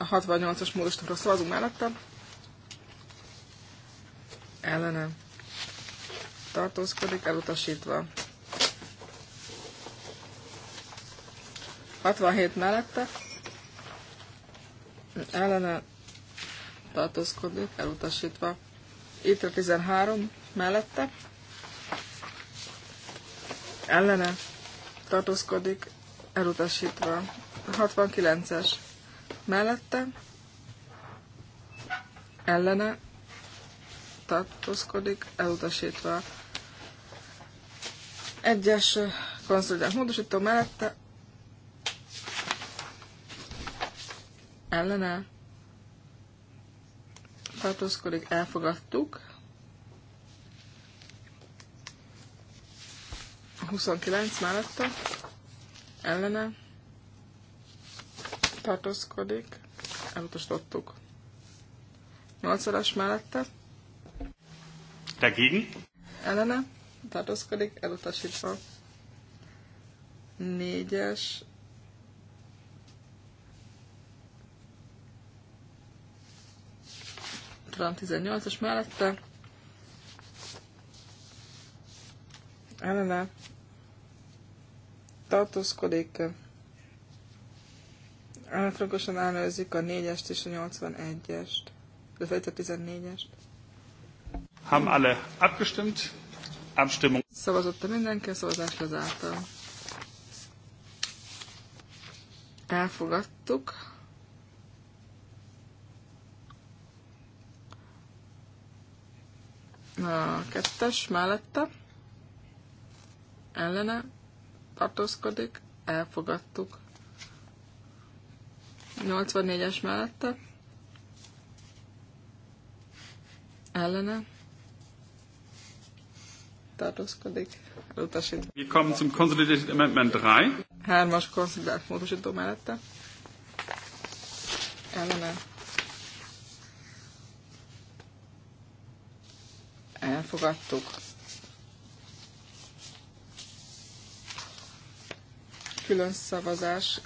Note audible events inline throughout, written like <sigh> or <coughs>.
A 68-as módosítókra szavazunk mellette. Ellene tartózkodik, elutasítva. 67 mellette ellene tartózkodik, elutasítva. Itt a 13 mellette ellene tartózkodik, elutasítva. 69-es mellette ellene tartózkodik, elutasítva. Egyes konszolidált módosító mellette ellene tartózkodik, elfogadtuk. 29 mellette ellene tartózkodik, elutasítottuk. Nyolcszoros mellette. Dagegen. Ellene tartózkodik, elutasítva. Négyes. es Trump 18-as mellette. Ellene tartózkodik, Elektronikusan ellenőrzik a 4-est és a 81-est, de a 14-est. Haben alle abgestimmt? Abstimmung. Szavazott a mindenki, a szavazás lezártam. Elfogadtuk. A kettes mellette. Ellene tartózkodik. Elfogadtuk. 84-es mellette. Ellene. Tartózkodik. Elutasít. Wir kommen zum Consolidated Amendment 3. Hármas konszolidált módosító mellette. Ellene. Elfogadtuk. Külön szavazás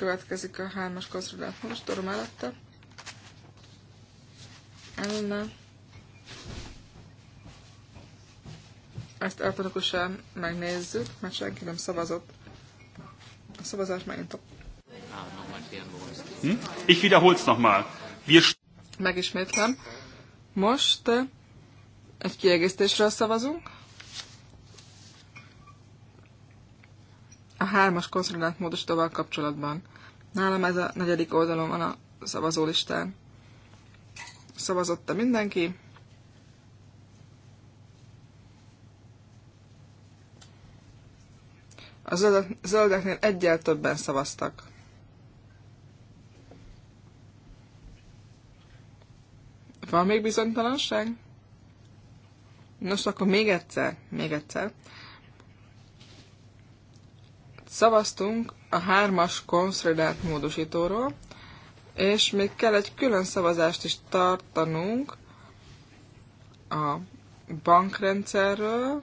következik a hármas kaszrodát most módosítóra mellette. Elinne. Ezt elektronikusan megnézzük, mert senki nem szavazott. A szavazás megint a... Hm? Ich wiederhol's nochmal. Wir... Megismétlem. Most egy kiegészítésről szavazunk. a hármas konszolidált módosítóval kapcsolatban. Nálam ez a negyedik oldalon van a szavazólistán. Szavazotta mindenki. A zöldeknél egyel többen szavaztak. Van még bizonytalanság? Nos, akkor még egyszer, még egyszer. Szavaztunk a hármas konszolidált módosítóról, és még kell egy külön szavazást is tartanunk a bankrendszerről,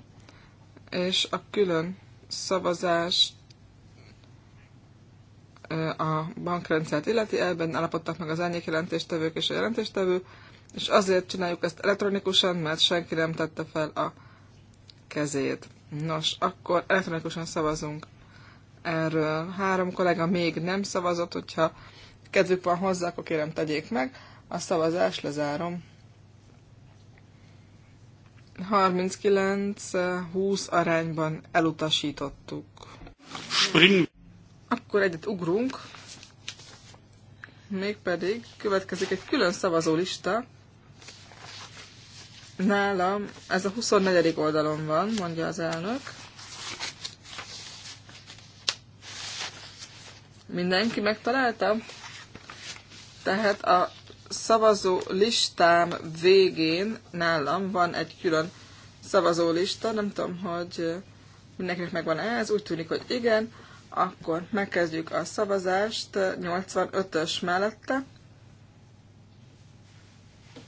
és a külön szavazás a bankrendszert illeti, elben állapodtak meg az jelentéstevők és a jelentéstevő, és azért csináljuk ezt elektronikusan, mert senki nem tette fel a kezét. Nos, akkor elektronikusan szavazunk erről. Három kollega még nem szavazott, hogyha kedvük van hozzá, akkor kérem tegyék meg. A szavazást lezárom. 39-20 arányban elutasítottuk. Spring. Akkor egyet ugrunk. Mégpedig következik egy külön szavazólista. Nálam ez a 24. oldalon van, mondja az elnök. Mindenki megtalálta? Tehát a szavazó listám végén nálam van egy külön szavazó lista, nem tudom, hogy mindenkinek megvan ez, úgy tűnik, hogy igen, akkor megkezdjük a szavazást 85-ös mellette.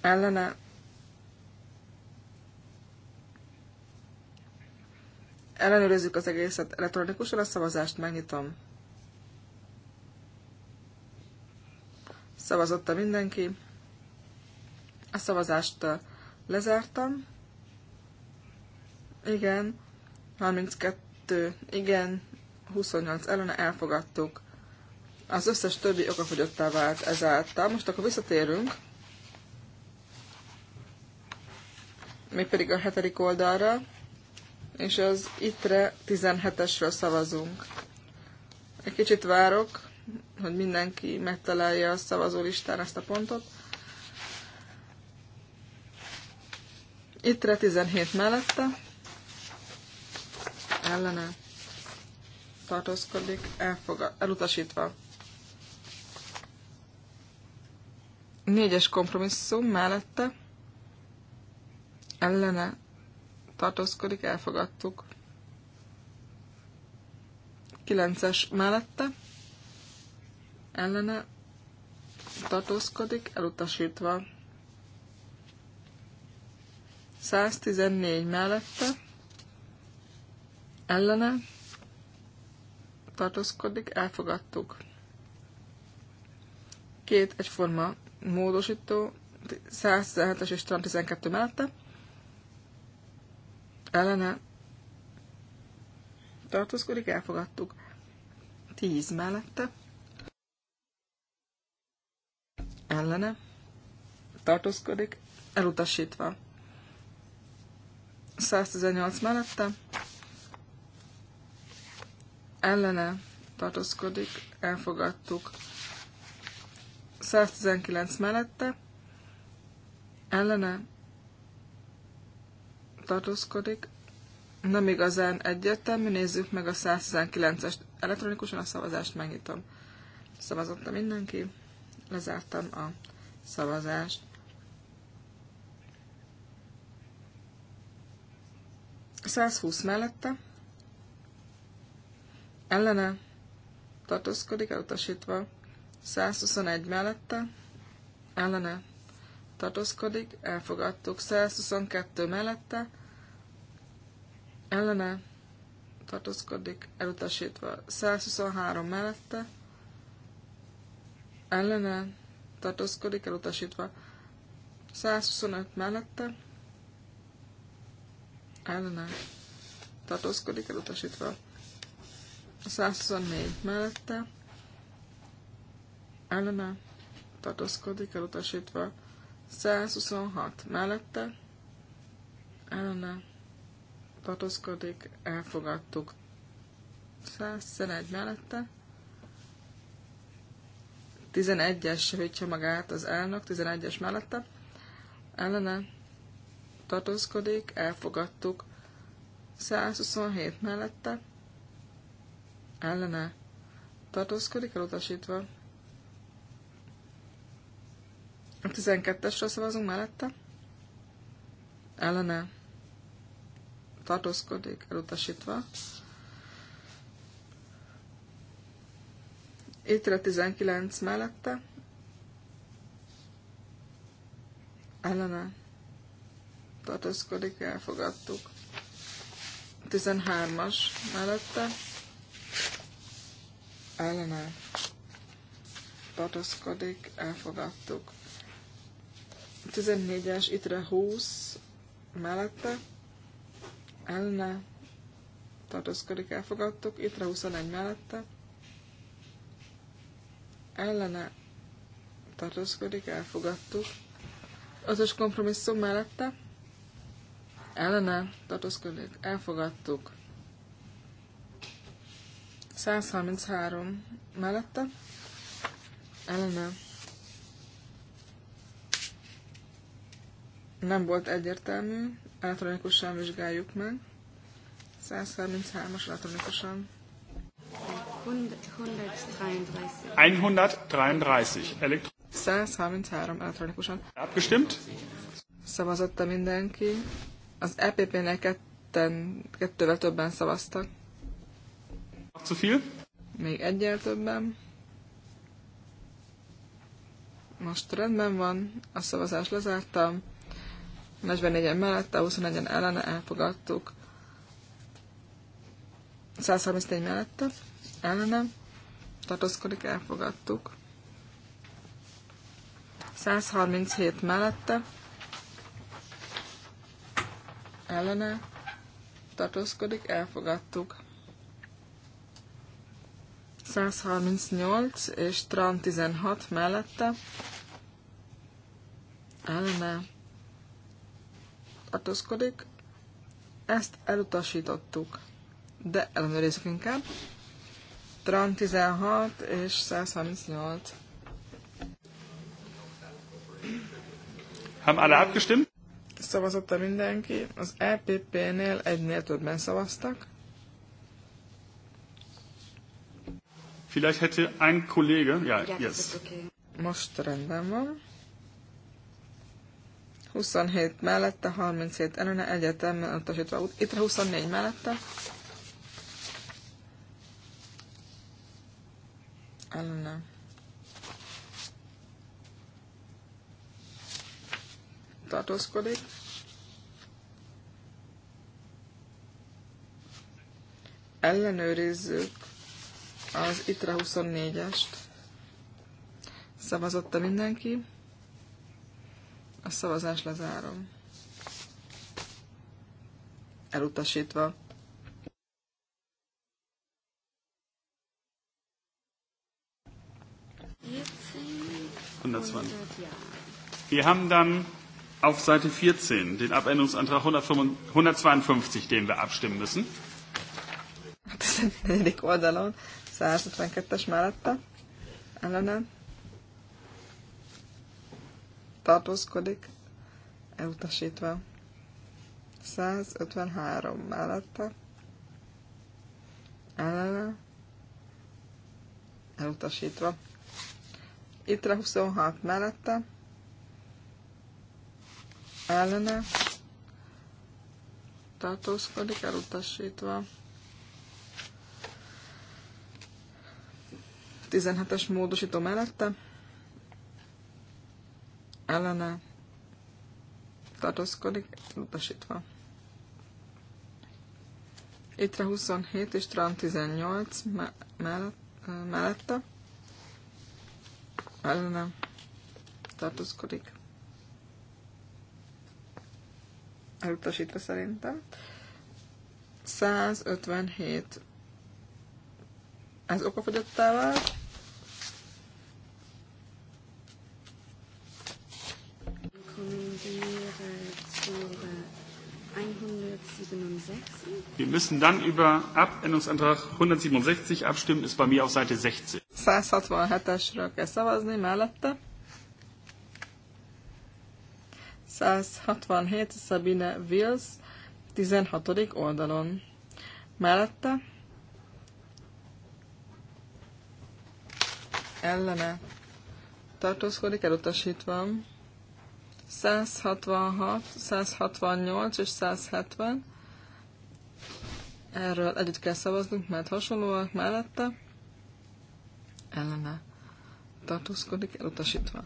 Ellene ellenőrizzük az egészet elektronikusan, a szavazást megnyitom. Szavazotta mindenki. A szavazást uh, lezártam. Igen, 32, igen, 28 ellene elfogadtuk. Az összes többi okafogyottá vált ezáltal. Most akkor visszatérünk. Mégpedig a hetedik oldalra. És az ittre 17-esről szavazunk. Egy kicsit várok hogy mindenki megtalálja a szavazólistán ezt a pontot. Ittre 17 mellette. Ellene tartózkodik, elfogad, elutasítva. Négyes kompromisszum mellette. Ellene tartózkodik, elfogadtuk. Kilences mellette ellene tartózkodik, elutasítva. 114 mellette ellene tartózkodik, elfogadtuk. Két egyforma módosító, 117-es és 112 mellette ellene tartózkodik, elfogadtuk. 10 mellette ellene tartózkodik, elutasítva. 118 mellette ellene tartózkodik, elfogadtuk. 119 mellette ellene tartózkodik, nem igazán egyértelmű, nézzük meg a 119-est elektronikusan, a szavazást megnyitom. szavazottam mindenki? Lezártam a szavazást. A 120 mellette. Ellene tartózkodik, elutasítva. 121 mellette. Ellene tartózkodik, elfogadtuk. 122 mellette. Ellene tartózkodik, elutasítva. 123 mellette ellene tartózkodik, elutasítva. 125 mellette ellene tartózkodik, elutasítva. 124 mellette ellene tartózkodik, elutasítva. 126 mellette ellene tartózkodik, elfogadtuk. 101 mellette 11-es javítja magát az elnök, 11-es mellette. Ellene tartózkodik, elfogadtuk. 127 mellette. Ellene tartózkodik, elutasítva. A 12 esre szavazunk mellette. Ellene tartózkodik, elutasítva. Étre 19 mellette. Ellene tartózkodik, elfogadtuk. 13-as mellette. Ellene tartózkodik, elfogadtuk. 14-es, itre 20 mellette. Ellene tartózkodik, elfogadtuk. Itre 21 mellette ellene tartózkodik, elfogadtuk. Ötös kompromisszum mellette ellene tartózkodik, elfogadtuk. 133 mellette ellene nem volt egyértelmű, elektronikusan vizsgáljuk meg. 133-as elektronikusan. 133. 133. Elektro 133 elektronikusan. Abgestimmt? Szavazotta mindenki. Az EPP-nél ketten, kettővel többen szavaztak. Zu viel? Még egyel többen. Most rendben van, a szavazást lezártam. 44-en mellette, 21-en ellene elfogadtuk. 134 mellette ellenem tartózkodik, elfogadtuk. 137 mellette ellene tartózkodik, elfogadtuk. 138 és Tran 16 mellette ellene tartózkodik. Ezt elutasítottuk, de ellenőrizzük inkább. Strand 16 és 138. Haben alle abgestimmt? szavazott a mindenki? Az EPP-nél egynél többen szavaztak. Vielleicht hätte ein Kollege, ja, yes. Most rendben van. 27 mellette, 37 ellene, egyetem utasítva, itt 24 mellette. ellene. Tartózkodik. Ellenőrizzük az ITRA 24-est. Szavazotta mindenki. A szavazás lezárom. Elutasítva. 120. Wir haben dann auf Seite 14 den Abänderungsantrag 152, den wir abstimmen müssen. 152 tartózkodik, elutasítva. 153 mellette, ellene elutasítva. Ittre 26 mellette. Ellene. Tartózkodik, elutasítva. 17-es módosító mellette. Ellene. Tartózkodik, elutasítva. Ittre 27 és Trump 18 me mellette ellenem tartózkodik. Elutasítva szerintem. 157. Ez okafogyottá vált. Wir müssen dann über Abänderungsantrag 167 abstimmen, ist bei mir auf Seite 16. 167-esről kell szavazni mellette. 167 Sabine Wills 16. oldalon. Mellette ellene tartózkodik, elutasítva. 166, 168 és 170. Erről együtt kell szavaznunk, mert hasonlóak mellette ellene tartózkodik, elutasítva.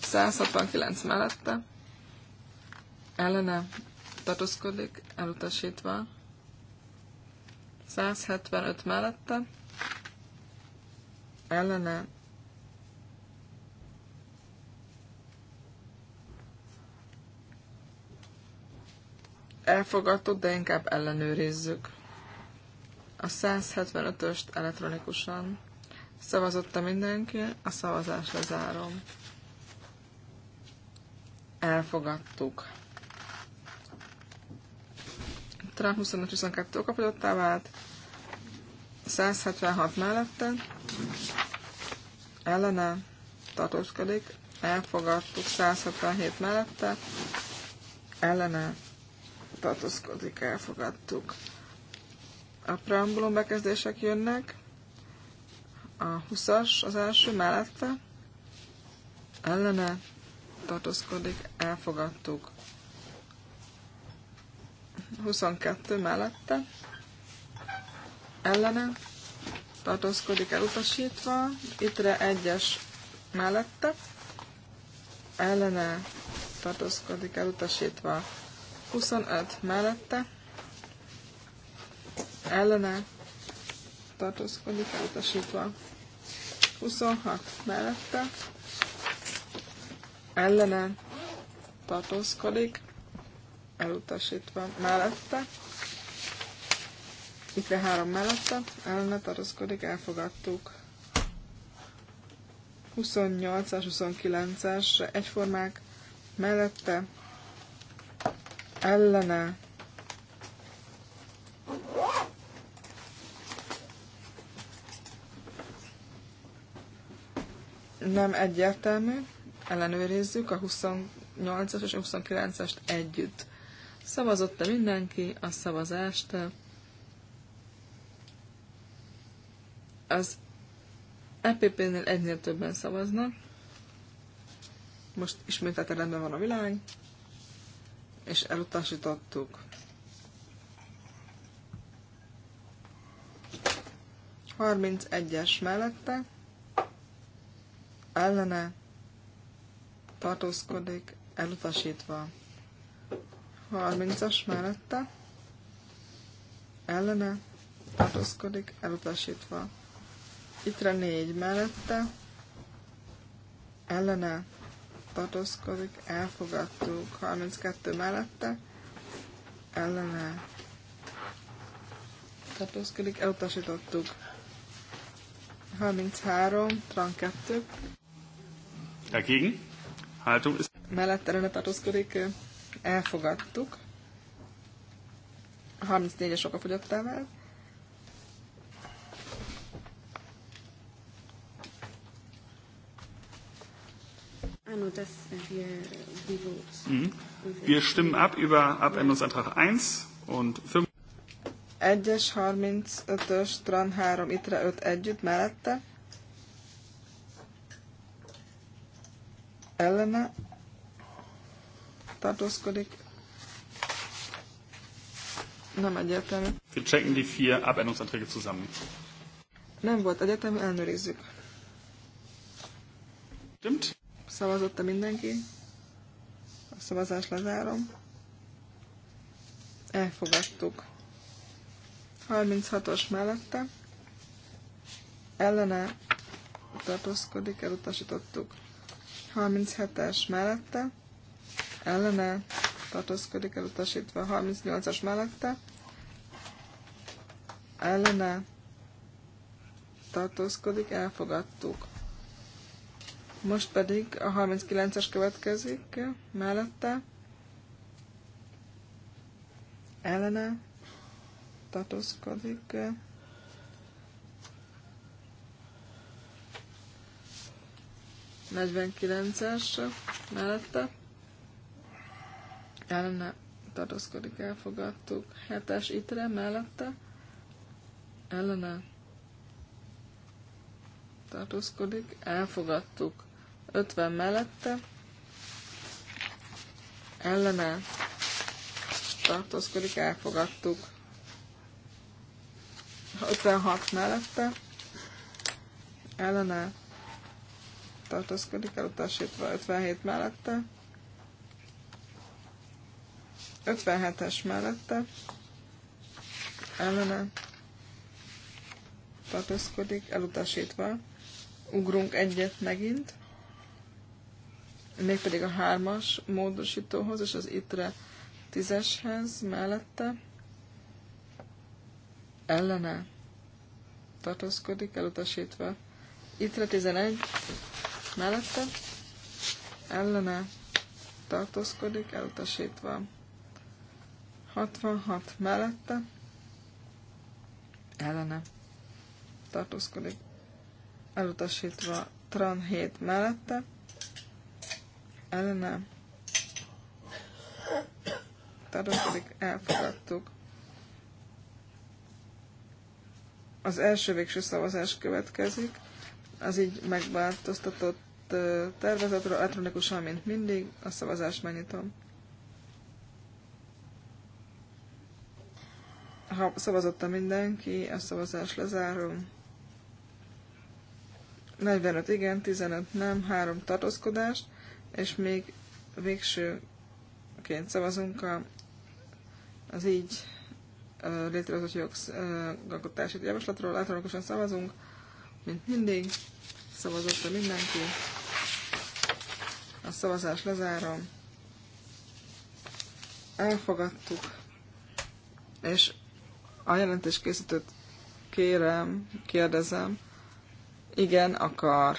169 mellette ellene tartózkodik, elutasítva. 175 mellette ellene elfogadott, de inkább ellenőrizzük. A 175-öst elektronikusan szavazotta mindenki, a szavazás lezárom. Elfogadtuk. Trump 25-22 kapatottá vált, 176 mellette, ellene tartózkodik, elfogadtuk 177 mellette, ellene tartózkodik, elfogadtuk. A preambulum bekezdések jönnek. A 20-as az első mellette. Ellene tartózkodik, elfogadtuk. 22 mellette. Ellene tartózkodik elutasítva, ittre egyes mellette, ellene tartózkodik elutasítva, 25 mellette, ellene tartózkodik elutasítva. 26 mellette ellene tartózkodik elutasítva mellette. Itt a három mellette ellene tartózkodik, elfogadtuk. 28-as, 29 es egyformák mellette ellene nem egyértelmű, ellenőrizzük a 28-as és a 29-est együtt. Szavazott-e mindenki a szavazást? Az EPP-nél egynél többen szavaznak. Most ismételten rendben van a világ, és elutasítottuk. Harminc egyes mellette ellene tartózkodik, elutasítva. 30-as mellette ellene tartózkodik, elutasítva. Itre négy mellette ellene tartózkodik, elfogadtuk. 32 mellette ellene tartózkodik, elutasítottuk. 33, tran 2 Dagegen. Haltung ist. Mellette ellene tartózkodik. Elfogadtuk. 34-es oka fogyottával. Ah, äh, äh, mhm. Wir stimmen ab über Abänderungsantrag 1 und 5. 1-es, 35-ös, Tran 3, ITRE 5 együtt mellette. ellene tartózkodik. Nem egyértelmű. Wir checken die vier Abänderungsanträge zusammen. Nem volt egyértelmű, ellenőrizzük. Stimmt. Szavazott-e mindenki? A szavazás lezárom. Elfogadtuk. 36-os mellette. Ellene tartózkodik, elutasítottuk. 37-es mellette, ellene tartózkodik elutasítva, 38-as mellette, ellene tartózkodik, elfogadtuk. Most pedig a 39-es következik mellette, ellene tartózkodik, 49-es mellette. Ellene tartózkodik, elfogadtuk. 7-es itre mellette. Ellene tartózkodik, elfogadtuk. 50 mellette. Ellene tartózkodik, elfogadtuk. 56 mellette. Ellene tartózkodik, el utasítva 57 mellette. 57-es mellette ellene tartózkodik, elutasítva. Ugrunk egyet megint, mégpedig a hármas módosítóhoz és az ittre tízeshez mellette ellene tartózkodik, elutasítva. Ittre 11 mellette ellene tartózkodik, elutasítva. 66 mellette ellene tartózkodik, elutasítva. Tran 7 mellette ellene tartózkodik, elfogadtuk. Az első végső szavazás következik az így megváltoztatott tervezetről elektronikusan, mint mindig. A szavazást megnyitom. Ha szavazotta mindenki, a szavazás lezárom. 45 igen, 15 nem, 3 tartózkodás, és még végsőként szavazunk a, az így létrehozott jogszalkotási javaslatról. Elektronikusan szavazunk mint mindig. Szavazott a mindenki. A szavazást lezárom. Elfogadtuk. És a jelentés készítőt kérem, kérdezem. Igen, akar.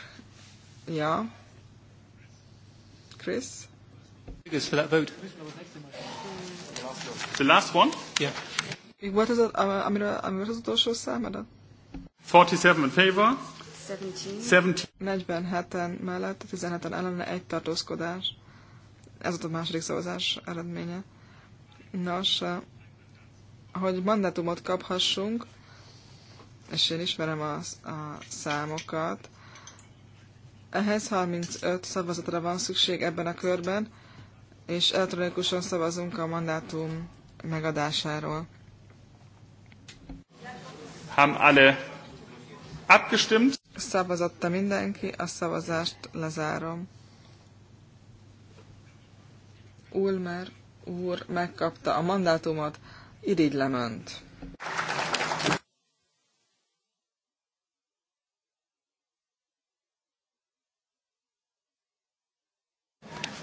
Ja. Chris? Figures for that vote. The last one? Yeah. Volt az, amiről, amiről az utolsó számadat? 47 in favor. 17. 47-en mellett, 17-en ellene egy tartózkodás. Ez volt a második szavazás eredménye. Nos, eh, hogy mandátumot kaphassunk, és én ismerem a, a számokat, ehhez 35 szavazatra van szükség ebben a körben, és elektronikusan szavazunk a mandátum megadásáról. Haben alle Abgestimmt. Szavazotta mindenki, a szavazást lezárom. Ulmer úr megkapta a mandátumot, irigy lement.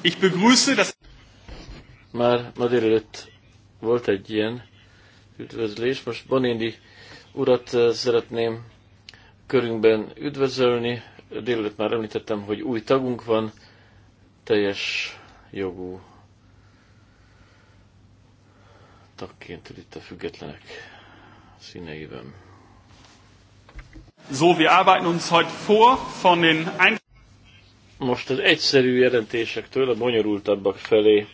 Ich begrüße das... Már ma délelőtt volt egy ilyen üdvözlés. Most Bonindi urat eh, szeretném körünkben üdvözölni. Délelőtt már említettem, hogy új tagunk van, teljes jogú tagként itt a függetlenek színeiben. So, wir arbeiten uns heute vor von den ein Most az egyszerű jelentésektől a bonyolultabbak felé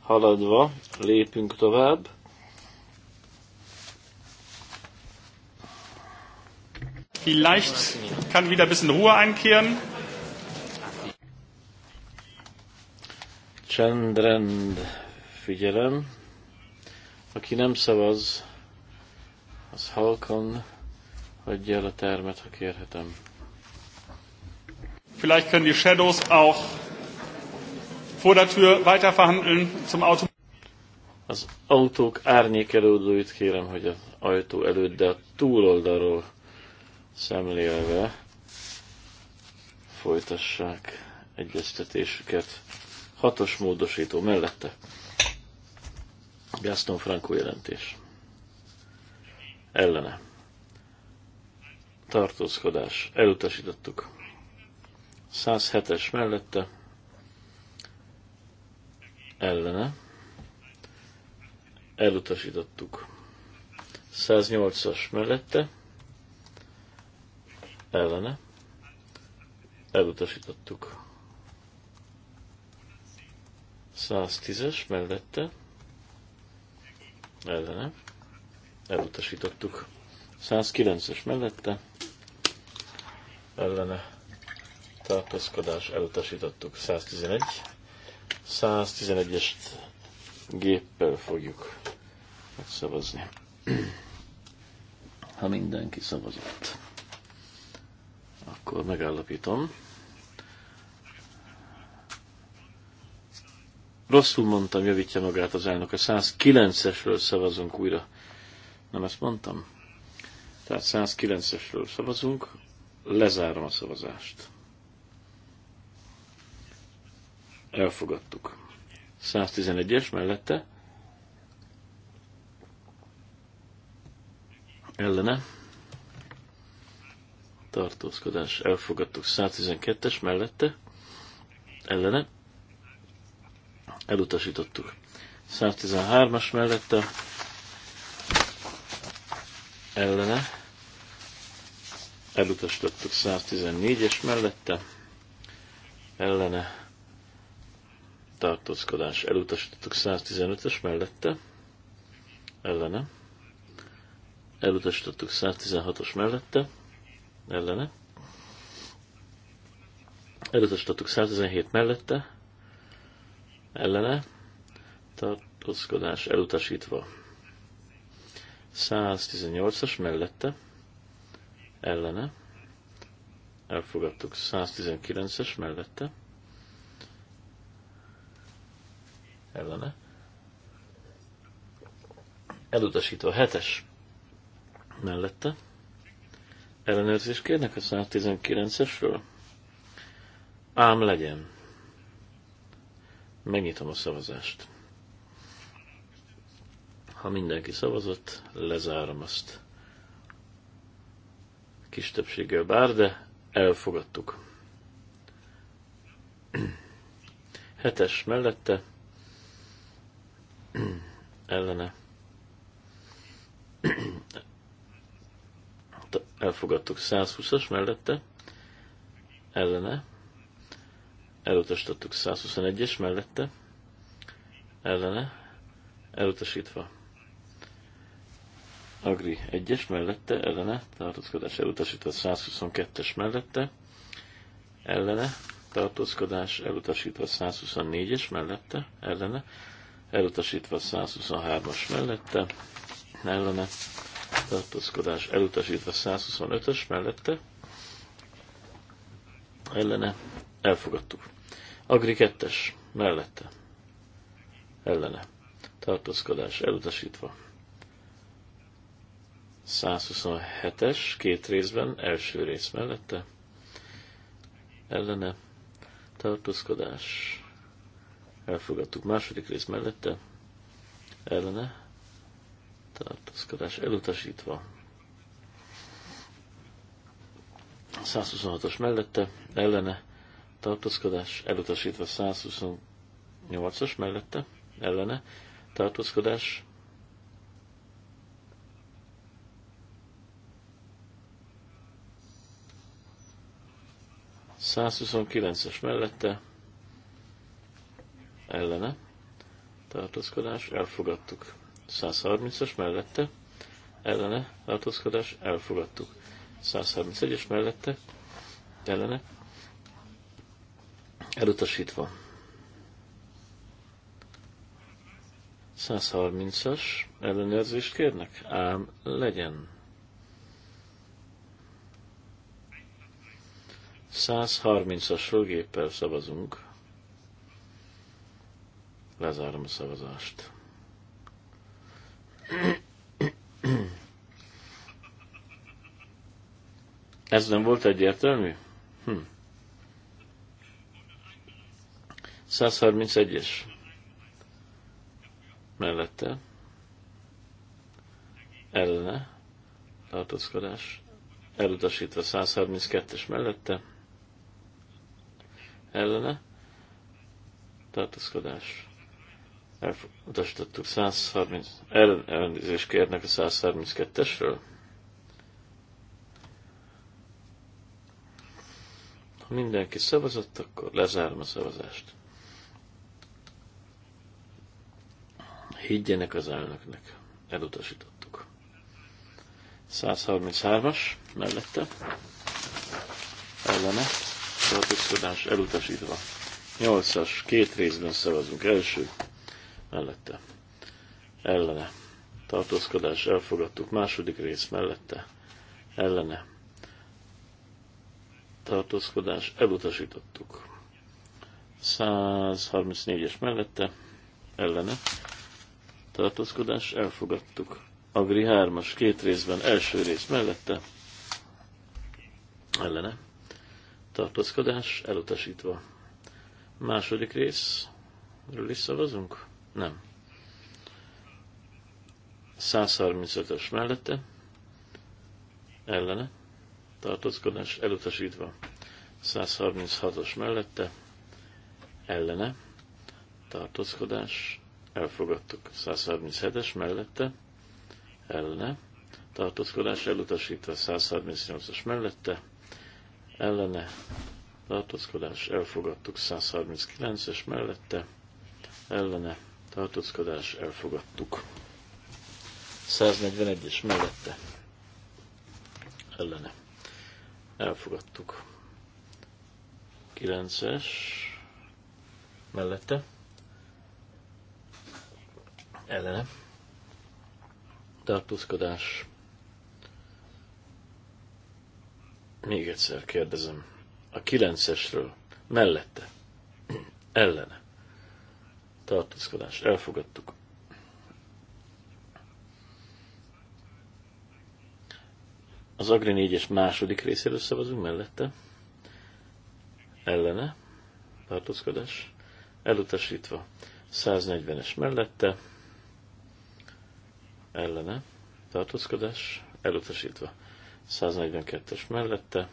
haladva lépünk tovább. Vielleicht kann wieder ein bisschen Ruhe einkehren. Csendrend figyelem. Aki nem szavaz, az halkan hagyja el a termet, ha kérhetem. Vielleicht können die Shadows auch vor der Tür weiter verhandeln zum Auto. Az autók árnyékelődőit kérem, hogy az ajtó előtt, de a túloldalról szemlélve folytassák egyeztetésüket. Hatos módosító mellette. Gaston Franco jelentés. Ellene. Tartózkodás. Elutasítottuk. 107-es mellette. Ellene. Elutasítottuk. 108-as mellette ellene elutasítottuk. 110-es mellette ellene elutasítottuk. 109-es mellette ellene tartózkodás elutasítottuk. 111. 111-est géppel fogjuk megszavazni. <clears throat> Ha mindenki szavazott. Akkor megállapítom. Rosszul mondtam, javítja magát az elnök. A 109-esről szavazunk újra. Nem ezt mondtam? Tehát 109-esről szavazunk. Lezárom a szavazást. Elfogadtuk. 111-es mellette. Ellene tartózkodás elfogadtuk 112-es mellette, ellene, elutasítottuk. 113-as mellette, ellene, elutasítottuk 114-es mellette, ellene, tartózkodás, elutasítottuk 115 es mellette, ellene, elutasítottuk 116-os mellette, ellene. Elutasítottuk 117 mellette, ellene, tartózkodás elutasítva. 118-as mellette, ellene, elfogadtuk 119-es mellette, ellene, elutasítva 7-es mellette, Ellenőrzést kérnek a 119-esről? Ám legyen. Megnyitom a szavazást. Ha mindenki szavazott, lezárom azt. Kis többséggel bár, de elfogadtuk. Hetes mellette, ellene elfogadtuk 120-as mellette, ellene, elutasítottuk 121-es mellette, ellene, elutasítva. Agri 1-es mellette, ellene, tartózkodás elutasítva 122-es mellette, ellene, tartózkodás elutasítva 124-es mellette, ellene, elutasítva 123-as mellette, ellene, tartózkodás elutasítva 125-ös mellette, ellene elfogadtuk. Agri 2 mellette, ellene tartózkodás elutasítva. 127-es két részben, első rész mellette, ellene tartózkodás elfogadtuk. Második rész mellette, ellene tartózkodás elutasítva. 126-os mellette, ellene, tartózkodás elutasítva. 128-as mellette, ellene, tartózkodás ...129-es mellette ellene tartózkodás, elfogadtuk 130-as mellette, ellene tartózkodás elfogadtuk. 131-es mellette, ellene elutasítva. 130-as ellenőrzést kérnek? Ám legyen. 130 as géppel szavazunk. Lezárom a szavazást. Ez nem volt egyértelmű? Hm. 131-es mellette ellene tartózkodás elutasítva 132-es mellette ellene tartózkodás elutasítottuk 130, ellen, ellenőrzést kérnek a 132-esről. Ha mindenki szavazott, akkor lezárom a szavazást. Higgyenek az elnöknek. Elutasítottuk. 133-as mellette. Ellene. Szavazás elutasítva. 8-as. Két részben szavazunk. Első mellette, ellene, tartózkodás, elfogadtuk, második rész mellette, ellene, tartózkodás, elutasítottuk. 134-es mellette, ellene, tartózkodás, elfogadtuk. Agri 3-as két részben, első rész mellette, ellene, tartózkodás, elutasítva. Második részről is szavazunk? Nem. 135-ös mellette, ellene, tartózkodás elutasítva. 136-os mellette, ellene, tartózkodás, elfogadtuk. 137-es mellette, ellene, tartózkodás elutasítva. 138-as mellette, ellene, tartózkodás, elfogadtuk. 139-es mellette, ellene, tartózkodás elfogadtuk. 141-es mellette ellene elfogadtuk. 9-es mellette ellene tartózkodás még egyszer kérdezem a 9-esről mellette ellene tartózkodás. Elfogadtuk. Az Agri 4-es második részéről szavazunk mellette. Ellene. Tartózkodás. Elutasítva. 140-es mellette. Ellene. Tartózkodás. Elutasítva. 142-es mellette.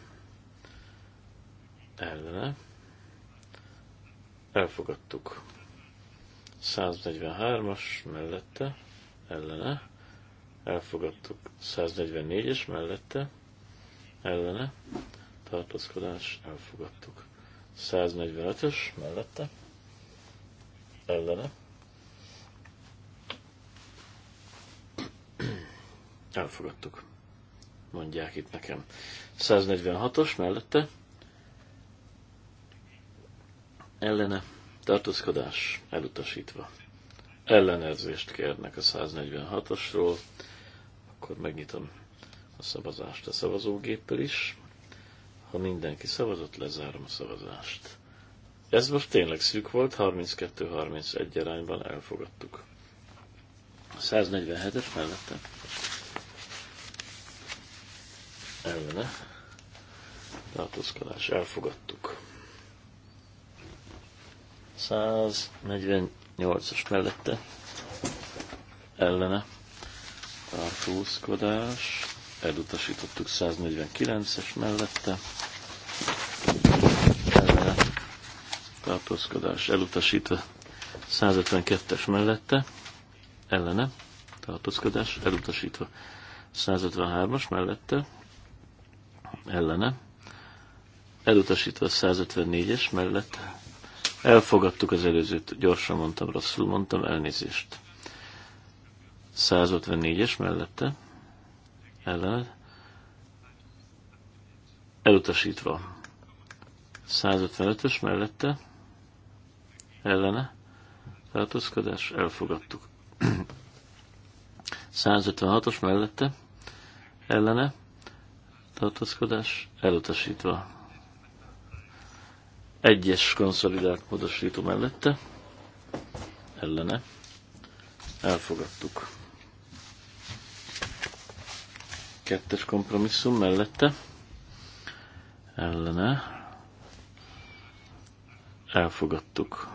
Ellene. Elfogadtuk. 143-as mellette, ellene, elfogadtuk 144-es mellette, ellene, tartózkodás, elfogadtuk 145-ös mellette, ellene, elfogadtuk, mondják itt nekem. 146-os mellette, ellene, tartózkodás elutasítva. Ellenőrzést kérnek a 146-osról, akkor megnyitom a szavazást a szavazógéppel is. Ha mindenki szavazott, lezárom a szavazást. Ez most tényleg szűk volt, 32-31 arányban elfogadtuk. 147-es mellette. Ellene. Tartózkodás. Elfogadtuk. 148-as mellette ellene tartózkodás, elutasítottuk 149-es mellette, ellene tartózkodás, elutasítva 152-es mellette, ellene tartózkodás, elutasítva 153-as mellette, ellene, elutasítva 154-es mellette, Elfogadtuk az előzőt, gyorsan mondtam, rosszul mondtam, elnézést. 154-es mellette, ellen, elutasítva. 155-ös mellette, ellene, tartózkodás, elfogadtuk. 156-os <clears throat> mellette, ellene, tartózkodás, elutasítva. Egyes konszolidált módosító mellette. Ellene. Elfogadtuk. Kettes kompromisszum mellette. Ellene. Elfogadtuk.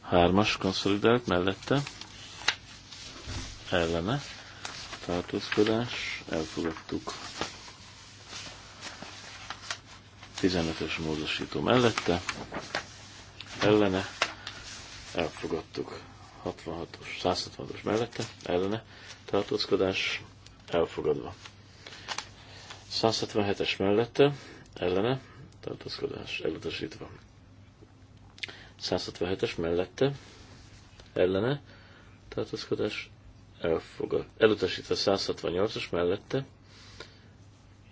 Hármas konszolidált mellette. Ellene. Tartózkodás. Elfogadtuk 15-ös módosító mellette, ellene, elfogadtuk 66-os, 166-os mellette, ellene, tartózkodás, elfogadva. 177-es mellette, ellene, tartózkodás, elutasítva. 167-es mellette, ellene, tartózkodás, elfogad, elutasítva 168-as mellette,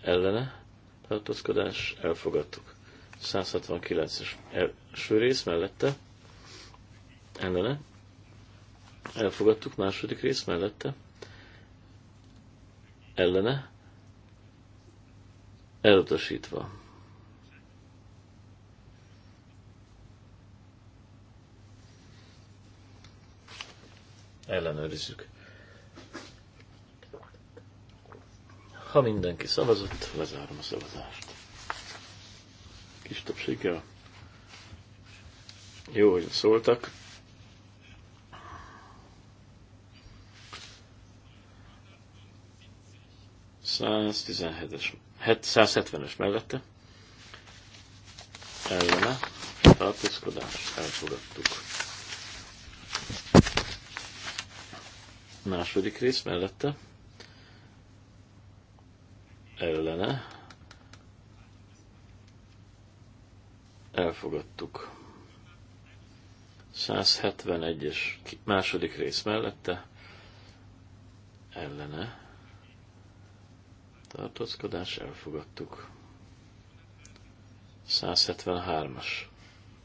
ellene, tartózkodás, elfogadtuk. 169-es első rész mellette, ellene, elfogadtuk, második rész mellette, ellene, elutasítva. Ellenőrizzük. Ha mindenki szavazott, lezárom a szavazást. Kis többséggel. Jó, hogy szóltak. Száz 117 170-es mellette. Ellene. Tartózkodás. Elfogadtuk. Második rész mellette ellene. Elfogadtuk. 171-es második rész mellette ellene tartózkodás elfogadtuk. 173-as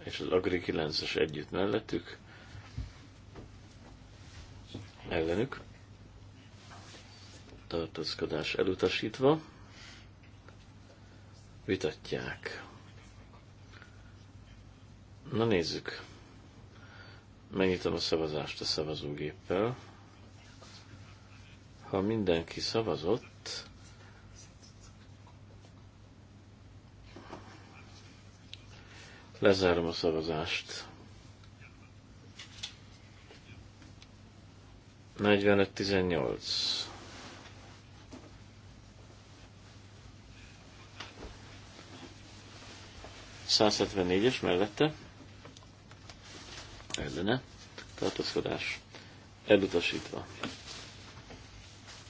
és az Agri 9-es együtt mellettük ellenük tartózkodás elutasítva vitatják. Na nézzük. Megnyitom a szavazást a szavazógéppel. Ha mindenki szavazott, lezárom a szavazást. 45-18. 174-es mellette ellene tartózkodás elutasítva.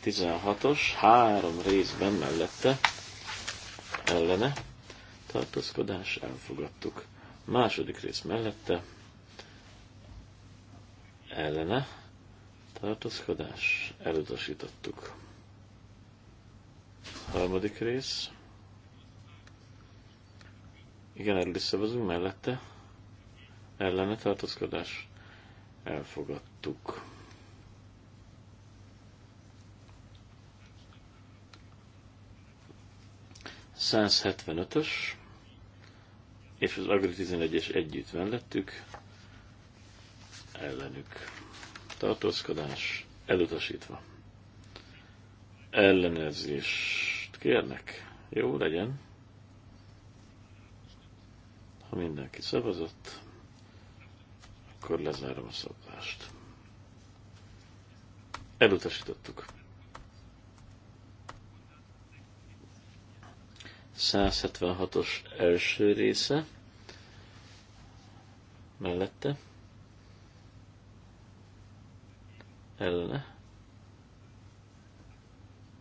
16-os, három részben mellette ellene tartózkodás elfogadtuk. Második rész mellette ellene tartózkodás elutasítottuk. Harmadik rész igen, erről is szavazunk mellette. Ellene tartózkodás. Elfogadtuk. ös és az Agri 11-es együtt mellettük, ellenük tartózkodás elutasítva. Ellenőrzést kérnek? Jó legyen. Ha mindenki szavazott, akkor lezárom a szavazást. Elutasítottuk. 176-os első része mellette ellene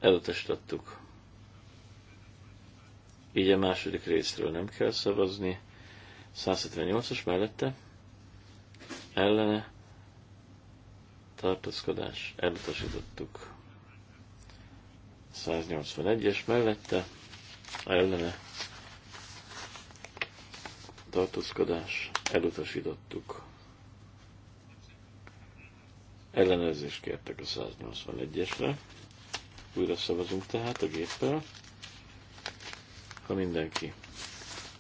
elutasítottuk. Így a második részről nem kell szavazni. 178-as mellette ellene tartózkodás elutasítottuk. 181-es mellette ellene tartózkodás elutasítottuk. Ellenőrzést kértek a 181-esre. Újra szavazunk tehát a géppel. Ha mindenki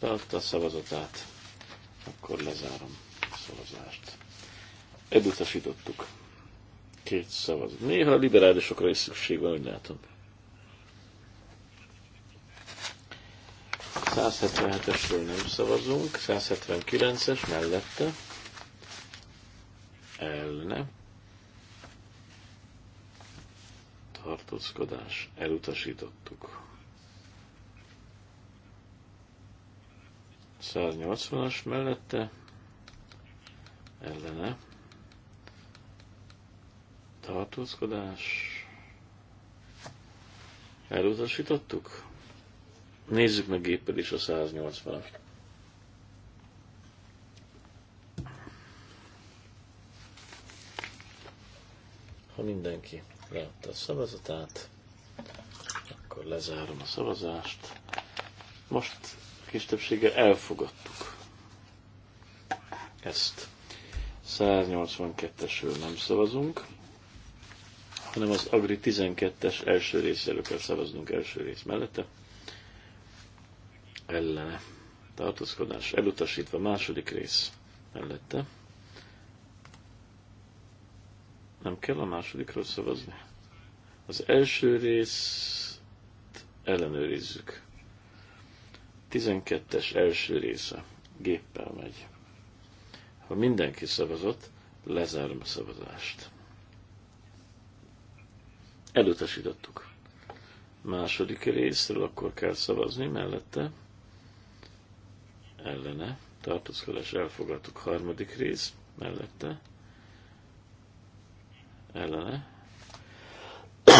beadta a szavazatát, akkor lezárom a szavazást. Elutasítottuk. Két szavaz. Néha a liberálisokra is szükség van, hogy látom. 177-esről nem szavazunk, 179-es mellette, Elne. tartózkodás, elutasítottuk. 180-as mellette ellene tartózkodás elutasítottuk? Nézzük meg géppel is a 180 as Ha mindenki leadta a szavazatát, akkor lezárom a szavazást. Most kis többséggel elfogadtuk ezt. 182-esről nem szavazunk, hanem az Agri 12-es első részéről kell szavaznunk első rész mellette. Ellene. Tartózkodás elutasítva második rész mellette. Nem kell a másodikról szavazni. Az első részt ellenőrizzük. 12-es első része. Géppel megy. Ha mindenki szavazott, lezárom a szavazást. Elutasítottuk. Második részről akkor kell szavazni mellette. Ellene. Tartózkodás elfogadtuk. Harmadik rész mellette. Ellene.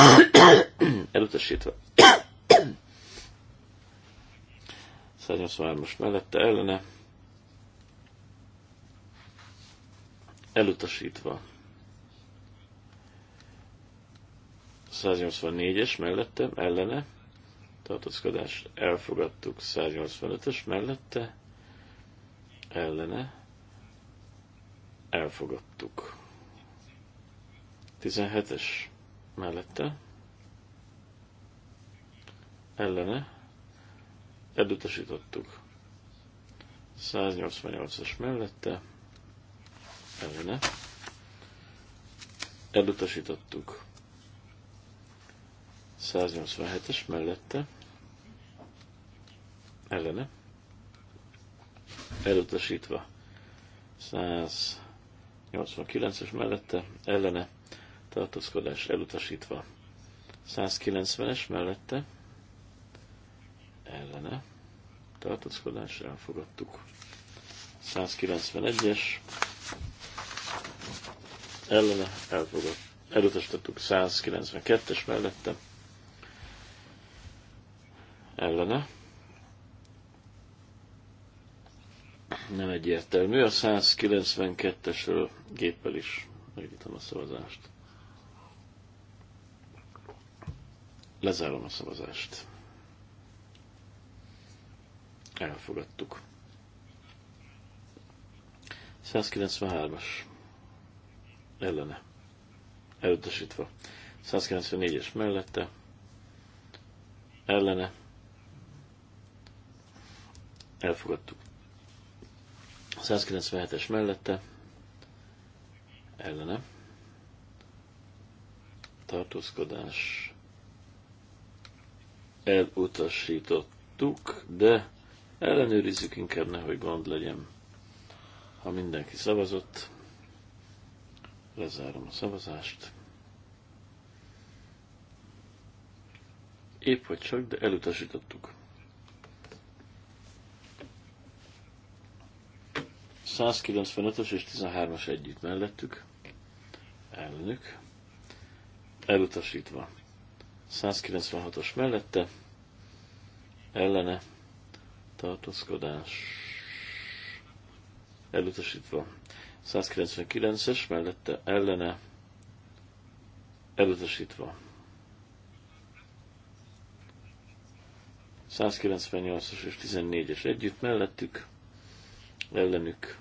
<coughs> Elutasítva. 183-as mellette ellene elutasítva. 184-es mellette ellene tartózkodás elfogadtuk 185-ös mellette ellene elfogadtuk. 17-es mellette ellene elutasítottuk. 188-as mellette, ellene, elutasítottuk. 187-es mellette, ellene, elutasítva. 189-es mellette, ellene, tartózkodás elutasítva. 190-es mellette, ellene tartózkodás elfogadtuk. 191-es ellene elfogadt, elutasítottuk 192-es mellette ellene. Nem egyértelmű, a 192-esről géppel is megnyitom a szavazást. Lezárom a szavazást. Elfogadtuk. 193-as. Ellene. Elutasítva. 194-es mellette. Ellene. Elfogadtuk. 197-es mellette. Ellene. Tartózkodás. Elutasítottuk, de Ellenőrizzük inkább, nehogy gond legyen. Ha mindenki szavazott, lezárom a szavazást. Épp vagy csak, de elutasítottuk. 195-ös és 13-as együtt mellettük, ellenük, elutasítva. 196-os mellette, ellene, tartózkodás elutasítva. 199-es mellette ellene elutasítva. 198-as és 14-es együtt mellettük, ellenük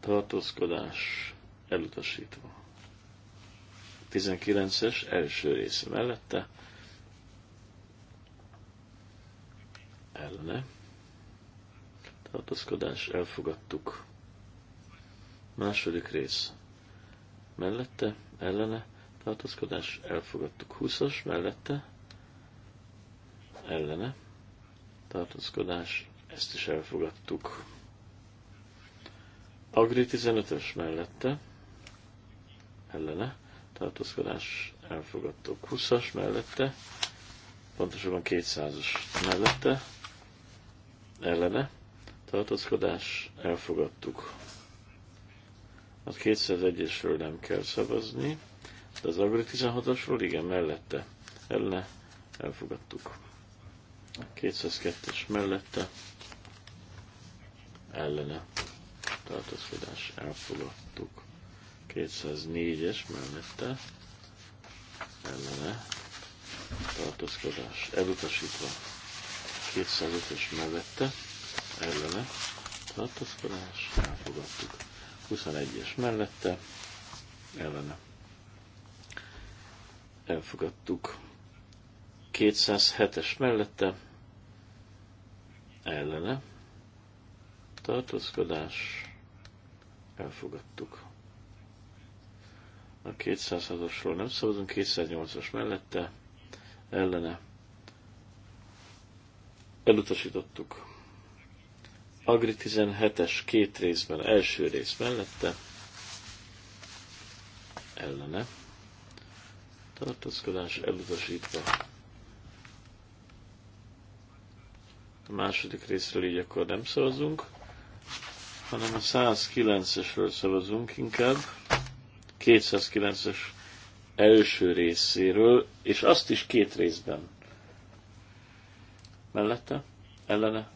tartózkodás elutasítva. 19-es első része mellette, ellene tartózkodás elfogadtuk. Második rész mellette ellene tartózkodás elfogadtuk. Húszas, mellette ellene tartózkodás ezt is elfogadtuk. Agri 15-ös mellette ellene tartózkodás elfogadtuk. 20-as mellette, pontosabban 200-as mellette, ellene tartózkodás elfogadtuk. A 201-esről nem kell szavazni, de az Agri 16 asról igen, mellette ellene elfogadtuk. 202-es mellette ellene tartózkodás elfogadtuk. 204-es mellette ellene tartózkodás elutasítva. 205-ös mellette, ellene, tartózkodás, elfogadtuk. 21-es mellette, ellene. Elfogadtuk. 207-es mellette, ellene, tartózkodás, elfogadtuk. A 206-osról nem szabadunk 208-as mellette, ellene, Elutasítottuk. Agri 17-es két részben, első rész mellette, ellene, tartózkodás elutasítva. A második részről így akkor nem szavazunk, hanem a 109-esről szavazunk inkább, 209-es első részéről, és azt is két részben mellette, ellene,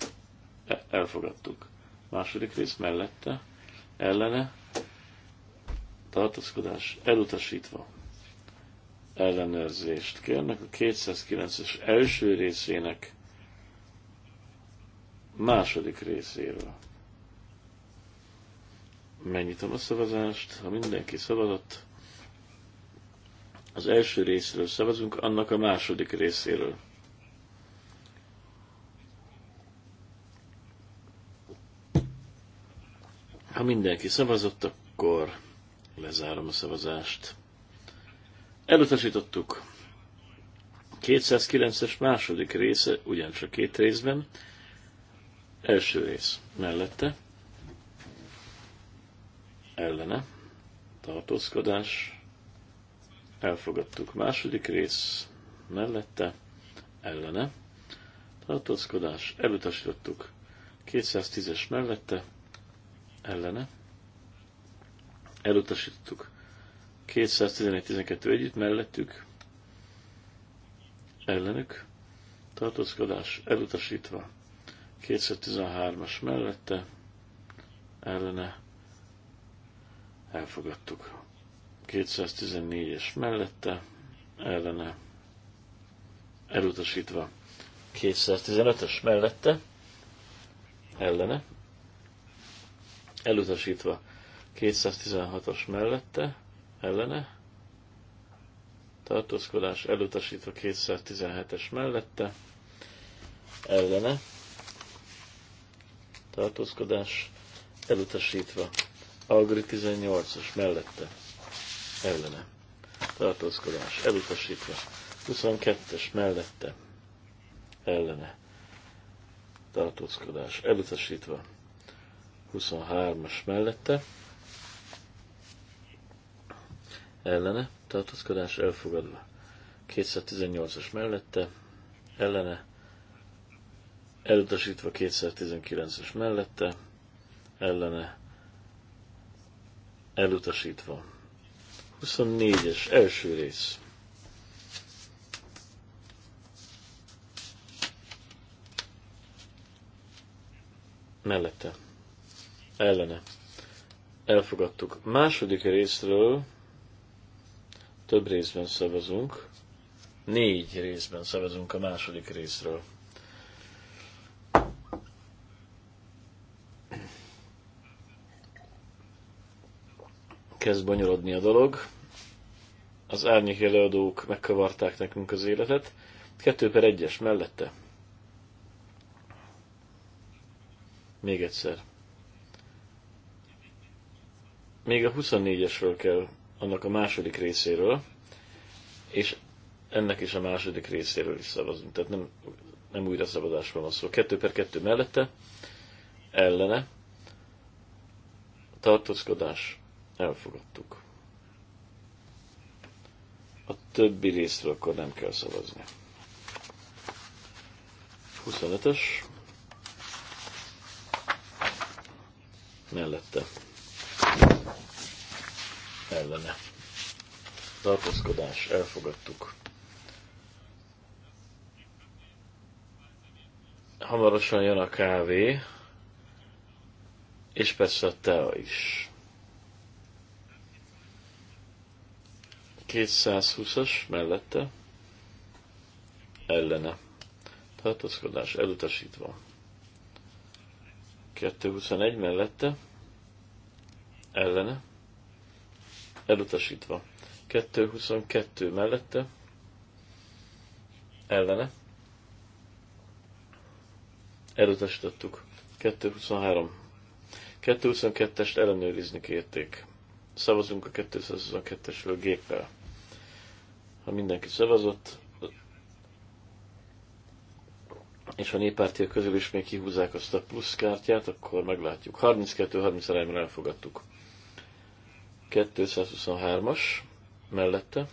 e, elfogadtuk. Második rész mellette, ellene, tartózkodás elutasítva. Ellenőrzést kérnek a 209-es első részének második részéről. Megnyitom a szavazást, ha mindenki szavazott, az első részről szavazunk, annak a második részéről. mindenki szavazott, akkor lezárom a szavazást. Elutasítottuk. 209-es második része, ugyancsak két részben. Első rész mellette. Ellene. Tartózkodás. Elfogadtuk. Második rész mellette. Ellene. Tartózkodás. Elutasítottuk. 210-es mellette ellene. Elutasítottuk. 211-12 együtt mellettük, ellenük, tartózkodás elutasítva. 213-as mellette, ellene, elfogadtuk. 214-es mellette, ellene, elutasítva. 215 es mellette, ellene, elutasítva 216-os mellette, ellene, tartózkodás elutasítva 217-es mellette, ellene, tartózkodás elutasítva Agri 18-as mellette, ellene, tartózkodás elutasítva 22-es mellette, ellene, tartózkodás elutasítva 23-as mellette. Ellene, tartózkodás elfogadva. 218-as mellette, ellene, elutasítva 219-es mellette, ellene, elutasítva. 24-es, első rész. mellette ellene. Elfogadtuk. Második részről több részben szavazunk. Négy részben szavazunk a második részről. Kezd bonyolodni a dolog. Az árnyék előadók megkavarták nekünk az életet. Kettő per egyes mellette. Még egyszer még a 24-esről kell, annak a második részéről, és ennek is a második részéről is szavazunk. Tehát nem, nem újra szavazásról van szó. 2 per 2 mellette, ellene, tartózkodás, elfogadtuk. A többi részről akkor nem kell szavazni. 25-ös, mellette ellene. Tartózkodás, elfogadtuk. Hamarosan jön a kávé, és persze a tea is. 220-as mellette ellene. Tartózkodás elutasítva. 221 mellette ellene elutasítva. 222 mellette, ellene, elutasítottuk. 223. 222-est ellenőrizni kérték. Szavazunk a 222-esről géppel. Ha mindenki szavazott, és a néppártiak közül is még kihúzzák azt a plusz kártyát, akkor meglátjuk. 32-30 arányban elfogadtuk. 223-as mellette,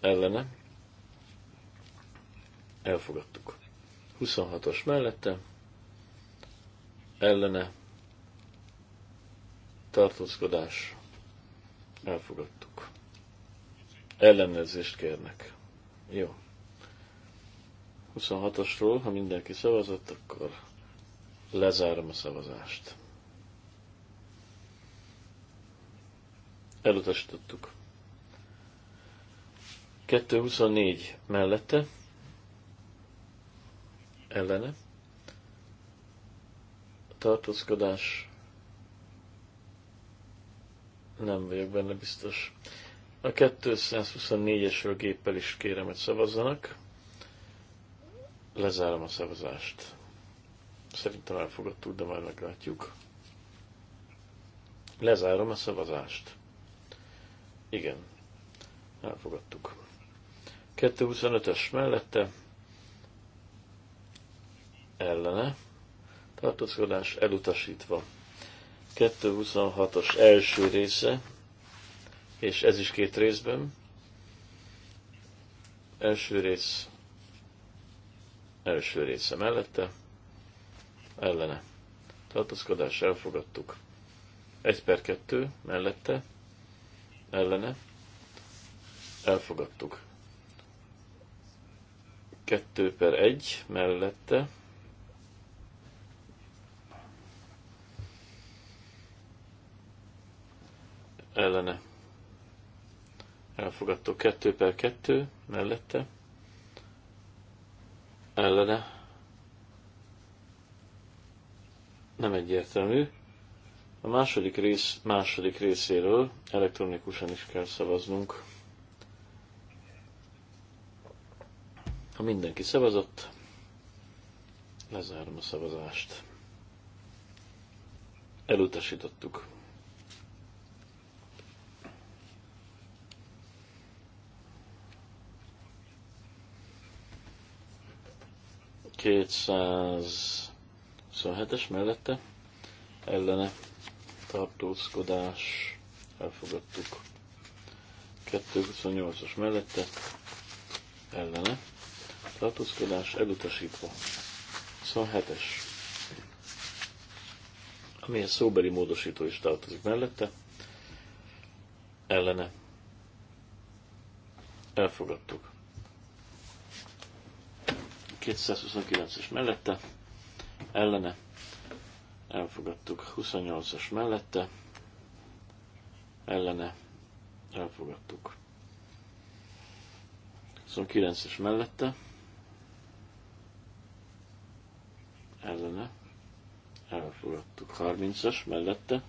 ellene, elfogadtuk. 26-os mellette, ellene, tartózkodás, elfogadtuk. Ellenőrzést kérnek. Jó. 26-osról, ha mindenki szavazott, akkor lezárom a szavazást. elutasítottuk. 224 mellette, ellene, tartózkodás, nem vagyok benne biztos. A 224-esről géppel is kérem, hogy szavazzanak. Lezárom a szavazást. Szerintem elfogadtuk, de már meglátjuk. Lezárom a szavazást. Igen. Elfogadtuk. 225 es mellette ellene tartózkodás elutasítva. 226-os első része, és ez is két részben. Első rész első része mellette ellene tartózkodás elfogadtuk. 1 per 2 mellette ellene elfogadtuk. 2 per 1 mellette ellene elfogadtuk. 2 per 2 mellette ellene nem egyértelmű. A második rész második részéről elektronikusan is kell szavaznunk. Ha mindenki szavazott, lezárom a szavazást. Elutasítottuk. Kétszáz... 27-es mellette ellene tartózkodás, elfogadtuk. 228-as mellette, ellene, tartózkodás, elutasítva. 27-es, amilyen szóbeli módosító is tartozik mellette, ellene, elfogadtuk. 229-es mellette, ellene, elfogadtuk 28-as mellette, ellene elfogadtuk 29-es mellette, ellene elfogadtuk 30-as mellette,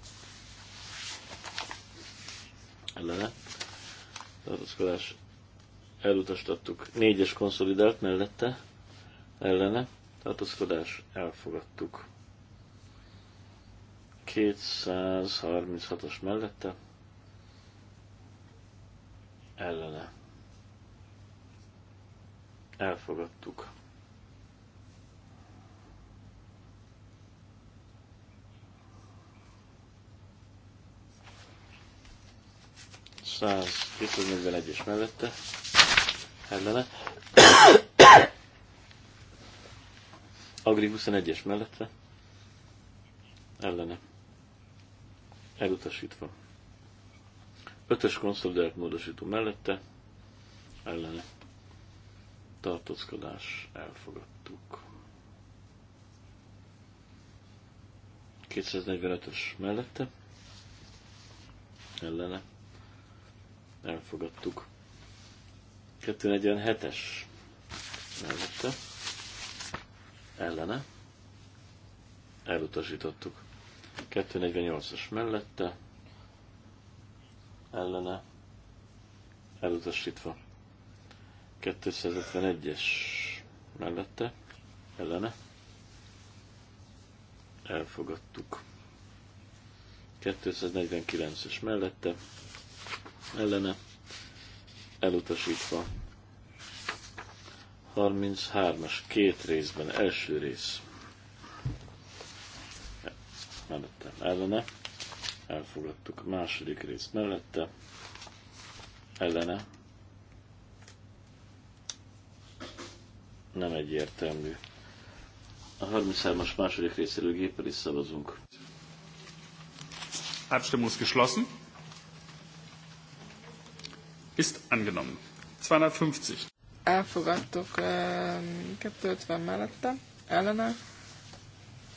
ellene tartozkodás elutasítottuk 4-es konszolidált mellette, ellene tartozkodás elfogadtuk 236-os mellette ellene. Elfogadtuk. Száz, 241-es mellette, ellene. Agri 21-es mellette, ellene elutasítva. Ötös konszolidált módosító mellette ellene tartózkodás elfogadtuk. 245-ös mellette ellene elfogadtuk. 247-es mellette ellene elutasítottuk. 248-as mellette, ellene, elutasítva. 251-es mellette, ellene, elfogadtuk. 249-es mellette, ellene, elutasítva. 33-as két részben, első rész mellette ellene, elfogadtuk második rész mellette, ellene, nem egyértelmű. A 33-as második részéről géppel is szavazunk. Abstimmung ist geschlossen. Ist angenommen. 250. Elfogadtuk 250 ehm, mellette, ellene,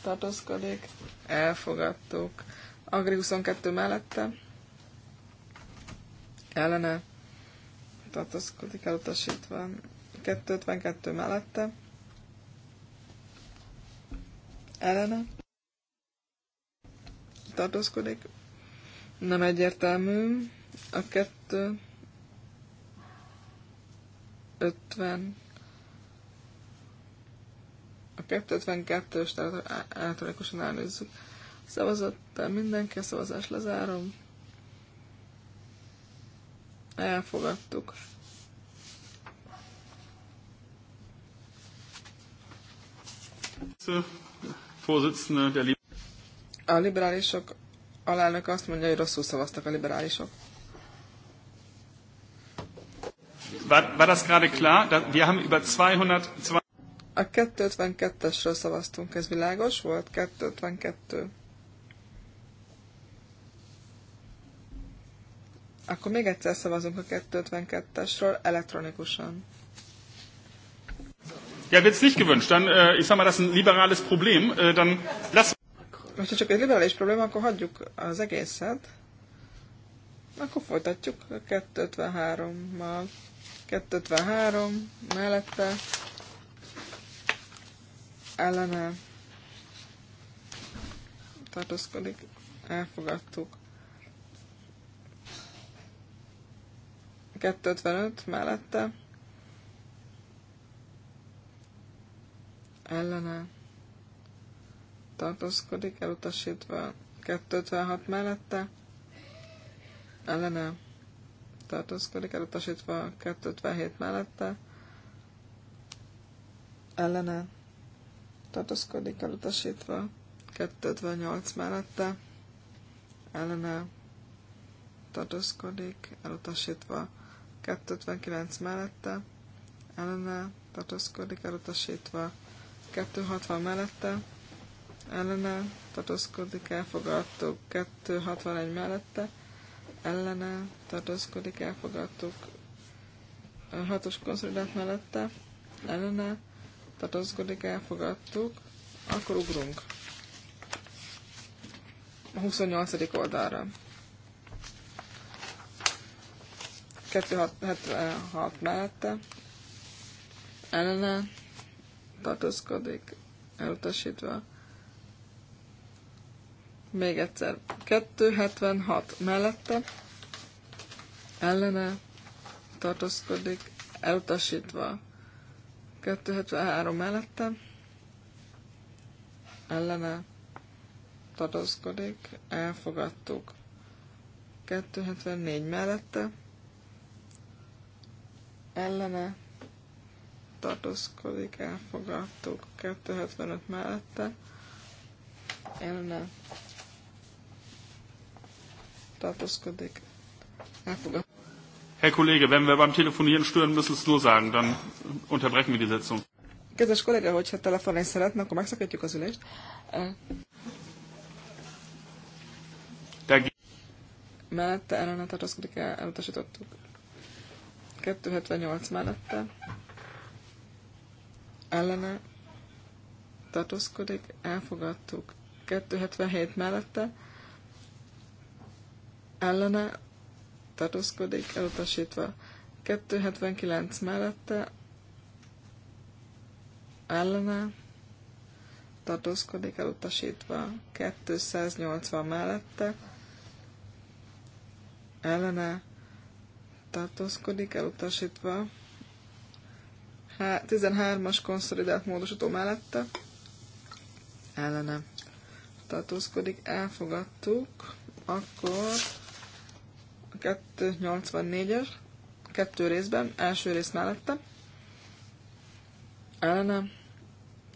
tartózkodik, elfogadtuk. Agri 22 mellette, ellene, tartózkodik elutasítva. 252 mellette, ellene, tartózkodik, nem egyértelmű, a 2 50 252 tehát elektronikusan elnézzük. Szavazott mindenki, a szavazás lezárom. Elfogadtuk. A liberálisok alelnök azt mondja, hogy rosszul szavaztak a liberálisok. War, war das gerade klar? Da, Wir haben über 200, a 252-esről szavaztunk, ez világos volt? 252. Akkor még egyszer szavazunk a 252-esről elektronikusan. Ja, es nicht gewünscht, dann, äh, ich sag mal, das ist ein liberales Problem, äh, dann lass... Ha csak egy liberális probléma, akkor hagyjuk az egészet. Akkor folytatjuk a 253-mal. 253 mellette ellene tartózkodik, elfogadtuk. 255 mellette ellene tartózkodik, elutasítva 256 mellette ellene tartózkodik, elutasítva 257 mellette ellene tartózkodik elutasítva, 258 mellette ellene tartózkodik elutasítva, 259 mellette ellene tartózkodik elutasítva, 260 mellette ellene tartózkodik elfogadtuk, 261 mellette ellene tartózkodik elfogadtuk, 6-os konszolidát mellette ellene tartózkodik, elfogadtuk, akkor ugrunk a 28. oldalra. 276 mellette ellene tartózkodik, elutasítva. Még egyszer. 276 mellette ellene tartózkodik, elutasítva. 273 mellette ellene tartózkodik, elfogadtuk. 274 mellette ellene tartozkodik, elfogadtuk. 275 mellette ellene tartozkodik, elfogadtuk. Herr Kollege, wenn wir beim Telefonieren stören, müssen Sie es nur sagen, dann unterbrechen wir die Sitzung. Kedves kolléga, hogyha telefonálni szeretne, akkor megszakítjuk az ülést. Mellette ellene tartózkodik el, elutasítottuk. 278 mellette. Ellene tartózkodik, elfogadtuk. 277 mellette. Ellene tartózkodik, elutasítva. 279 mellette ellene tartózkodik, elutasítva. 280 mellette ellene tartózkodik, elutasítva. 13-as konszolidált módosító mellette ellene tartózkodik, elfogadtuk, akkor 284-es, kettő részben, első rész mellette, ellene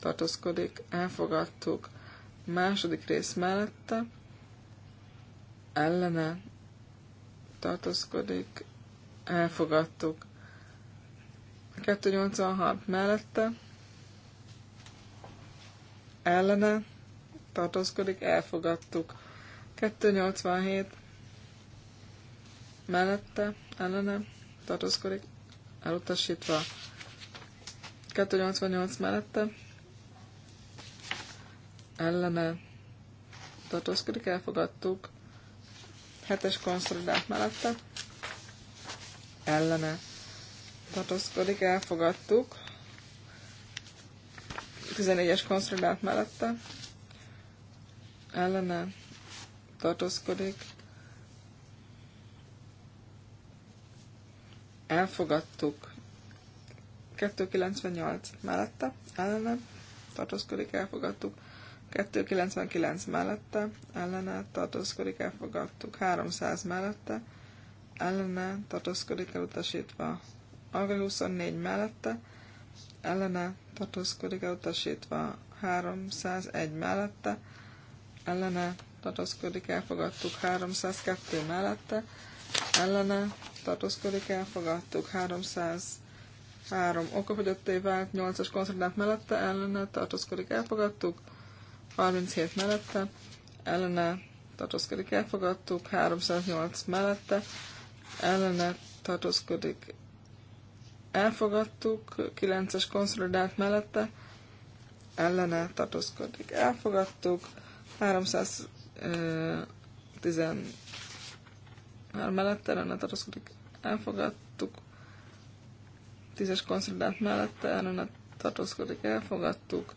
tartózkodik, elfogadtuk, második rész mellette, ellene tartózkodik, elfogadtuk. 286 mellette, ellene tartózkodik, elfogadtuk. 287 mellette, ellene, tartózkodik, elutasítva. 288 mellette, ellene, tartózkodik, elfogadtuk. 7-es konszolidált mellette, ellene, tartózkodik, elfogadtuk. 14-es konszolidált mellette, ellene, tartózkodik, elfogadtuk. 298 mellette, ellene, tartózkodik, elfogadtuk. 299 mellette, ellene, tartózkodik, elfogadtuk. 300 mellette, ellene, tartózkodik, elutasítva. Agri 24 mellette, ellene, tartózkodik, elutasítva. 301 mellette, ellene, tartózkodik, elfogadtuk. 302 mellette, ellene, tartózkodik, elfogadtuk. 303 okafogyotté vált, 8-as konszolidált mellette, ellene tartózkodik, elfogadtuk. 37 mellette, ellene tartózkodik, elfogadtuk. 308 mellette, ellene tartózkodik, elfogadtuk. 9-es konszolidált mellette, ellene tartózkodik, elfogadtuk. 300 mellette ellene tartózkodik, elfogadtuk. Tízes konszolidát mellette ellene tartózkodik, elfogadtuk.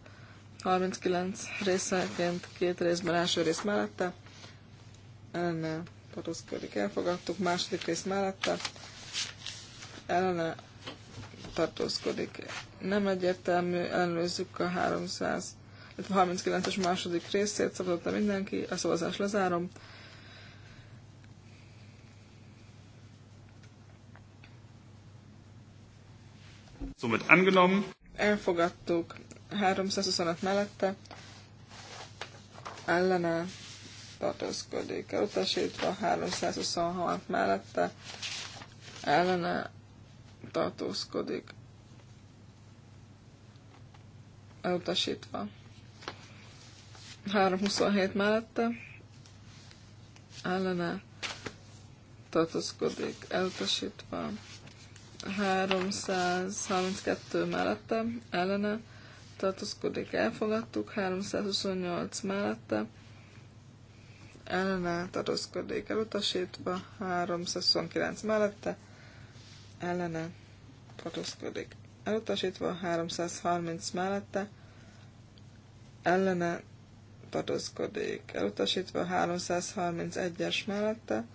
39 részeként két részben első rész mellette ellene tartózkodik, elfogadtuk. Második rész mellette ellene tartózkodik. Nem egyértelmű, ellenőrzzük a 300 39-es második részét, szavazott mindenki, a szavazás lezárom. Somit angenommen. Elfogadtuk. 325 mellette. Ellene tartózkodik elutasítva. 326 mellette. Ellene tartózkodik elutasítva. 327 mellette ellene tartózkodik elutasítva. 332 mellette ellene tartózkodik, elfogadtuk, 328 mellette ellene tartózkodik, elutasítva, 329 mellette ellene tartózkodik, elutasítva, 330 mellette ellene tartózkodik, elutasítva, 331-es mellette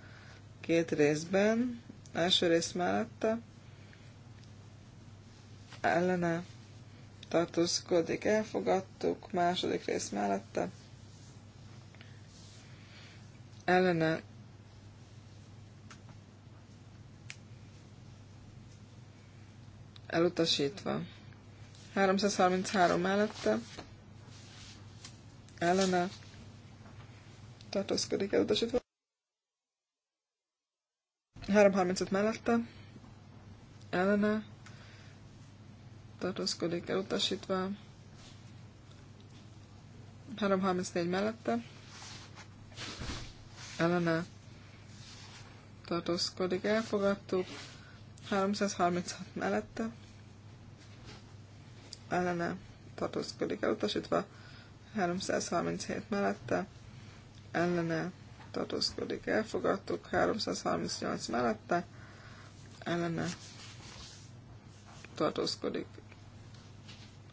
két részben, első rész mellette ellene tartózkodik, elfogadtuk, második rész mellette, ellene elutasítva. 333 mellette ellene tartózkodik elutasítva. 335 mellette ellene tartózkodik elutasítva. 334 mellette. Ellene tartózkodik, elfogadtuk. 336 mellette. Ellene tartózkodik, elutasítva. 337 mellette. Ellene tartózkodik, elfogadtuk. 338 mellette. Ellene tartózkodik,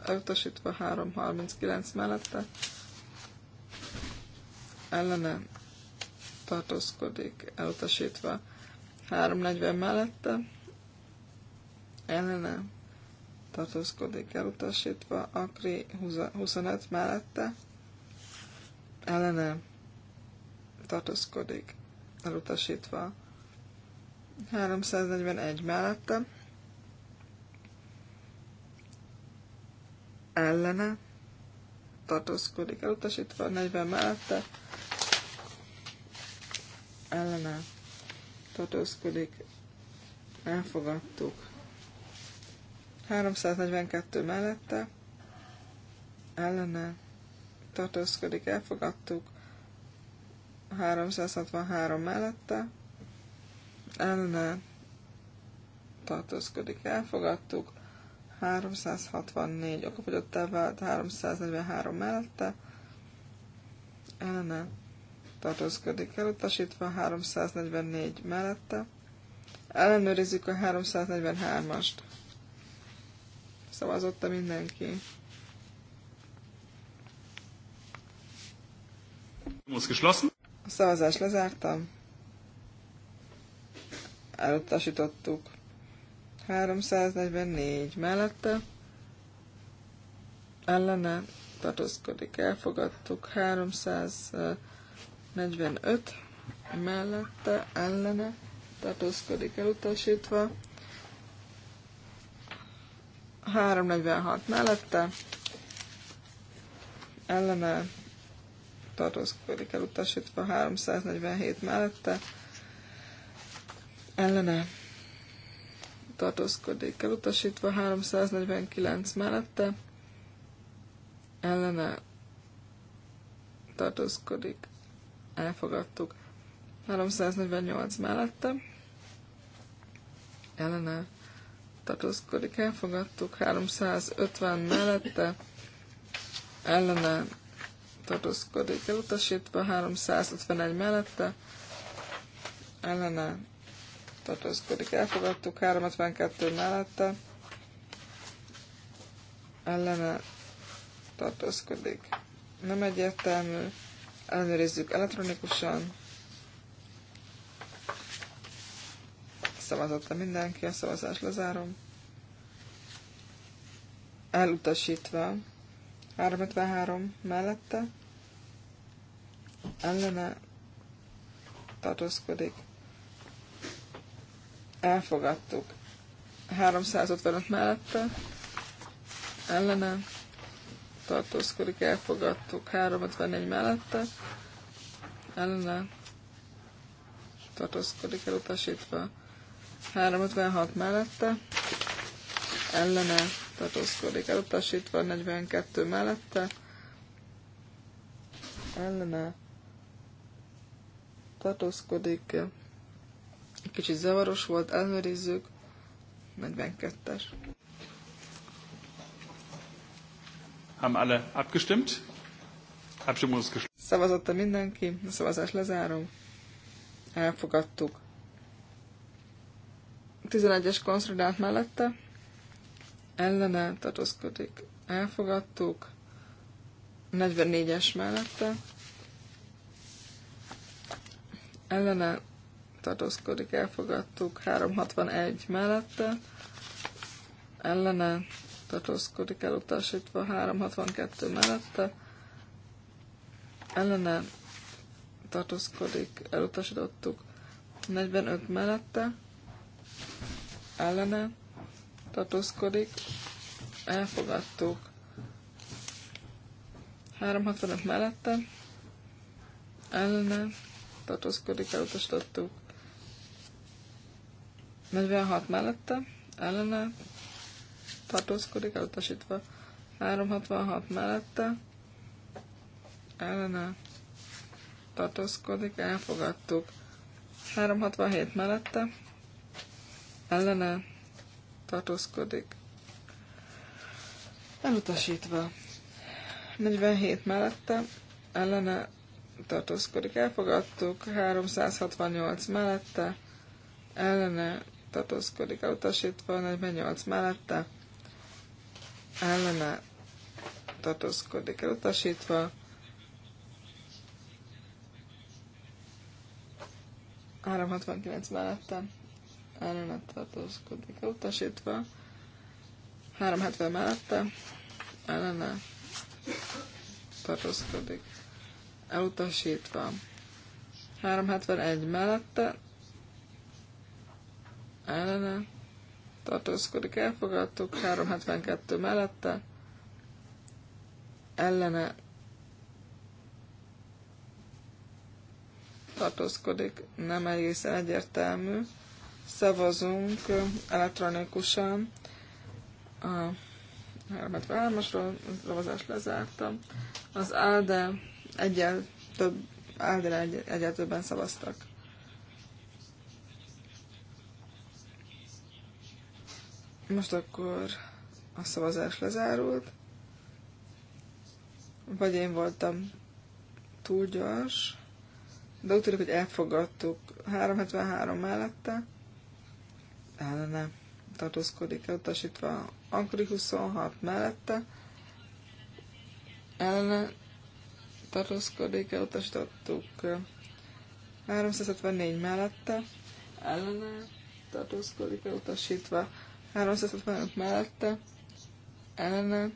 elutasítva 339 mellette ellene tartózkodik, elutasítva 340 mellette ellene tartózkodik, elutasítva Akri 25 mellette ellene tartózkodik, elutasítva 341 mellette ellene tartózkodik elutasítva, 40 mellette ellene tartózkodik, elfogadtuk. 342 mellette ellene tartózkodik, elfogadtuk. 363 mellette ellene tartózkodik, elfogadtuk. 364 okafogyottá elvált, 343 mellette, ellene tartózkodik elutasítva, 344 mellette. Ellenőrizzük a 343-ast. Szavazotta mindenki. A szavazást lezártam. Elutasítottuk. 344 mellette ellene tartózkodik, elfogadtuk 345 mellette ellene tartózkodik, elutasítva 346 mellette ellene tartózkodik, elutasítva 347 mellette ellene tartózkodik elutasítva, 349 mellette ellene tartózkodik, elfogadtuk. 348 mellette ellene tartózkodik, elfogadtuk. 350 mellette ellene tartózkodik, elutasítva. 351 mellette ellene tartózkodik. Elfogadtuk 352 mellette, ellene tartózkodik. Nem egyértelmű, ellenőrizzük elektronikusan. Szavazott mindenki, a szavazást lezárom. Elutasítva 353 mellette, ellene tartózkodik elfogadtuk. 355 mellette ellene tartózkodik, elfogadtuk. 354 mellette ellene tartózkodik, elutasítva. 356 mellette ellene tartózkodik, elutasítva. 42 mellette ellene tartózkodik, egy Kicsit zavaros volt, ellenőrizzük. 42-es. Haben alle abgestimmt? Abstimmung ist geschlossen. Szavazotta mindenki, a szavazás lezárom. Elfogadtuk. 11-es konszolidált mellette ellene tartózkodik. Elfogadtuk. 44-es mellette ellene tartózkodik, elfogadtuk. 361 mellette ellene tartózkodik, elutasítva. 362 mellette ellene tartózkodik, elutasítottuk. 45 mellette ellene tartózkodik, elfogadtuk. 365 mellette ellene tartózkodik, elutasítottuk. 46 mellette, ellene tartózkodik, elutasítva. 366 mellette, ellene tartózkodik, elfogadtuk. 367 mellette, ellene tartózkodik, elutasítva. 47 mellette, ellene tartózkodik, elfogadtuk. 368 mellette, ellene tartózkodik elutasítva, 48 mellette ellene tartózkodik elutasítva, hatvankilenc mellette ellene tartózkodik elutasítva, hetven mellette ellene tartózkodik elutasítva, 371 mellette ellene tartózkodik, elfogadtuk, 372 mellette, ellene tartózkodik, nem egészen egyértelmű. Szavazunk elektronikusan. A 373-asról szavazást lezártam. Az ALDE egyel több, ALDE egyel többen szavaztak. Most akkor a szavazás lezárult. Vagy én voltam túl gyors. De úgy tűnik, hogy elfogadtuk. 373 mellette. Ellene tartózkodik elutasítva. Ankori 26 mellette. Ellene tartózkodik elutasítottuk. 374 mellette. Ellene tartózkodik elutasítva. 365 mellette ellene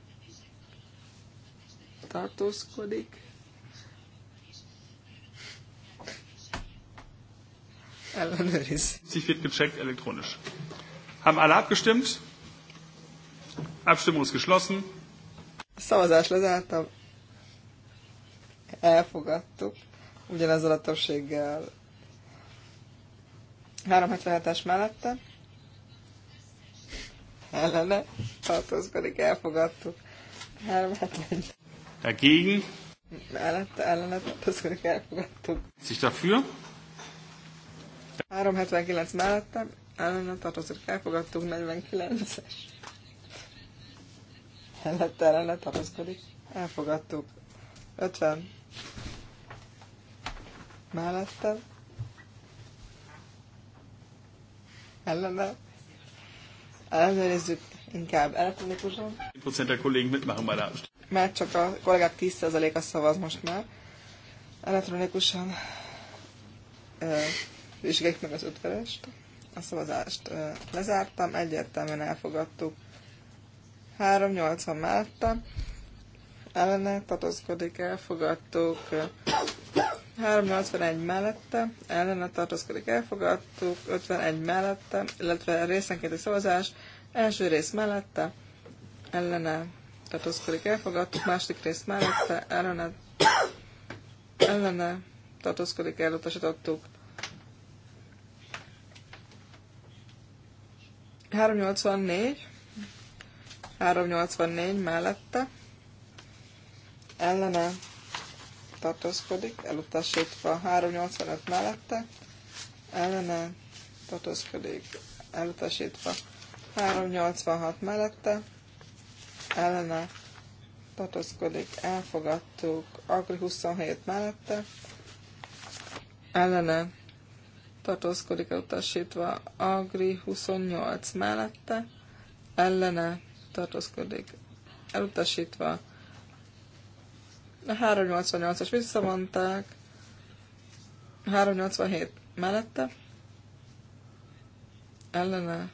tartózkodik. Ellenőriz. Sie wird gecheckt elektronisch. Haben alle abgestimmt? Abstimmung ist geschlossen. Szavazás lezártam. Elfogadtuk. Ugyanezzel a többséggel. 377-es mellette ellene tartózkodik, hát elfogadtuk. 370. Dagegen. Mellette ellene tartózkodik, hát elfogadtuk. Sich dafür? 379 mellette ellene tartózkodik, hát elfogadtuk. 49-es. Mellette ellene tartózkodik, elfogadtuk. 50. Mellette ellene ellenőrizzük inkább elektronikusan. Mert csak a kollégák 10%-a szavaz most már. Elektronikusan e, vizsgáljuk meg az ötverest. A szavazást e, lezártam, egyértelműen elfogadtuk. 3-80 mellette. Ellene tartózkodik, elfogadtuk. 381 mellette, ellene tartózkodik, elfogadtuk, 51 mellette, illetve részenkénti szavazás, Első rész mellette, ellene tartózkodik, elfogadtuk. Második rész mellette, ellene, ellene tartózkodik, elutasítottuk. 384, 384 mellette ellene tartózkodik, elutasítva 385 mellette ellene tartózkodik, elutasítva 386 mellette ellene tartozkodik, elfogadtuk. Agri 27 mellette ellene tartozkodik elutasítva. Agri 28 mellette ellene tartozkodik elutasítva. A 388-as visszavonták. 387 mellette ellene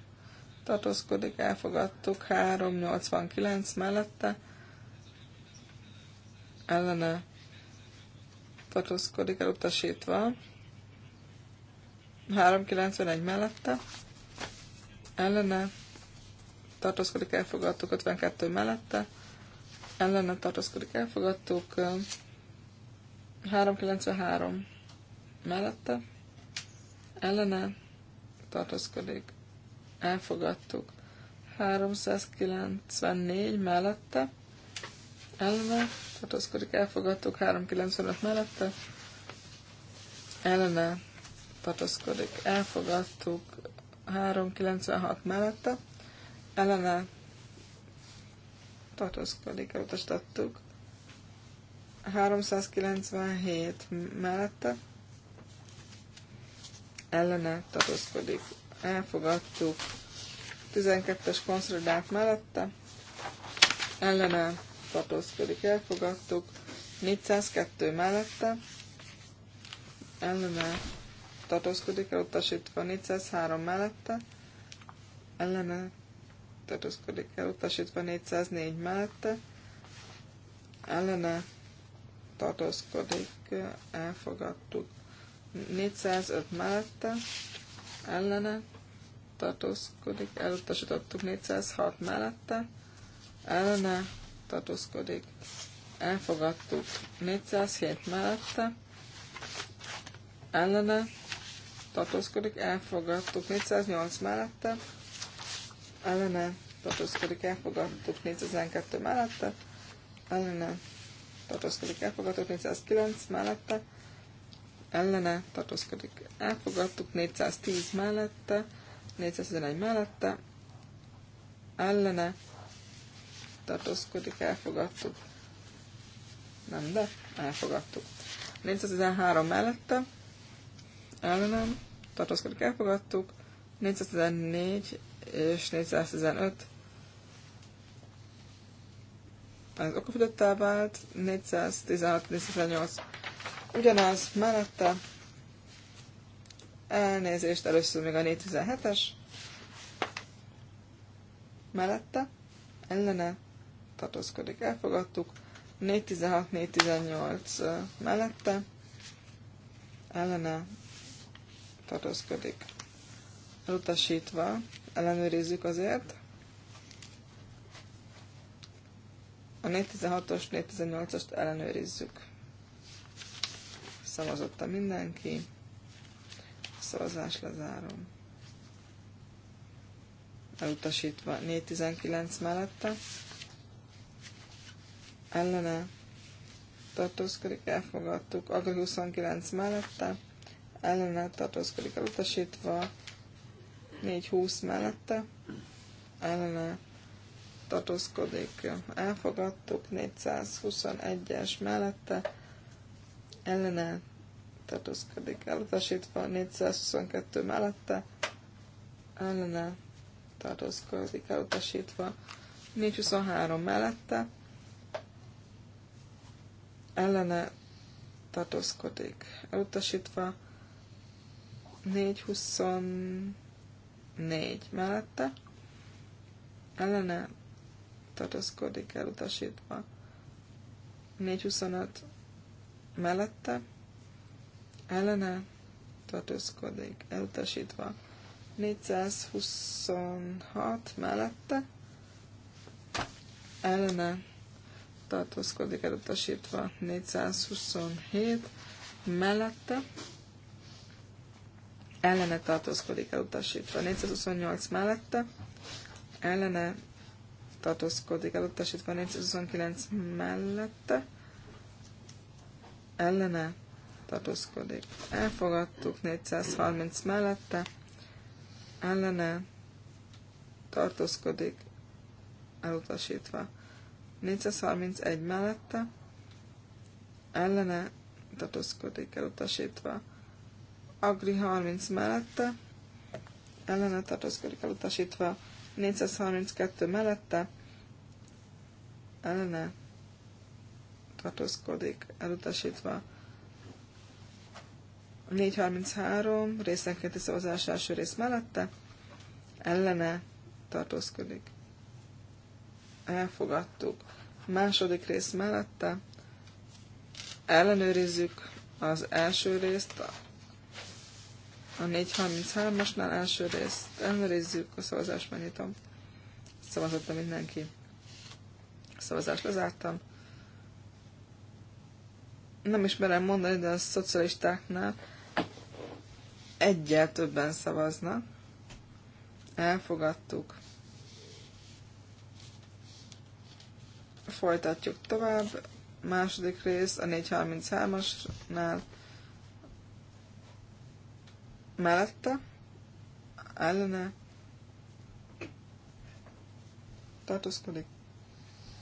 tartózkodik, elfogadtuk 389 mellette, ellene tartózkodik, elutasítva 391 mellette, ellene tartózkodik, elfogadtuk 52 mellette, ellene tartózkodik, elfogadtuk 393 mellette, ellene tartózkodik, elfogadtuk. 394 mellette, ellene, tartózkodik, elfogadtuk. 395 mellette, ellene, tartózkodik, elfogadtuk. 396 mellette, ellene, tartózkodik, elutasítottuk. 397 mellette ellene tartózkodik, elfogadtuk. 12-es konszolidált mellette ellene tartózkodik, elfogadtuk. 402 mellette ellene tartózkodik, elutasítva 403 mellette ellene tartózkodik, elutasítva 404 mellette ellene tartózkodik, elfogadtuk. 405 mellette ellene tartózkodik, elutasítottuk 406 mellette, ellene tartózkodik, elfogadtuk 407 mellette, ellene tartózkodik, elfogadtuk 408 mellette, ellene tartózkodik, elfogadtuk 412 mellette, ellene tartózkodik, elfogadtuk 409 mellette, ellene tartózkodik. Elfogadtuk 410 mellette, 411 mellette, ellene tartózkodik, elfogadtuk. Nem, de elfogadtuk. 413 mellette, ellenem tartózkodik, elfogadtuk. 414 és 415 az okafogyottá vált, 416-418 Ugyanaz mellette. Elnézést, először még a 417-es. Mellette. Ellene. Tartózkodik. Elfogadtuk. 416-418 mellette. Ellene. Tartózkodik. Elutasítva. Ellenőrizzük azért. A 416-os, 418-ast ellenőrizzük a mindenki. Szavazás lezárom. Elutasítva 419 mellette. Ellene tartózkodik, elfogadtuk. Agri 29 mellette. Ellene tartózkodik, elutasítva. 420 mellette. Ellene tartózkodik. Elfogadtuk 421-es mellette, ellene tartózkodik elutasítva, 422 mellette ellene tartózkodik elutasítva, 423 mellette ellene tartózkodik elutasítva, 424 mellette ellene tartózkodik elutasítva, 425 mellette ellene tartózkodik, elutasítva. 426 mellette ellene tartózkodik, elutasítva. 427 mellette ellene tartózkodik, elutasítva. 428 mellette ellene tartózkodik, elutasítva. 429 mellette ellene tartózkodik. Elfogadtuk 430 mellette, ellene tartózkodik, elutasítva. 431 mellette, ellene tartózkodik, elutasítva. Agri 30 mellette, ellene tartózkodik, elutasítva. 432 mellette, ellene tartózkodik, elutasítva. 433 részenkénti szavazás első rész mellette, ellene tartózkodik. Elfogadtuk. Második rész mellette ellenőrizzük az első részt, a 433-asnál első részt ellenőrizzük, a szavazás megnyitom. Szavazottam mindenki. A szavazást lezártam. Nem ismerem mondani, de a szocialistáknál egyel többen szavaznak. Elfogadtuk. Folytatjuk tovább. Második rész a 433-asnál. Mellette. Ellene. Tartózkodik.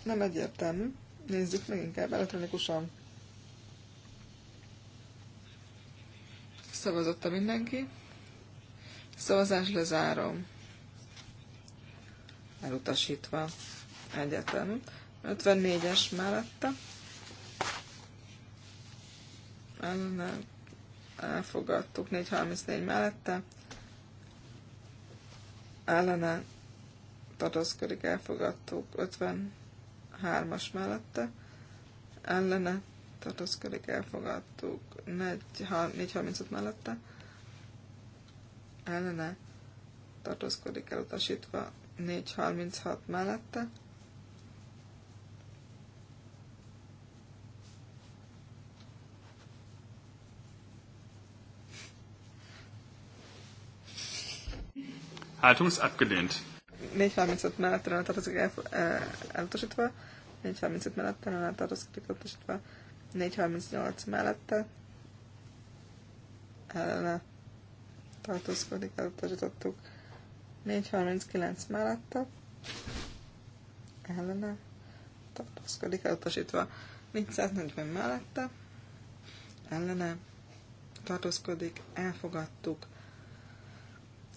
Nem egyértelmű. Nézzük meg inkább elektronikusan. Szavazott a mindenki. Szavazás lezárom. Elutasítva. Egyetem. 54-es mellette. Ellene elfogadtuk. 434 mellette. Ellene tartózkodik, elfogadtuk. 53-as mellette. Ellene tartózkodik, elfogadtuk 4.35 mellette, ellene tartózkodik, elutasítva 4.36 mellette, Haltung ist abgelehnt. 435 mellett tartozik el, elutasítva, 435 mellett tartozik elutasítva, 438 mellette ellene tartózkodik, elutasítottuk. 439 mellette ellene tartózkodik, elutasítva. 440 mellette ellene tartózkodik, elfogadtuk.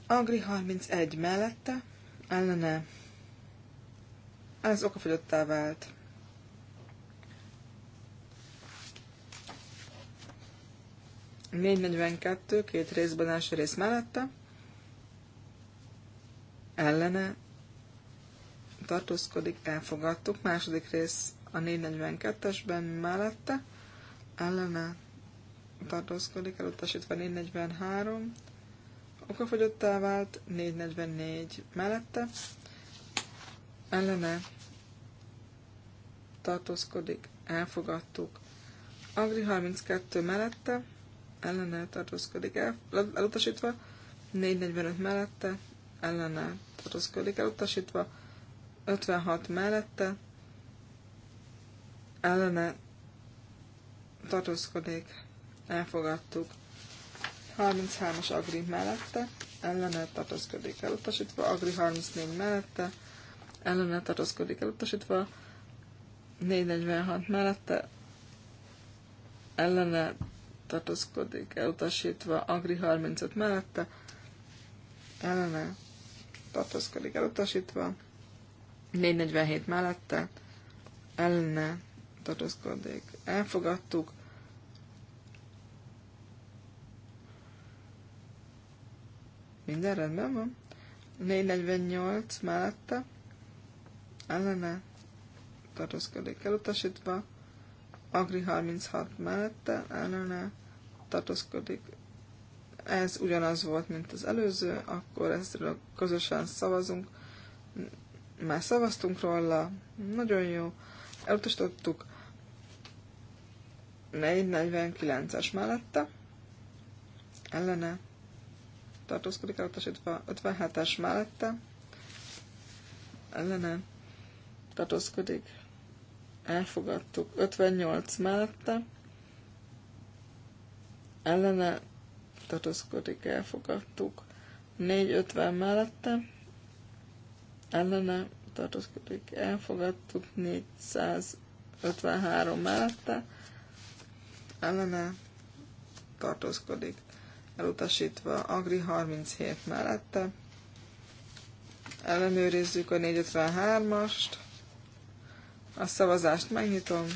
Agri 31 mellette ellene ez okafogyottá vált. 442, két részben első rész mellette, ellene tartózkodik, elfogadtuk. Második rész a 442-esben mellette, ellene tartózkodik, elutasítva 443, okafogyottá vált, 444 mellette, ellene tartózkodik, elfogadtuk. Agri 32 mellette, ellene tartózkodik el, elutasítva, 445 mellette, ellene tartózkodik elutasítva, 56 mellette, ellene tartózkodik, elfogadtuk. 33-as Agri mellette, ellene tartózkodik elutasítva, Agri 34 mellette, ellene tartózkodik elutasítva, 446 mellette, ellene tartózkodik, elutasítva, Agri 35 mellette, ellene tartózkodik, elutasítva, 447 mellette, ellene tartózkodik, elfogadtuk, minden rendben van, 448 mellette, ellene tartózkodik, elutasítva, Agri 36 mellette, ellene tartózkodik. Ez ugyanaz volt, mint az előző, akkor ezről közösen szavazunk. Már szavaztunk róla, nagyon jó. Elutasítottuk 449-es mellette, ellene tartózkodik elutasítva 57-es mellette, ellene tartózkodik, elfogadtuk 58 mellette, ellene tartózkodik, elfogadtuk. 450 mellette ellene tartózkodik, elfogadtuk. 453 mellette ellene tartózkodik, elutasítva. Agri 37 mellette ellenőrizzük a 453-ast. A szavazást megnyitom.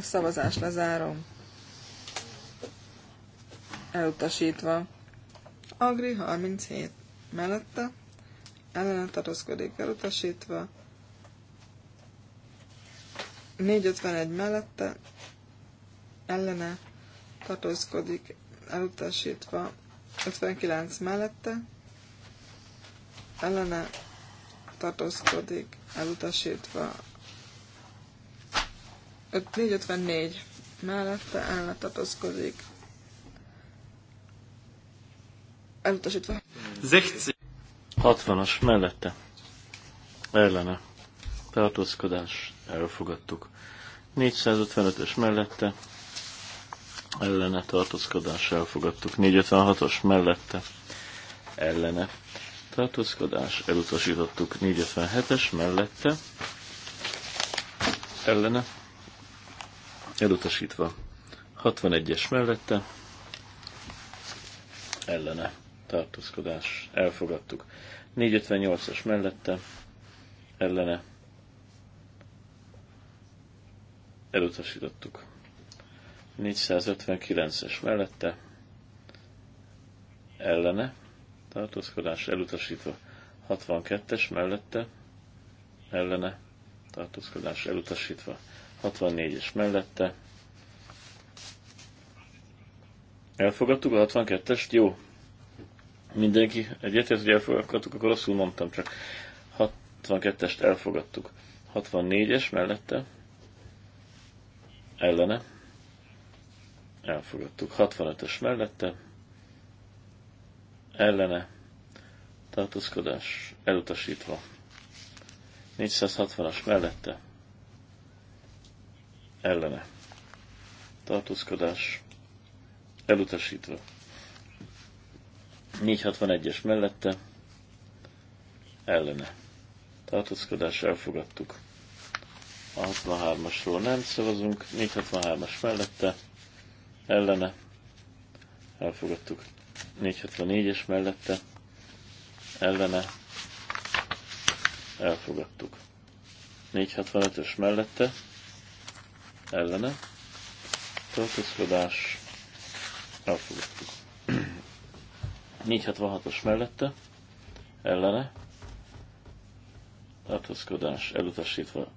A szavazás lezárom. Elutasítva. Agri 37 mellette. Ellene tartózkodik elutasítva. 451 mellette. Ellene tartózkodik elutasítva. 59 mellette. Ellene tartózkodik elutasítva 454 mellette ellene tartózkodik. Elutasítva. 60-as mellette. Ellene. Tartózkodás. Elfogadtuk. 455-ös mellette. Ellene tartózkodás. Elfogadtuk. 456-os mellette. Ellene tartózkodás. Elutasítottuk. 457-es mellette. Ellene elutasítva. 61-es mellette, ellene tartózkodás, elfogadtuk. 458-as mellette, ellene elutasítottuk. 459-es mellette, ellene tartózkodás, elutasítva. 62-es mellette, ellene tartózkodás, elutasítva. 64-es mellette. Elfogadtuk a 62-est? Jó. Mindenki egyetért, hogy elfogadtuk, akkor rosszul mondtam, csak 62-est elfogadtuk. 64-es mellette. Ellene. Elfogadtuk. 65-es mellette. Ellene. Tartózkodás elutasítva. 460-as mellette ellene. Tartózkodás elutasítva. 461-es mellette ellene. Tartózkodás elfogadtuk. A 63-asról nem szavazunk, 463-as mellette ellene. Elfogadtuk. 474-es mellette ellene. Elfogadtuk. 465-ös mellette ellene tartózkodás elfogadtuk. 466-os mellette ellene tartózkodás elutasítva.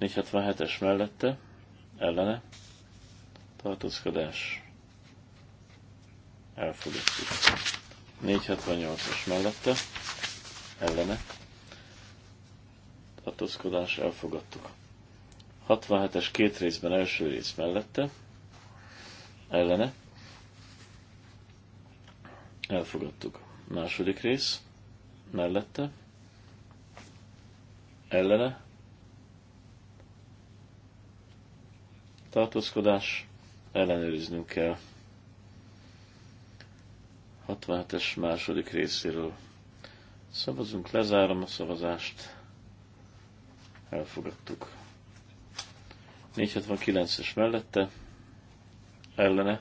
477-es mellette ellene tartózkodás elfogadtuk. 478-as mellette ellene tartózkodás elfogadtuk. 67-es két részben első rész mellette, ellene, elfogadtuk. Második rész mellette, ellene, tartózkodás, ellenőriznünk kell. 67-es második részéről szavazunk, lezárom a szavazást, elfogadtuk. 469-es mellette ellene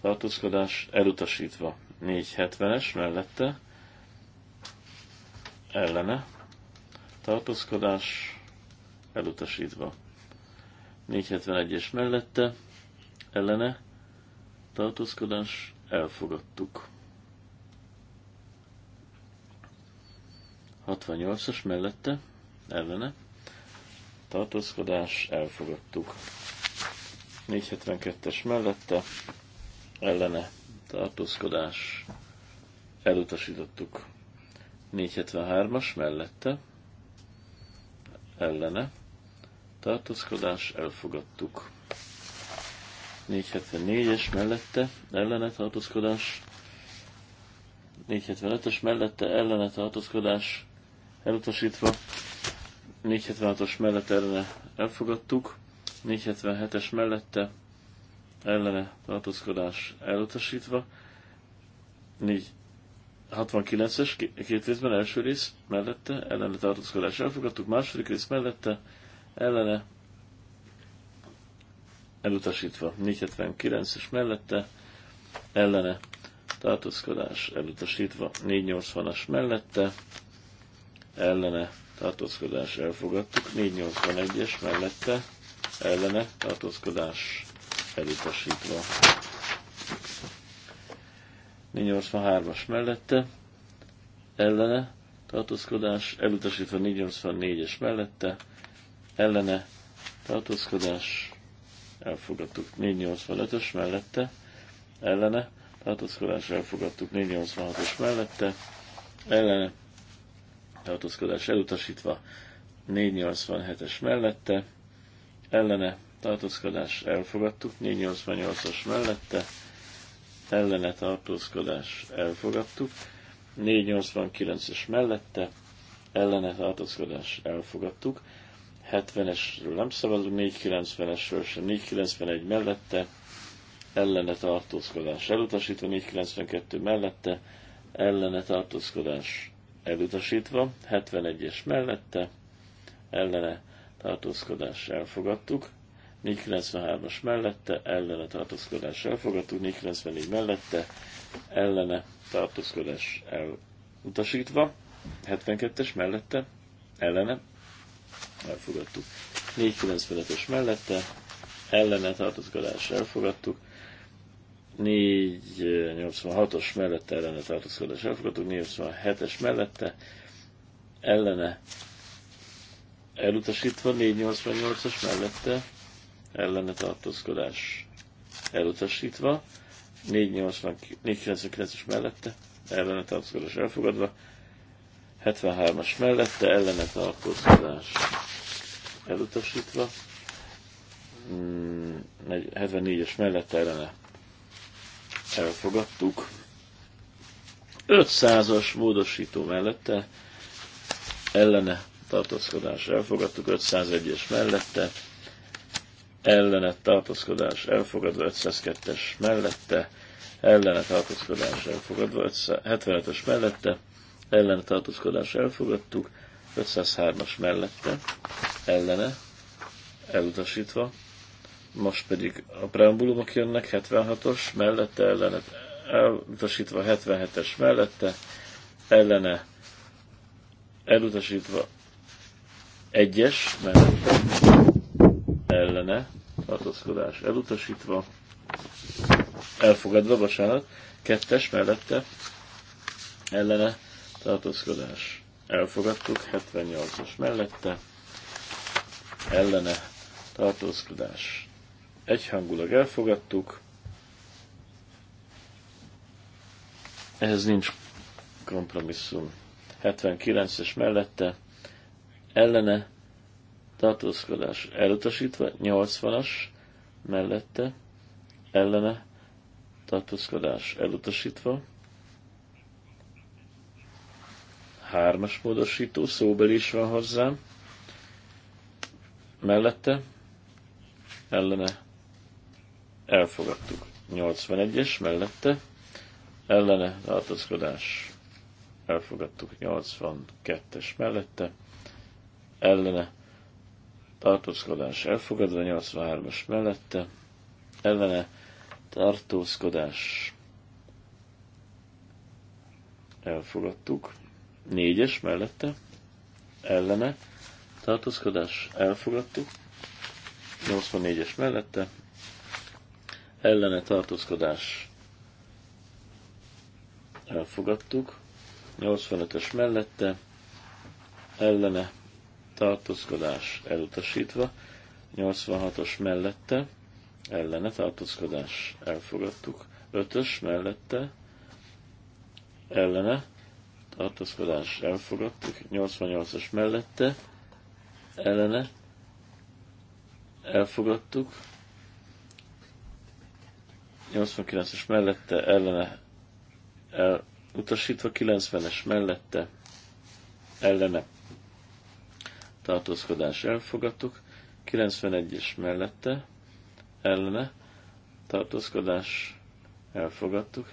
tartózkodás elutasítva. 470-es mellette ellene tartózkodás elutasítva. 471-es mellette ellene tartózkodás elfogadtuk. 68-as mellette ellene tartózkodás, elfogadtuk. 472-es mellette, ellene tartózkodás, elutasítottuk. 473-as mellette, ellene tartózkodás, elfogadtuk. 474-es mellette, ellene tartózkodás, 475 es mellette, ellene tartózkodás, elutasítva. 476-os mellett ellene elfogadtuk, 477-es mellette ellene tartózkodás elutasítva, 469-es két részben első rész mellette ellene tartózkodás elfogadtuk, második rész mellette ellene elutasítva, 479-es mellette ellene tartózkodás elutasítva, 480-as mellette ellene tartózkodás elfogadtuk, 481-es mellette ellene tartózkodás elutasítva. 483-as mellette ellene tartózkodás, elutasítva 484-es mellette ellene tartózkodás, elfogadtuk 485-ös mellette ellene tartózkodás, elfogadtuk 486-os mellette ellene tartózkodás elutasítva, 487-es mellette, ellene tartózkodás elfogadtuk, 488-as mellette, ellene tartózkodás elfogadtuk, 489-es mellette, ellene tartózkodás elfogadtuk, 70-esről nem szavazunk, 490-esről sem, 491 mellette, ellene tartózkodás elutasítva, 492 mellette, ellene tartózkodás elutasítva, 71-es mellette, ellene tartózkodás elfogadtuk, 493-as mellette, ellene tartózkodás elfogadtuk, 494 mellette, ellene tartózkodás elutasítva, 72-es mellette, ellene, elfogadtuk. 495-ös mellette, ellene tartózkodás elfogadtuk, 486-os mellette ellene tartózkodás elfogadtuk, 487-es mellette ellene elutasítva, 488-as mellette ellene tartózkodás elutasítva, 499-es mellette ellene tartózkodás elfogadva, 73-as mellette ellene tartózkodás elutasítva, 74-es mm, mellette ellene elfogadtuk. 500-as módosító mellette ellene tartózkodás elfogadtuk, 501-es mellette ellene tartózkodás elfogadva, 502-es mellette ellene tartózkodás elfogadva, 75-ös mellette ellene tartózkodás elfogadtuk, 503-as mellette ellene elutasítva, most pedig a preambulumok jönnek, 76-os, mellette ellene, elutasítva 77-es mellette, ellene elutasítva 1-es mellette, ellene tartózkodás elutasítva, elfogadva, bocsánat, 2-es mellette, ellene tartózkodás elfogadtuk, 78 os mellette, ellene tartózkodás egyhangulag elfogadtuk. Ehhez nincs kompromisszum. 79-es mellette ellene tartózkodás elutasítva, 80-as mellette ellene tartózkodás elutasítva, hármas módosító, szóbeli is van hozzám, mellette ellene elfogadtuk. 81-es mellette ellene tartózkodás elfogadtuk 82-es mellette, ellene tartózkodás elfogadva 83-as mellette, ellene tartózkodás elfogadtuk 4-es mellette, ellene tartózkodás elfogadtuk 84-es mellette, ellene tartózkodás elfogadtuk, 85-ös mellette ellene tartózkodás elutasítva, 86-os mellette ellene tartózkodás elfogadtuk, 5-ös mellette ellene tartózkodás elfogadtuk, 88-as mellette ellene elfogadtuk, 89-es mellette ellene elutasítva, 90-es mellette ellene tartózkodás elfogadtuk, 91-es mellette ellene tartózkodás elfogadtuk,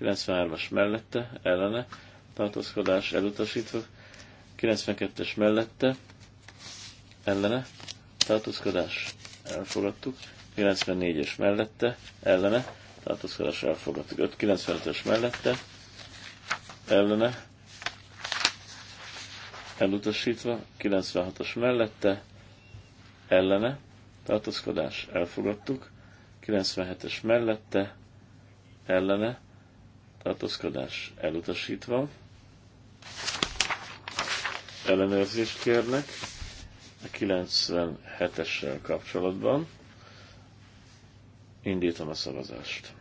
93-as mellette ellene tartózkodás elutasítva, 92-es mellette ellene tartózkodás elfogadtuk, 94-es mellette ellene keres elfogadtuk. 595 es mellette ellene elutasítva, 96-os mellette ellene tartózkodás elfogadtuk, 97-es mellette ellene tartózkodás elutasítva, ellenőrzést kérnek a 97-essel kapcsolatban. Indítom a szavazást.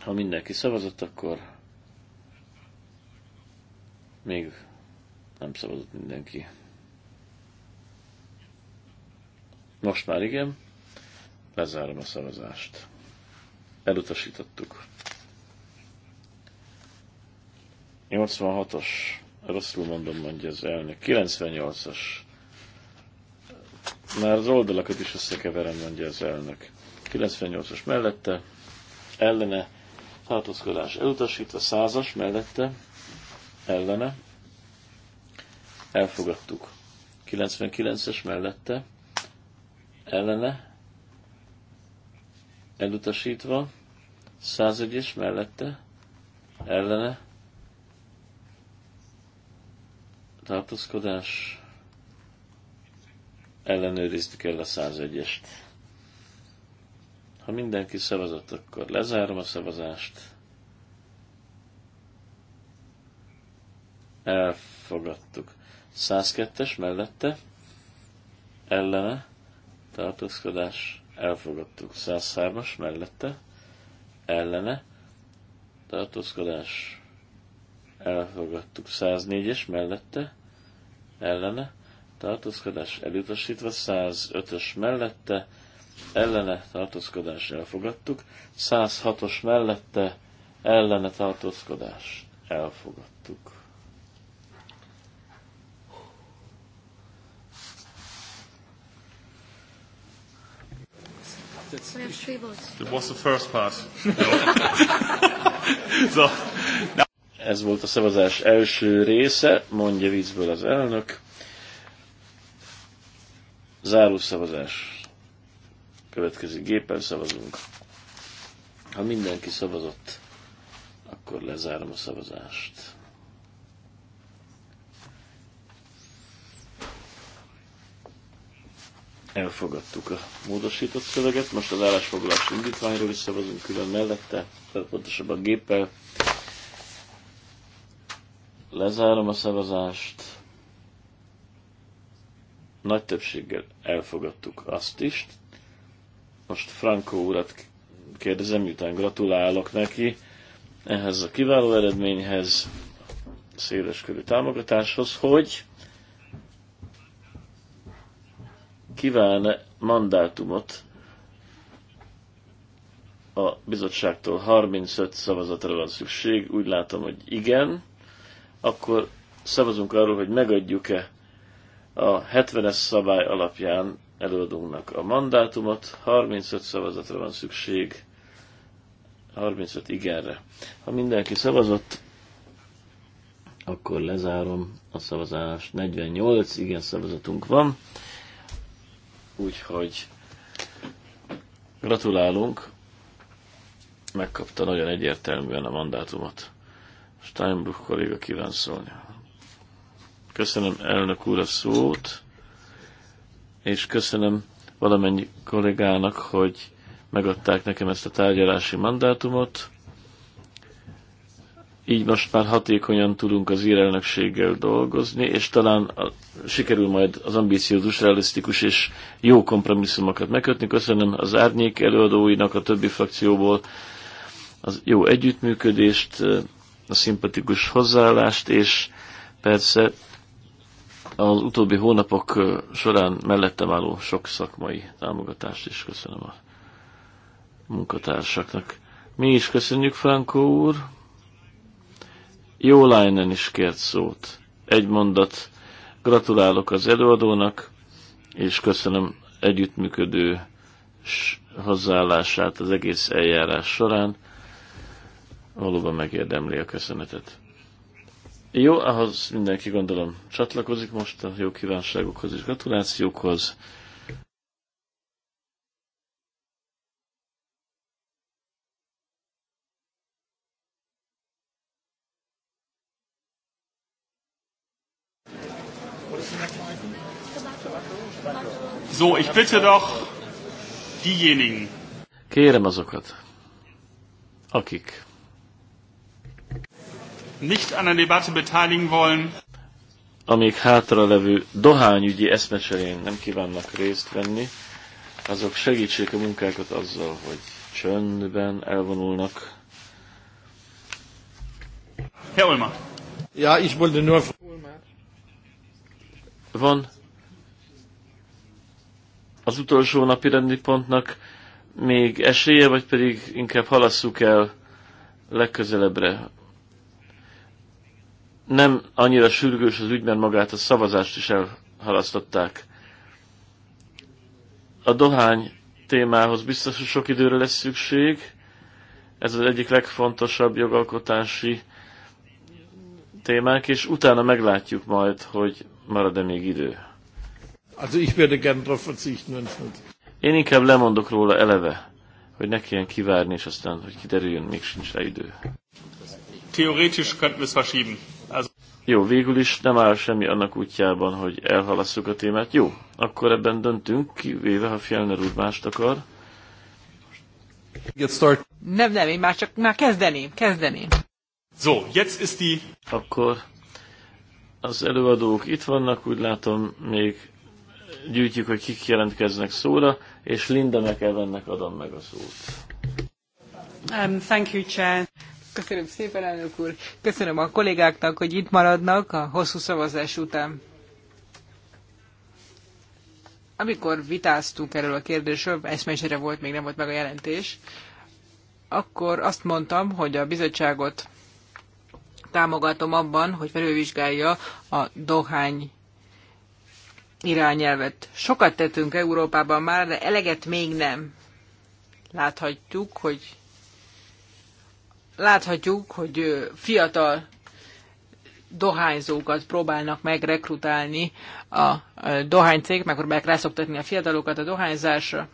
Ha mindenki szavazott, akkor még nem szavazott mindenki. Most már igen, lezárom a szavazást. Elutasítottuk. 86-os, rosszul mondom, mondja az elnök. 98-as. Már az oldalakat is összekeverem, mondja az elnök. 98-as mellette, ellene tartózkodás elutasítva, százas mellette, ellene, elfogadtuk. 99-es mellette, ellene, elutasítva, 101-es mellette, ellene, tartózkodás, ellenőrizni kell a 101-est. Ha mindenki szavazott, akkor lezárom a szavazást. Elfogadtuk. 102-es mellette, ellene, tartózkodás, elfogadtuk. 103-as mellette, ellene, tartózkodás, elfogadtuk. 104-es mellette, ellene, tartózkodás elutasítva, 105-ös mellette, ellene tartózkodás elfogadtuk, 106-os mellette ellene tartózkodás elfogadtuk. <laughs> Ez volt a szavazás első része, mondja vízből az elnök. Záró szavazás. Következő gépen szavazunk. Ha mindenki szavazott, akkor lezárom a szavazást. Elfogadtuk a módosított szöveget, most az állásfoglalás indítványról is szavazunk külön mellette, pontosabban géppel. Lezárom a szavazást. Nagy többséggel elfogadtuk azt is, most Franco urat kérdezem, miután gratulálok neki ehhez a kiváló eredményhez, széleskörű támogatáshoz, hogy kíván mandátumot a bizottságtól 35 szavazatra van szükség, úgy látom, hogy igen, akkor szavazunk arról, hogy megadjuk-e a 70-es szabály alapján előadónak a mandátumot. 35 szavazatra van szükség. 35 igenre. Ha mindenki szavazott, akkor lezárom a szavazást. 48 igen szavazatunk van. Úgyhogy gratulálunk. Megkapta nagyon egyértelműen a mandátumot. Steinbruch kolléga kíván szólni. Köszönöm elnök úr a szót és köszönöm valamennyi kollégának, hogy megadták nekem ezt a tárgyalási mandátumot. Így most már hatékonyan tudunk az írelnökséggel dolgozni, és talán a, sikerül majd az ambíciózus, realisztikus és jó kompromisszumokat megkötni. Köszönöm az árnyék előadóinak a többi frakcióból az jó együttműködést, a szimpatikus hozzáállást, és persze az utóbbi hónapok során mellettem álló sok szakmai támogatást is köszönöm a munkatársaknak. Mi is köszönjük, Frankó úr. Jó lányen is kért szót. Egy mondat. Gratulálok az előadónak, és köszönöm együttműködő hozzáállását az egész eljárás során. Valóban megérdemli a köszönetet. Jó, ahhoz mindenki gondolom csatlakozik most a jó kívánságokhoz és gratulációkhoz. So, ich bitte doch diejenigen. Kérem azokat, akik nicht an der Debatte beteiligen wollen, amíg hátralevő dohányügyi eszmecserén nem kívánnak részt venni, azok segítsék a munkákat azzal, hogy csöndben elvonulnak. Herr Ulmer. Ja, ich wollte nur... Van az utolsó napi rendi pontnak még esélye, vagy pedig inkább halasszuk el legközelebbre? nem annyira sürgős az ügyben magát a szavazást is elhalasztották. A dohány témához biztos, hogy sok időre lesz szükség. Ez az egyik legfontosabb jogalkotási témánk, és utána meglátjuk majd, hogy marad-e még idő. Also ich werde gern drauf verzichten, Én inkább lemondok róla eleve, hogy ne kelljen kivárni, és aztán, hogy kiderüljön, még sincs rá idő. Theoretisch könnten wir es verschieben. Jó, végül is nem áll semmi annak útjában, hogy elhalasszuk a témát. Jó, akkor ebben döntünk, kivéve, ha Fjellner úr mást akar. Nem, nem, én már csak már kezdeném, kezdeném. So, jetzt ist die... Akkor az előadók itt vannak, úgy látom, még gyűjtjük, hogy kik jelentkeznek szóra, és Linda McEvennek adom meg a szót. Um, thank you, Chair. Köszönöm szépen, elnök úr. Köszönöm a kollégáknak, hogy itt maradnak a hosszú szavazás után. Amikor vitáztunk erről a kérdésről, eszmesére volt, még nem volt meg a jelentés, akkor azt mondtam, hogy a bizottságot támogatom abban, hogy felülvizsgálja a dohány irányelvet. Sokat tettünk Európában már, de eleget még nem. Láthatjuk, hogy láthatjuk, hogy fiatal dohányzókat próbálnak megrekrutálni a hmm. dohánycég, próbálják rászoktatni a fiatalokat a dohányzásra.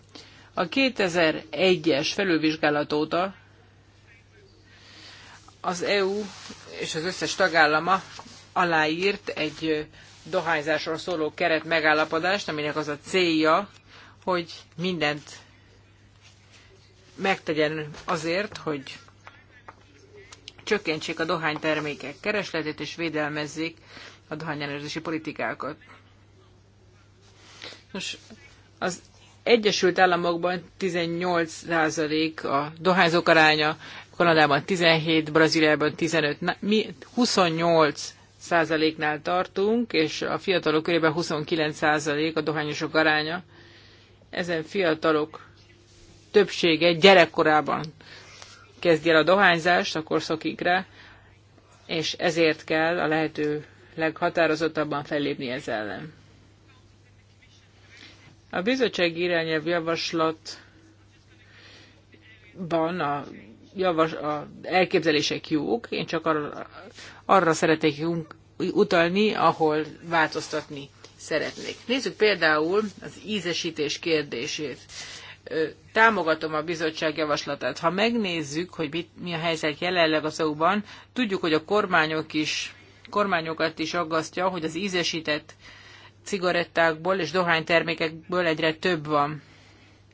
A 2001-es felülvizsgálat óta az EU és az összes tagállama aláírt egy dohányzásról szóló keret megállapodást, aminek az a célja, hogy mindent megtegyen azért, hogy csökkentsék a dohánytermékek keresletét és védelmezzék a dohányellenőrzési politikákat. Nos, az Egyesült Államokban 18% a dohányzók aránya, Kanadában 17, Brazíliában 15, mi 28 százaléknál tartunk, és a fiatalok körében 29 százalék a dohányosok aránya. Ezen fiatalok többsége gyerekkorában kezdi el a dohányzást, akkor szokik rá, és ezért kell a lehető leghatározottabban fellépni ez ellen. A bizottság irányelv javaslatban a, javas, a elképzelések jók, én csak arra, arra szeretnék utalni, ahol változtatni szeretnék. Nézzük például az ízesítés kérdését támogatom a bizottság javaslatát. Ha megnézzük, hogy mit, mi a helyzet jelenleg az EU-ban, tudjuk, hogy a kormányok is, kormányokat is aggasztja, hogy az ízesített cigarettákból és dohánytermékekből egyre több van.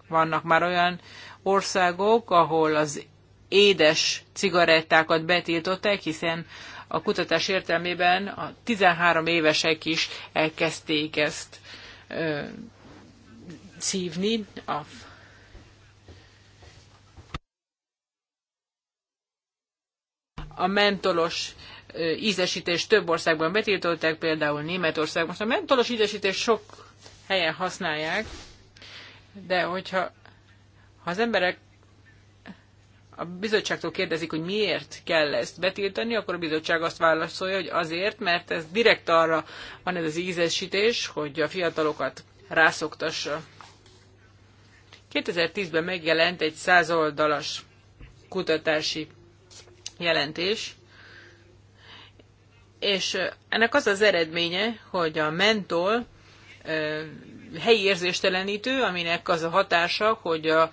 Vannak már olyan országok, ahol az édes cigarettákat betiltották, hiszen a kutatás értelmében a 13 évesek is elkezdték ezt ö, szívni. A a mentolos ízesítés több országban betiltották, például Németország. Most a mentolos ízesítés sok helyen használják, de hogyha ha az emberek a bizottságtól kérdezik, hogy miért kell ezt betiltani, akkor a bizottság azt válaszolja, hogy azért, mert ez direkt arra van ez az ízesítés, hogy a fiatalokat rászoktassa. 2010-ben megjelent egy százoldalas kutatási jelentés, és ennek az az eredménye, hogy a mentol helyi érzéstelenítő, aminek az a hatása, hogy a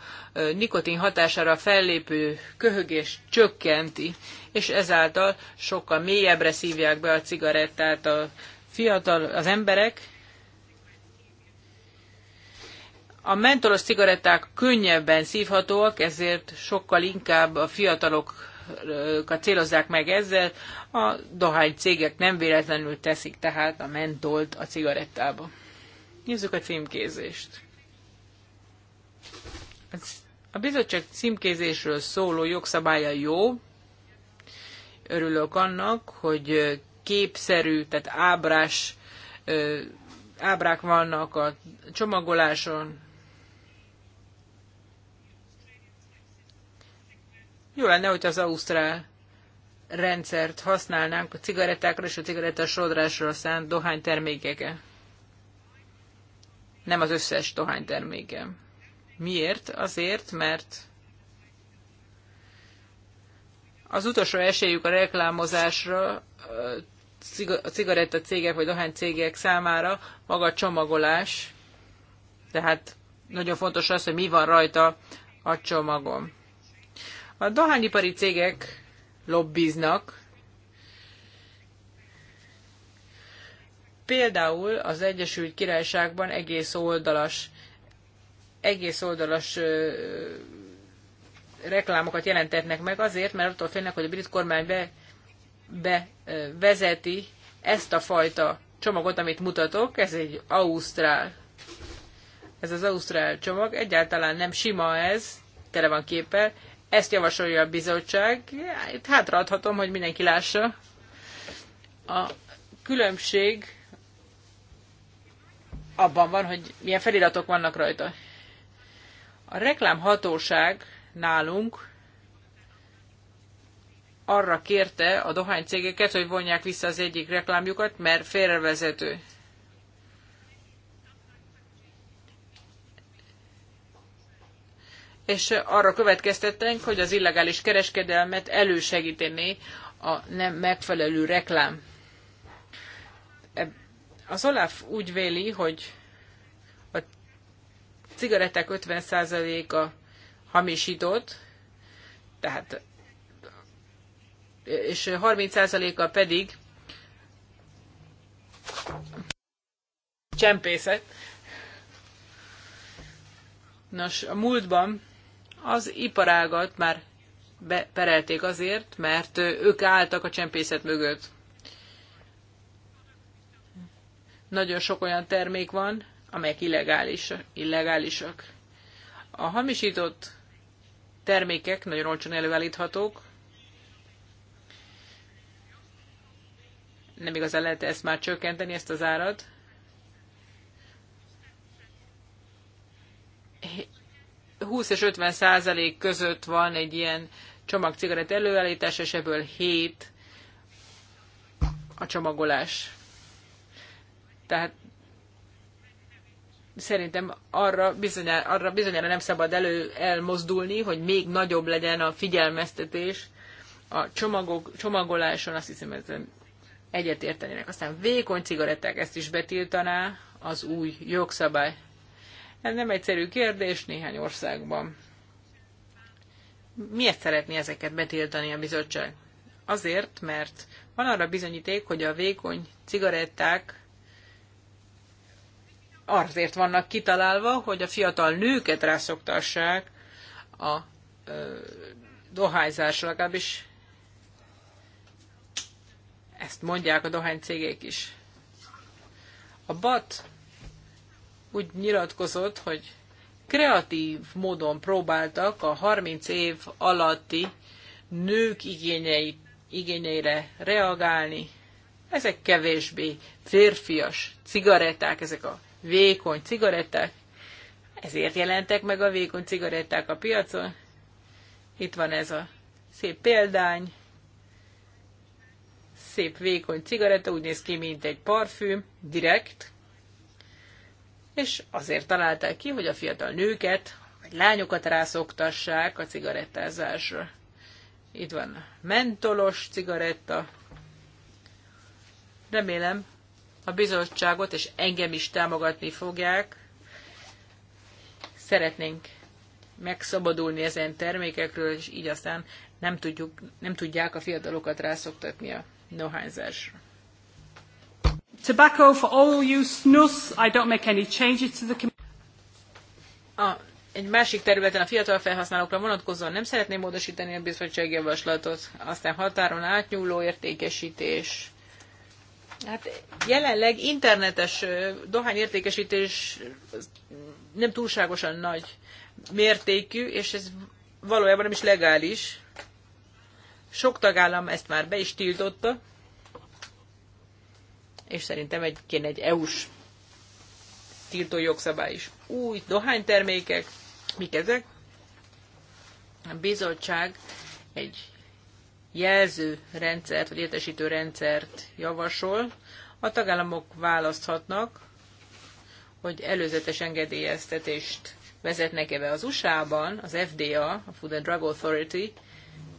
nikotin hatására fellépő köhögés csökkenti, és ezáltal sokkal mélyebbre szívják be a cigarettát a fiatal, az emberek. A mentolos cigaretták könnyebben szívhatóak, ezért sokkal inkább a fiatalok célokat célozzák meg ezzel, a dohány cégek nem véletlenül teszik tehát a mentolt a cigarettába. Nézzük a címkézést. A bizottság címkézésről szóló jogszabálya jó. Örülök annak, hogy képszerű, tehát ábrás ábrák vannak a csomagoláson, Jó lenne, hogy az Ausztrál rendszert használnánk a cigarettákra és a sodrásra szánt termékeke. Nem az összes dohányterméke. Miért? Azért, mert az utolsó esélyük a reklámozásra a cigaretta cégek vagy dohány cégek számára maga a csomagolás, tehát nagyon fontos az, hogy mi van rajta a csomagon. A dohányipari cégek lobbiznak, Például az Egyesült Királyságban egész oldalas, egész oldalas ö, reklámokat jelentetnek meg azért, mert attól félnek, hogy a brit kormány be, be ö, vezeti ezt a fajta csomagot, amit mutatok, ez egy ausztrál. Ez az ausztrál csomag, egyáltalán nem sima ez, tele van képpel, ezt javasolja a bizottság. Itt hátraadhatom, hogy mindenki lássa. A különbség abban van, hogy milyen feliratok vannak rajta. A reklámhatóság nálunk arra kérte a dohánycégeket, hogy vonják vissza az egyik reklámjukat, mert félrevezető. és arra következtettünk, hogy az illegális kereskedelmet elősegítené a nem megfelelő reklám. Az Olaf úgy véli, hogy a cigaretták 50%-a hamisított, tehát és 30%-a pedig csempészet. Nos, a múltban az iparágat már beperelték azért, mert ők álltak a csempészet mögött. Nagyon sok olyan termék van, amelyek illegális, illegálisak. A hamisított termékek nagyon olcsón előállíthatók. Nem igazán lehet ezt már csökkenteni, ezt az árat. 20 és 50 százalék között van egy ilyen csomagcigaret előállítás, és ebből 7 a csomagolás. Tehát szerintem arra bizonyára, arra bizonyára nem szabad elő elmozdulni, hogy még nagyobb legyen a figyelmeztetés a csomagok, csomagoláson, azt hiszem ez egyet értenének. Aztán vékony cigaretták ezt is betiltaná az új jogszabály. Ez nem egyszerű kérdés néhány országban. Miért szeretné ezeket betiltani a bizottság? Azért, mert van arra bizonyíték, hogy a vékony cigaretták azért vannak kitalálva, hogy a fiatal nőket rászoktassák a ö, dohányzásra, legalábbis ezt mondják a dohánycégek is. A BAT úgy nyilatkozott, hogy kreatív módon próbáltak a 30 év alatti nők igényei, igényeire reagálni. Ezek kevésbé férfias cigaretták, ezek a vékony cigaretták. Ezért jelentek meg a vékony cigaretták a piacon. Itt van ez a szép példány. Szép vékony cigaretta, úgy néz ki, mint egy parfüm, direkt és azért találták ki, hogy a fiatal nőket, vagy lányokat rászoktassák a cigarettázásra. Itt van a mentolos cigaretta. Remélem, a bizottságot és engem is támogatni fogják. Szeretnénk megszabadulni ezen termékekről, és így aztán nem, tudjuk, nem tudják a fiatalokat rászoktatni a nohányzásra. Tobacco for use, NUS, I don't make any changes to the a, egy másik területen a fiatal felhasználókra vonatkozóan nem szeretném módosítani a bizottsági javaslatot, aztán határon átnyúló értékesítés. Hát jelenleg internetes dohányértékesítés nem túlságosan nagy mértékű, és ez valójában nem is legális. Sok tagállam ezt már be is tiltotta, és szerintem egy, kéne egy EU-s tiltó jogszabály is. Új dohánytermékek, mik ezek? A bizottság egy jelző rendszert, vagy értesítő rendszert javasol. A tagállamok választhatnak, hogy előzetes engedélyeztetést vezetnek-e be az USA-ban, az FDA, a Food and Drug Authority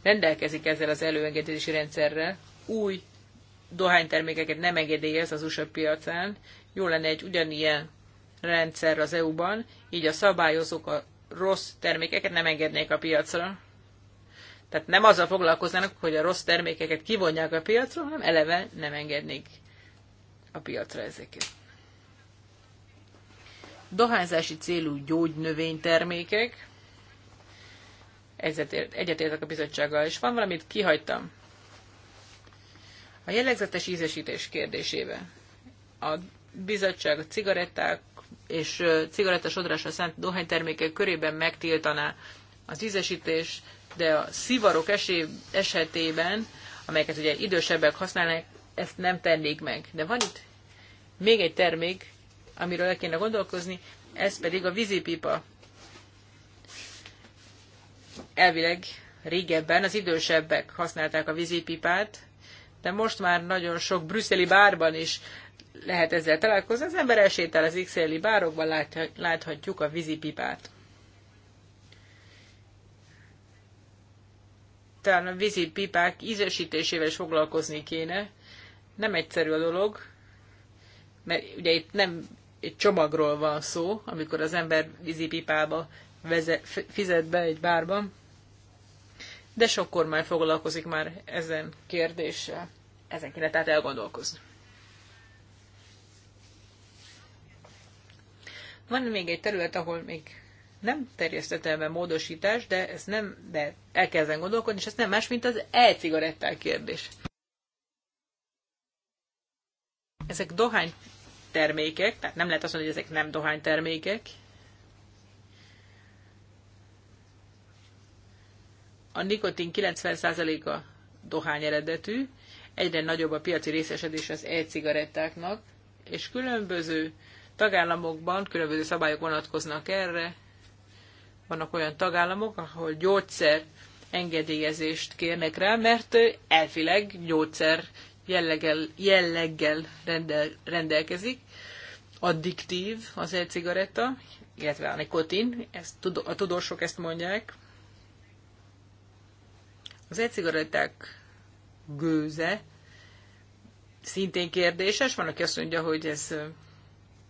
rendelkezik ezzel az előengedési rendszerrel, új dohánytermékeket nem engedélyez az USA piacán. Jó lenne egy ugyanilyen rendszer az EU-ban, így a szabályozók a rossz termékeket nem engednék a piacra. Tehát nem azzal foglalkoznának, hogy a rossz termékeket kivonják a piacról, hanem eleve nem engednék a piacra ezeket. Dohányzási célú gyógynövénytermékek. Egyetértek a bizottsággal, és van valamit kihagytam. A jellegzetes ízesítés kérdésébe a bizottság a cigaretták és cigarettasodrásra szánt dohánytermékek körében megtiltaná az ízesítés, de a szivarok esé- esetében, amelyeket ugye idősebbek használnak, ezt nem tennék meg. De van itt még egy termék, amiről el kéne gondolkozni, ez pedig a vízipipa. Elvileg régebben az idősebbek használták a vízipipát, de most már nagyon sok brüsszeli bárban is lehet ezzel találkozni. Az ember elsétál az XL-i bárokban, láthatjuk a vízipipát. Talán a vízipipák ízesítésével is foglalkozni kéne. Nem egyszerű a dolog, mert ugye itt nem egy csomagról van szó, amikor az ember vízipipába vezet, fizet be egy bárban de sok kormány foglalkozik már ezen kérdéssel. Ezen kéne tehát elgondolkozni. Van még egy terület, ahol még nem terjesztetelme be módosítás, de, ez nem, de el kell ezen gondolkodni, és ez nem más, mint az e-cigaretták kérdés. Ezek dohány termékek, tehát nem lehet azt mondani, hogy ezek nem dohány termékek, a nikotin 90%-a dohány eredetű, egyre nagyobb a piaci részesedés az e-cigarettáknak, és különböző tagállamokban különböző szabályok vonatkoznak erre. Vannak olyan tagállamok, ahol gyógyszer engedélyezést kérnek rá, mert elfileg gyógyszer jelleggel, jelleggel rendel, rendelkezik, addiktív az e-cigaretta, illetve a nikotin, ezt, a tudósok ezt mondják. Az e-cigaretták gőze szintén kérdéses. Van, aki azt mondja, hogy ez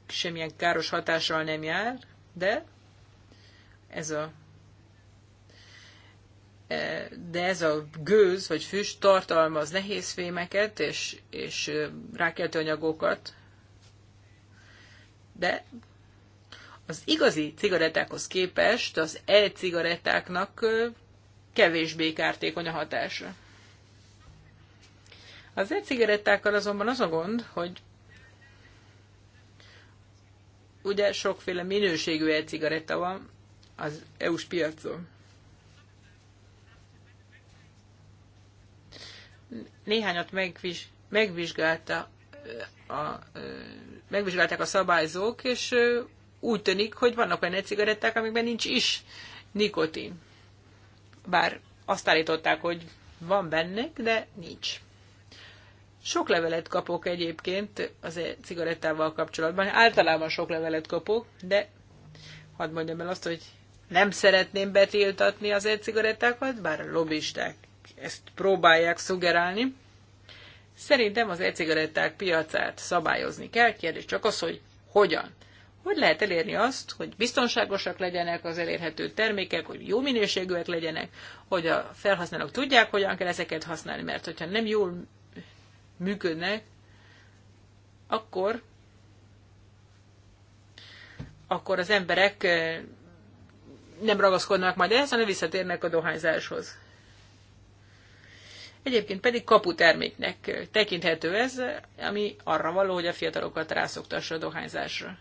semmilyen káros hatással nem jár, de ez a e, de ez a gőz vagy füst tartalmaz nehézfémeket és, és rákeltő anyagokat, de az igazi cigarettákhoz képest az e-cigarettáknak kevésbé kártékony a hatása. Az e-cigarettákkal azonban az a gond, hogy ugye sokféle minőségű e-cigaretta van az EU-s piacon. Néhányat megviz, megvizsgálta a, megvizsgálták a szabályzók, és úgy tűnik, hogy vannak olyan cigaretták, amikben nincs is nikotin bár azt állították, hogy van bennük, de nincs. Sok levelet kapok egyébként az e cigarettával kapcsolatban. Általában sok levelet kapok, de hadd mondjam el azt, hogy nem szeretném betiltatni az e-cigarettákat, bár a lobbisták ezt próbálják szugerálni. Szerintem az e-cigaretták piacát szabályozni kell, kérdés csak az, hogy hogyan. Hogy lehet elérni azt, hogy biztonságosak legyenek az elérhető termékek, hogy jó minőségűek legyenek, hogy a felhasználók tudják, hogyan kell ezeket használni, mert hogyha nem jól működnek, akkor akkor az emberek eh, nem ragaszkodnak majd ehhez, hanem visszatérnek a dohányzáshoz. Egyébként pedig kaputerméknek tekinthető ez, ami arra való, hogy a fiatalokat rászoktassa a dohányzásra.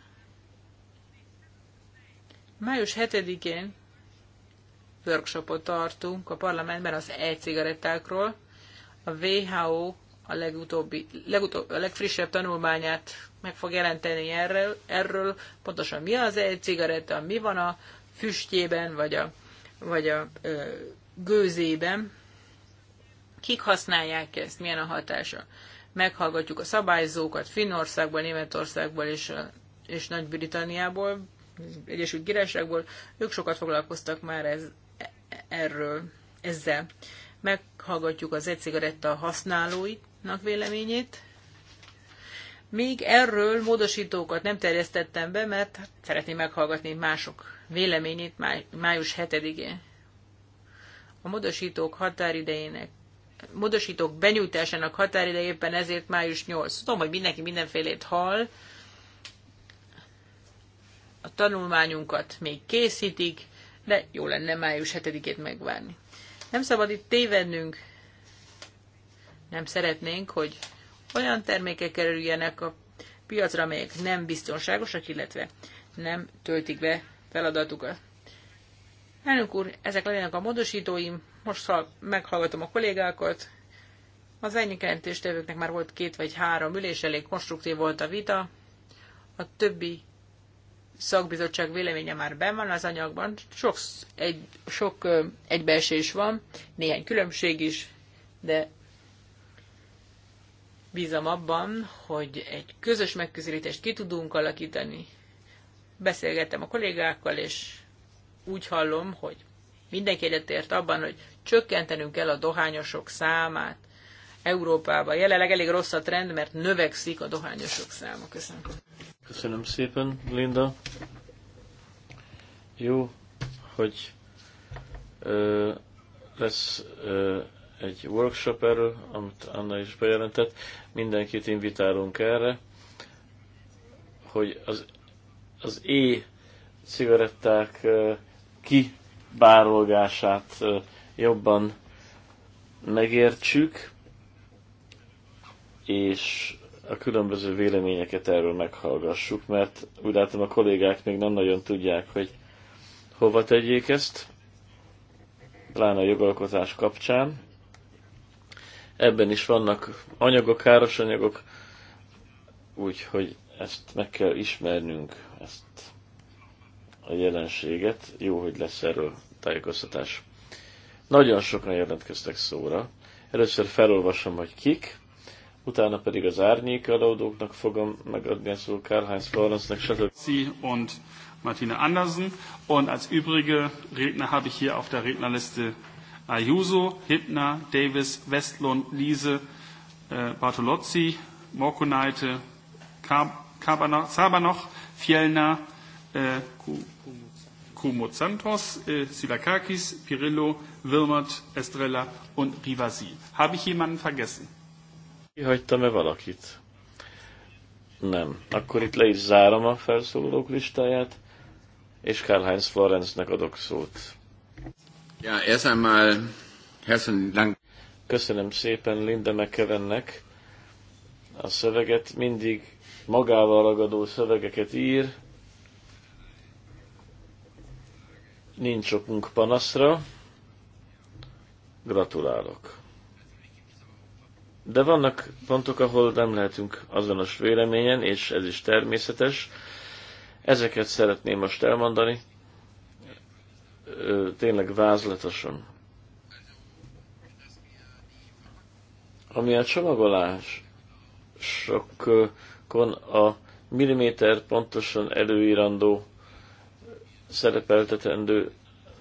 Május 7-én workshopot tartunk a parlamentben az e-cigarettákról. A WHO a, legutóbbi, legutóbb, a legfrissebb tanulmányát meg fog jelenteni erről, erről pontosan mi az e-cigaretta, mi van a füstjében, vagy a, vagy a ö, gőzében, kik használják ezt, milyen a hatása. Meghallgatjuk a szabályzókat Finnországból, Németországból és, és Nagy-Britanniából, Egyesült Királyságból, ők sokat foglalkoztak már ez, erről, ezzel. Meghallgatjuk az egy cigaretta használóinak véleményét. Még erről módosítókat nem terjesztettem be, mert szeretném meghallgatni mások véleményét május 7-én. A módosítók határidejének módosítók benyújtásának határideje éppen ezért május 8. Tudom, hogy mindenki mindenfélét hall, a tanulmányunkat még készítik, de jó lenne május 7-ét megvárni. Nem szabad itt tévednünk, nem szeretnénk, hogy olyan termékek kerüljenek a piacra, amelyek nem biztonságosak, illetve nem töltik be feladatukat. Elnök úr, ezek lennének a módosítóim, most ha meghallgatom a kollégákat, az ennyikentéstevőknek már volt két vagy három ülés, elég konstruktív volt a vita, a többi szakbizottság véleménye már benn van az anyagban, sok, egy, sok egybeesés van, néhány különbség is, de bízom abban, hogy egy közös megközelítést ki tudunk alakítani. Beszélgettem a kollégákkal, és úgy hallom, hogy mindenki egyetért abban, hogy csökkentenünk kell a dohányosok számát. Európában. Jelenleg elég rossz a trend, mert növekszik a dohányosok száma. Köszönöm. Köszönöm szépen, Linda. Jó, hogy ö, lesz ö, egy workshop erről, amit Anna is bejelentett. Mindenkit invitálunk erre, hogy az, az é cigaretták ki kibárolgását jobban megértsük, és a különböző véleményeket erről meghallgassuk, mert úgy látom a kollégák még nem nagyon tudják, hogy hova tegyék ezt, pláne a jogalkotás kapcsán. Ebben is vannak anyagok, káros anyagok, úgyhogy ezt meg kell ismernünk, ezt a jelenséget. Jó, hogy lesz erről tájékoztatás. Nagyon sokan jelentkeztek szóra. Először felolvasom, hogy kik utána pedig az árnyék adódóknak fogom megadni a szó Karl-Heinz Florence-nek, stb. Sie und Martina Andersen und als übrige Redner habe ich hier auf der Rednerliste Ayuso, Hibner, Davis, Westlund, Liese, äh, Bartolozzi, Morkonaite, Sabanoch, Fjellner, äh, Kumo Santos, äh, Silakakis, Pirillo, Wilmot, Estrella und Rivasi. Habe ich jemanden vergessen? Kihagytam-e valakit? Nem. Akkor itt le is zárom a felszólalók listáját, és Karl-Heinz Florence-nek adok szót. Ja, erst már... Köszönöm szépen Linda McKevennek a szöveget. Mindig magával ragadó szövegeket ír. Nincs okunk panaszra. Gratulálok! De vannak pontok, ahol nem lehetünk azonos véleményen, és ez is természetes. Ezeket szeretném most elmondani, tényleg vázlatosan. Ami a csomagolás sokkon a milliméter pontosan előírandó szerepeltetendő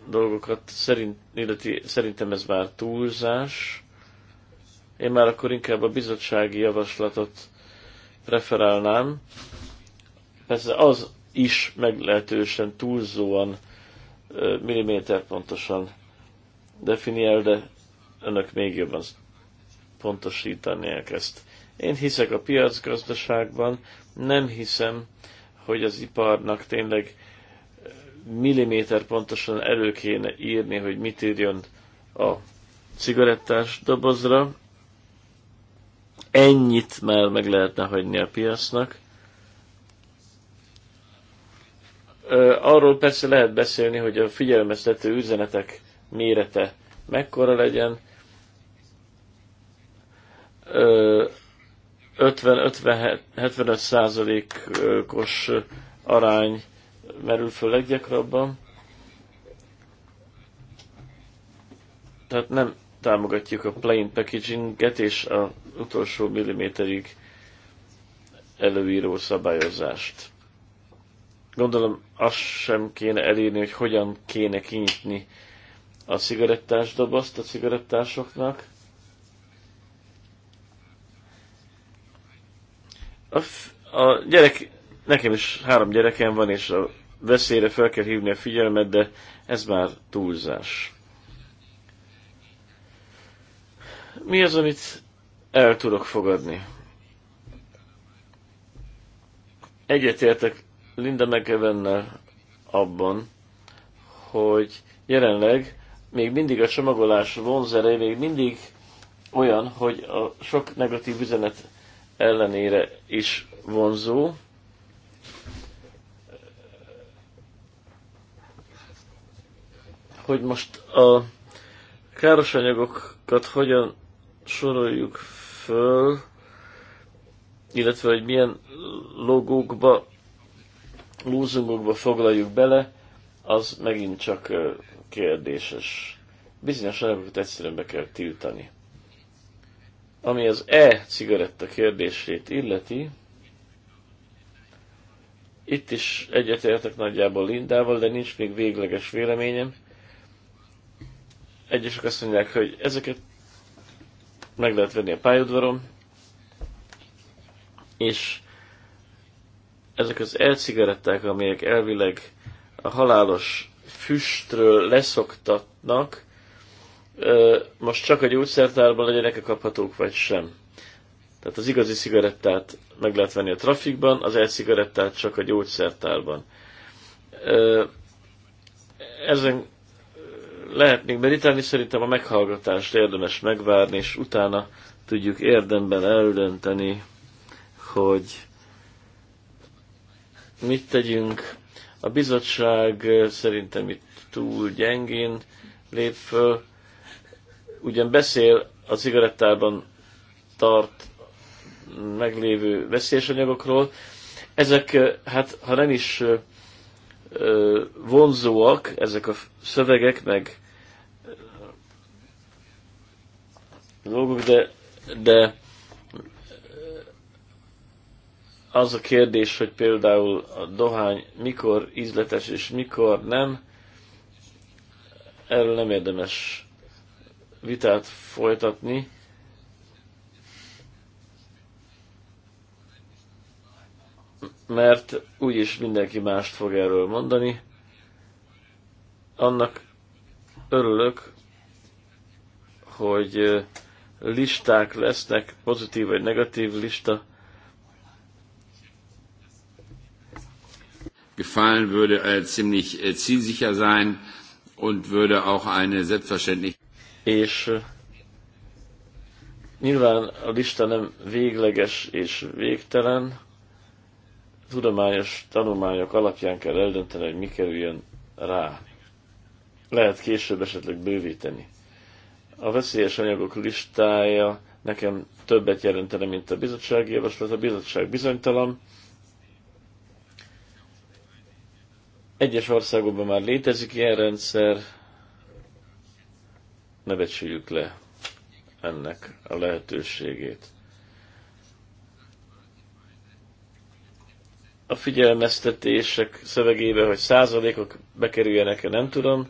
dolgokat szerint, illeti, szerintem ez már túlzás. Én már akkor inkább a bizottsági javaslatot referálnám. Persze az is meglehetősen túlzóan, milliméter pontosan definiál, de önök még jobban pontosítanék ezt. Én hiszek a piacgazdaságban, nem hiszem, hogy az iparnak tényleg milliméter pontosan elő kéne írni, hogy mit írjon a cigarettás dobozra ennyit már meg lehetne hagyni a piacnak. Arról persze lehet beszélni, hogy a figyelmeztető üzenetek mérete mekkora legyen. 50-75 százalékos arány merül föl leggyakrabban. Tehát nem támogatjuk a plain packaginget és a utolsó milliméterig előíró szabályozást. Gondolom azt sem kéne elírni, hogy hogyan kéne kinyitni a cigarettás dobozt a cigarettásoknak. A, a gyerek, nekem is három gyerekem van, és a veszélyre fel kell hívni a figyelmet, de ez már túlzás. mi az, amit el tudok fogadni? Egyetértek Linda McEvennel abban, hogy jelenleg még mindig a csomagolás vonzere még mindig olyan, hogy a sok negatív üzenet ellenére is vonzó. Hogy most a káros anyagokat hogyan soroljuk föl, illetve hogy milyen logókba, lúzungokba foglaljuk bele, az megint csak kérdéses. Bizonyos anyagokat egyszerűen be kell tiltani. Ami az e-cigaretta kérdését illeti, itt is egyetértek nagyjából Lindával, de nincs még végleges véleményem. Egyesek azt mondják, hogy ezeket meg lehet venni a pályaudvaron, és ezek az elcigaretták, amelyek elvileg a halálos füstről leszoktatnak, most csak a gyógyszertárban legyenek-e kaphatók, vagy sem. Tehát az igazi cigarettát meg lehet venni a trafikban, az elcigarettát cigarettát csak a gyógyszertárban. Ezen még meditálni, szerintem a meghallgatást érdemes megvárni, és utána tudjuk érdemben eldönteni, hogy mit tegyünk. A bizottság szerintem itt túl gyengén lép föl. Ugyan beszél a cigarettában tart meglévő veszélyes anyagokról. Ezek, hát ha nem is vonzóak ezek a szövegek, meg dolgok, de, de az a kérdés, hogy például a dohány mikor ízletes és mikor nem, erről nem érdemes vitát folytatni. mert úgyis mindenki mást fog erről mondani. Annak örülök, hogy listák lesznek, pozitív vagy negatív lista. Gefallen würde äh, ziemlich äh, zielsicher sein und würde auch eine selbstverständlich. És nyilván a lista nem végleges és végtelen, tudományos tanulmányok alapján kell eldönteni, hogy mi kerüljön rá. Lehet később esetleg bővíteni. A veszélyes anyagok listája nekem többet jelentene, mint a bizottsági javaslat. A bizottság bizonytalan. Egyes országokban már létezik ilyen rendszer, ne becsüljük le ennek a lehetőségét. a figyelmeztetések szövegébe, hogy százalékok bekerüljenek-e, nem tudom.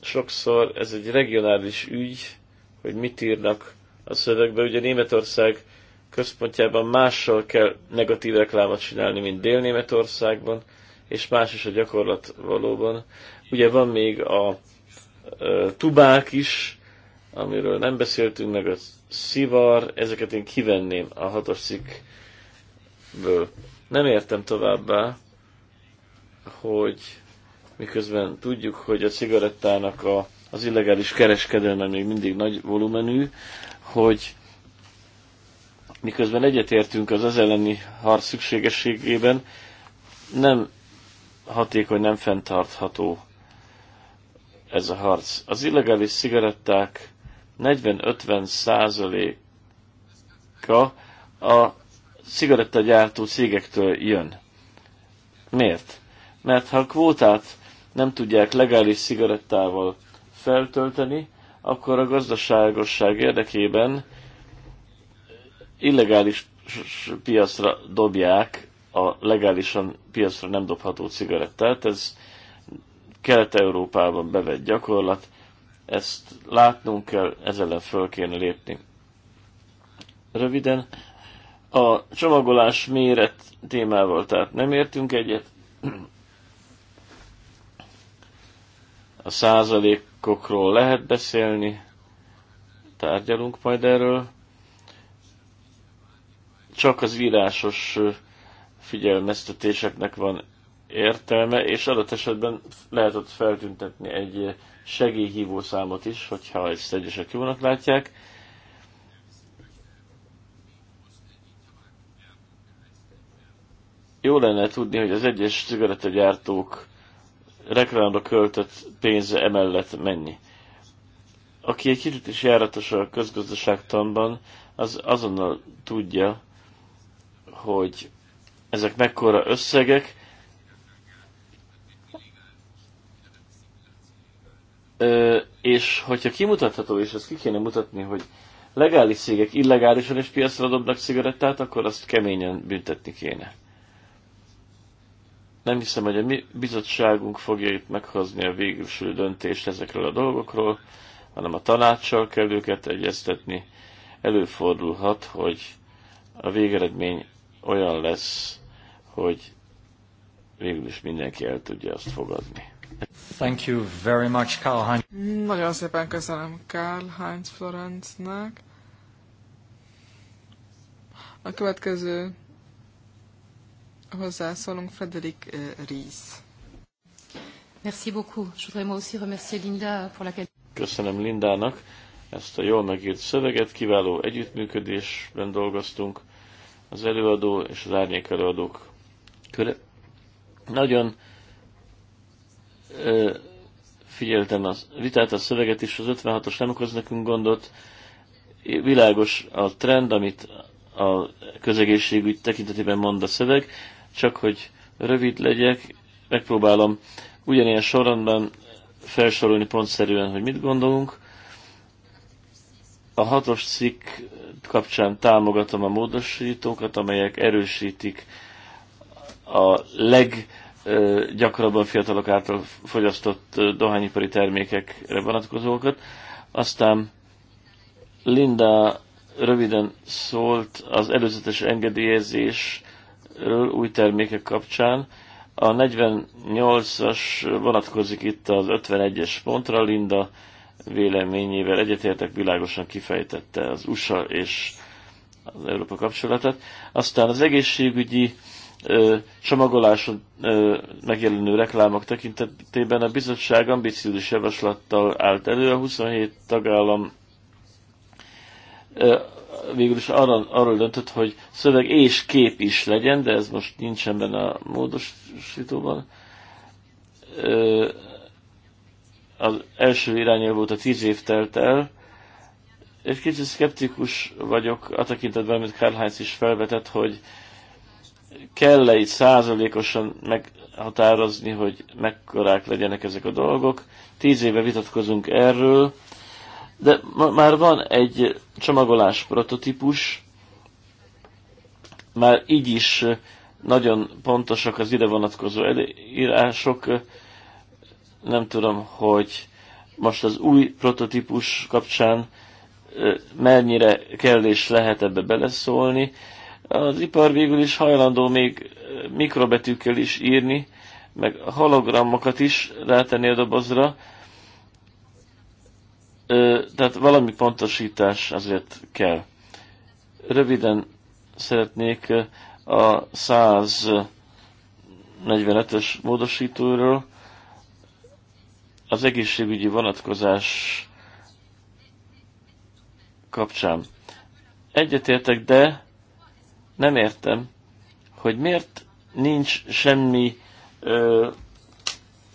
Sokszor ez egy regionális ügy, hogy mit írnak a szövegbe. Ugye Németország központjában mással kell negatív reklámot csinálni, mint Dél-Németországban, és más is a gyakorlat valóban. Ugye van még a, a tubák is, amiről nem beszéltünk, meg az szivar, ezeket én kivenném a hatos cikkből. Nem értem továbbá, hogy miközben tudjuk, hogy a cigarettának a, az illegális kereskedelme még mindig nagy volumenű, hogy miközben egyetértünk az az elleni harc szükségességében, nem hatékony, nem fenntartható ez a harc. Az illegális cigaretták 40-50 százaléka a cigarettagyártó cégektől jön. Miért? Mert ha a kvótát nem tudják legális cigarettával feltölteni, akkor a gazdaságosság érdekében illegális piacra dobják a legálisan piacra nem dobható cigarettát. Ez Kelet-Európában bevett gyakorlat, ezt látnunk kell, ezzel ellen föl kéne lépni. Röviden, a csomagolás méret témával, tehát nem értünk egyet. A százalékokról lehet beszélni, tárgyalunk majd erről. Csak az írásos figyelmeztetéseknek van értelme, és adott esetben lehet ott feltüntetni egy segélyhívó számot is, hogyha ezt egyesek jónak látják. Jó lenne tudni, hogy az egyes cigarettagyártók reklámra költött pénze emellett mennyi. Aki egy kicsit is járatos a közgazdaságtanban, az azonnal tudja, hogy ezek mekkora összegek, Ö, és hogyha kimutatható, és ezt ki kéne mutatni, hogy legális cégek illegálisan is piacra dobnak cigarettát, akkor azt keményen büntetni kéne. Nem hiszem, hogy a mi bizottságunk fogja itt meghozni a végülső döntést ezekről a dolgokról, hanem a tanácssal kell őket egyeztetni. Előfordulhat, hogy a végeredmény olyan lesz, hogy végül is mindenki el tudja azt fogadni. Thank you very much, Karl Heinz. Nagyon szépen köszönöm Karl Heinz Florencnek. A következő hozzászólunk Frederik eh, Ries. Merci beaucoup. Je voudrais moi aussi remercier Linda pour laquelle... Köszönöm Lindának ezt a jól megírt szöveget, kiváló együttműködésben dolgoztunk az előadó és az árnyék előadók köre. Nagyon figyeltem a vitát, a szöveget is, az 56-os nem okoz nekünk gondot. Világos a trend, amit a közegészségügy tekintetében mond a szöveg, csak hogy rövid legyek, megpróbálom ugyanilyen sorrendben felsorolni pontszerűen, hogy mit gondolunk. A hatos cikk kapcsán támogatom a módosítókat, amelyek erősítik a leg gyakrabban fiatalok által fogyasztott dohányipari termékekre vonatkozókat. Aztán Linda röviden szólt az előzetes engedélyezésről új termékek kapcsán. A 48-as vonatkozik itt az 51-es pontra. Linda véleményével egyetértek, világosan kifejtette az USA és az Európa kapcsolatát. Aztán az egészségügyi csomagoláson megjelenő reklámok tekintetében a bizottság ambiciózus javaslattal állt elő. A 27 tagállam végül is arra, arról döntött, hogy szöveg és kép is legyen, de ez most nincsen benne a módosítóban. Az első irányel volt a tíz év telt el. Egy kicsit szkeptikus vagyok a tekintetben, amit Karl Heinz is felvetett, hogy kell-e itt százalékosan meghatározni, hogy mekkorák legyenek ezek a dolgok. Tíz éve vitatkozunk erről, de ma, már van egy csomagolás prototípus, már így is nagyon pontosak az ide vonatkozó írások. Nem tudom, hogy most az új prototípus kapcsán mennyire kell és lehet ebbe beleszólni. Az ipar végül is hajlandó még eh, mikrobetűkkel is írni, meg hologramokat is rátenni a dobozra, tehát valami pontosítás azért kell. Röviden szeretnék eh, a 145-ös módosítóról az egészségügyi vonatkozás kapcsán. Egyetértek, de nem értem, hogy miért nincs semmi ö,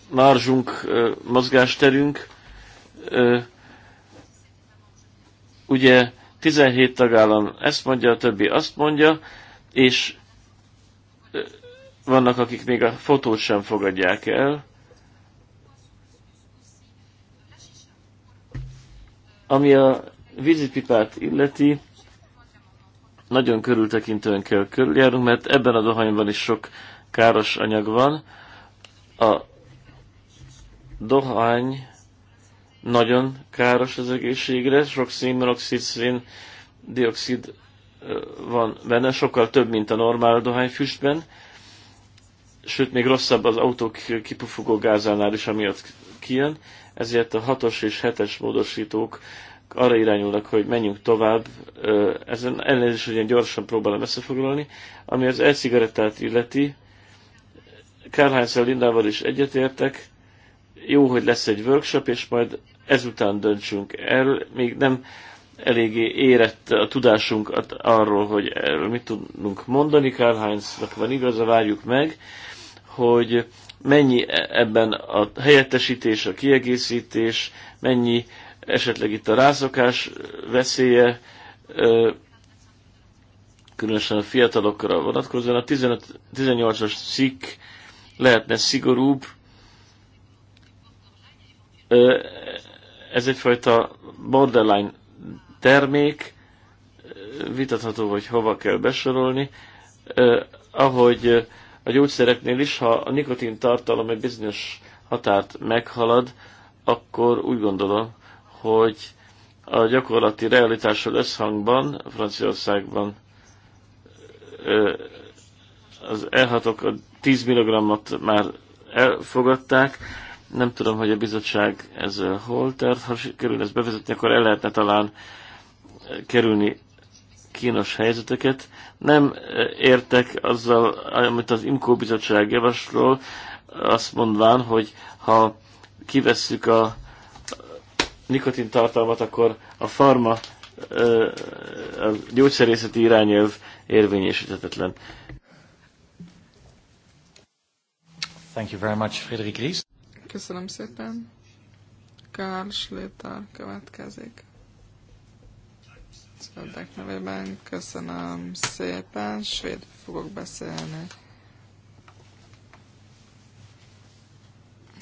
marzsunk, ö, mozgásterünk. Ö, ugye 17 tagállam ezt mondja, a többi azt mondja, és ö, vannak, akik még a fotót sem fogadják el. Ami a vízipipát illeti, nagyon körültekintően kell körüljárnunk, mert ebben a dohányban is sok káros anyag van. A dohány nagyon káros az egészségre, sok monoxid, szín, dioxid van benne, sokkal több, mint a normál dohányfüstben, sőt, még rosszabb az autók kipufogó gázánál is, amiatt kijön, ezért a 6-os és 7-es módosítók arra irányulnak, hogy menjünk tovább, ezen elnézést, hogy ilyen gyorsan próbálom összefoglalni, ami az e-cigarettát illeti, Kárhánysz Lindával is egyetértek, jó, hogy lesz egy workshop, és majd ezután döntsünk erről. Még nem eléggé érett a tudásunk arról, hogy erről mit tudunk mondani. Kárhánysznak van igaza, várjuk meg, hogy mennyi e- ebben a helyettesítés, a kiegészítés, mennyi esetleg itt a rászokás veszélye, különösen a fiatalokra vonatkozóan. A 18-as cikk lehetne szigorúbb. Ez egyfajta borderline termék, vitatható, hogy hova kell besorolni. Ahogy a gyógyszereknél is, ha a nikotin tartalom egy bizonyos határt meghalad, akkor úgy gondolom, hogy a gyakorlati realitással összhangban Franciaországban az elhatok a 10 mg már elfogadták. Nem tudom, hogy a bizottság ez hol tart. Ha kerül ezt bevezetni, akkor el lehetne talán kerülni kínos helyzeteket. Nem értek azzal, amit az IMCO bizottság javasol, azt mondván, hogy ha kivesszük a nikotin tartalmat, akkor a farma, a gyógyszerészeti irányelv érvényesíthetetlen. Thank you very much, Friedrich Ries. Köszönöm szépen. Karl Schlitter következik. Szövetek nevében köszönöm szépen, svéd fogok beszélni.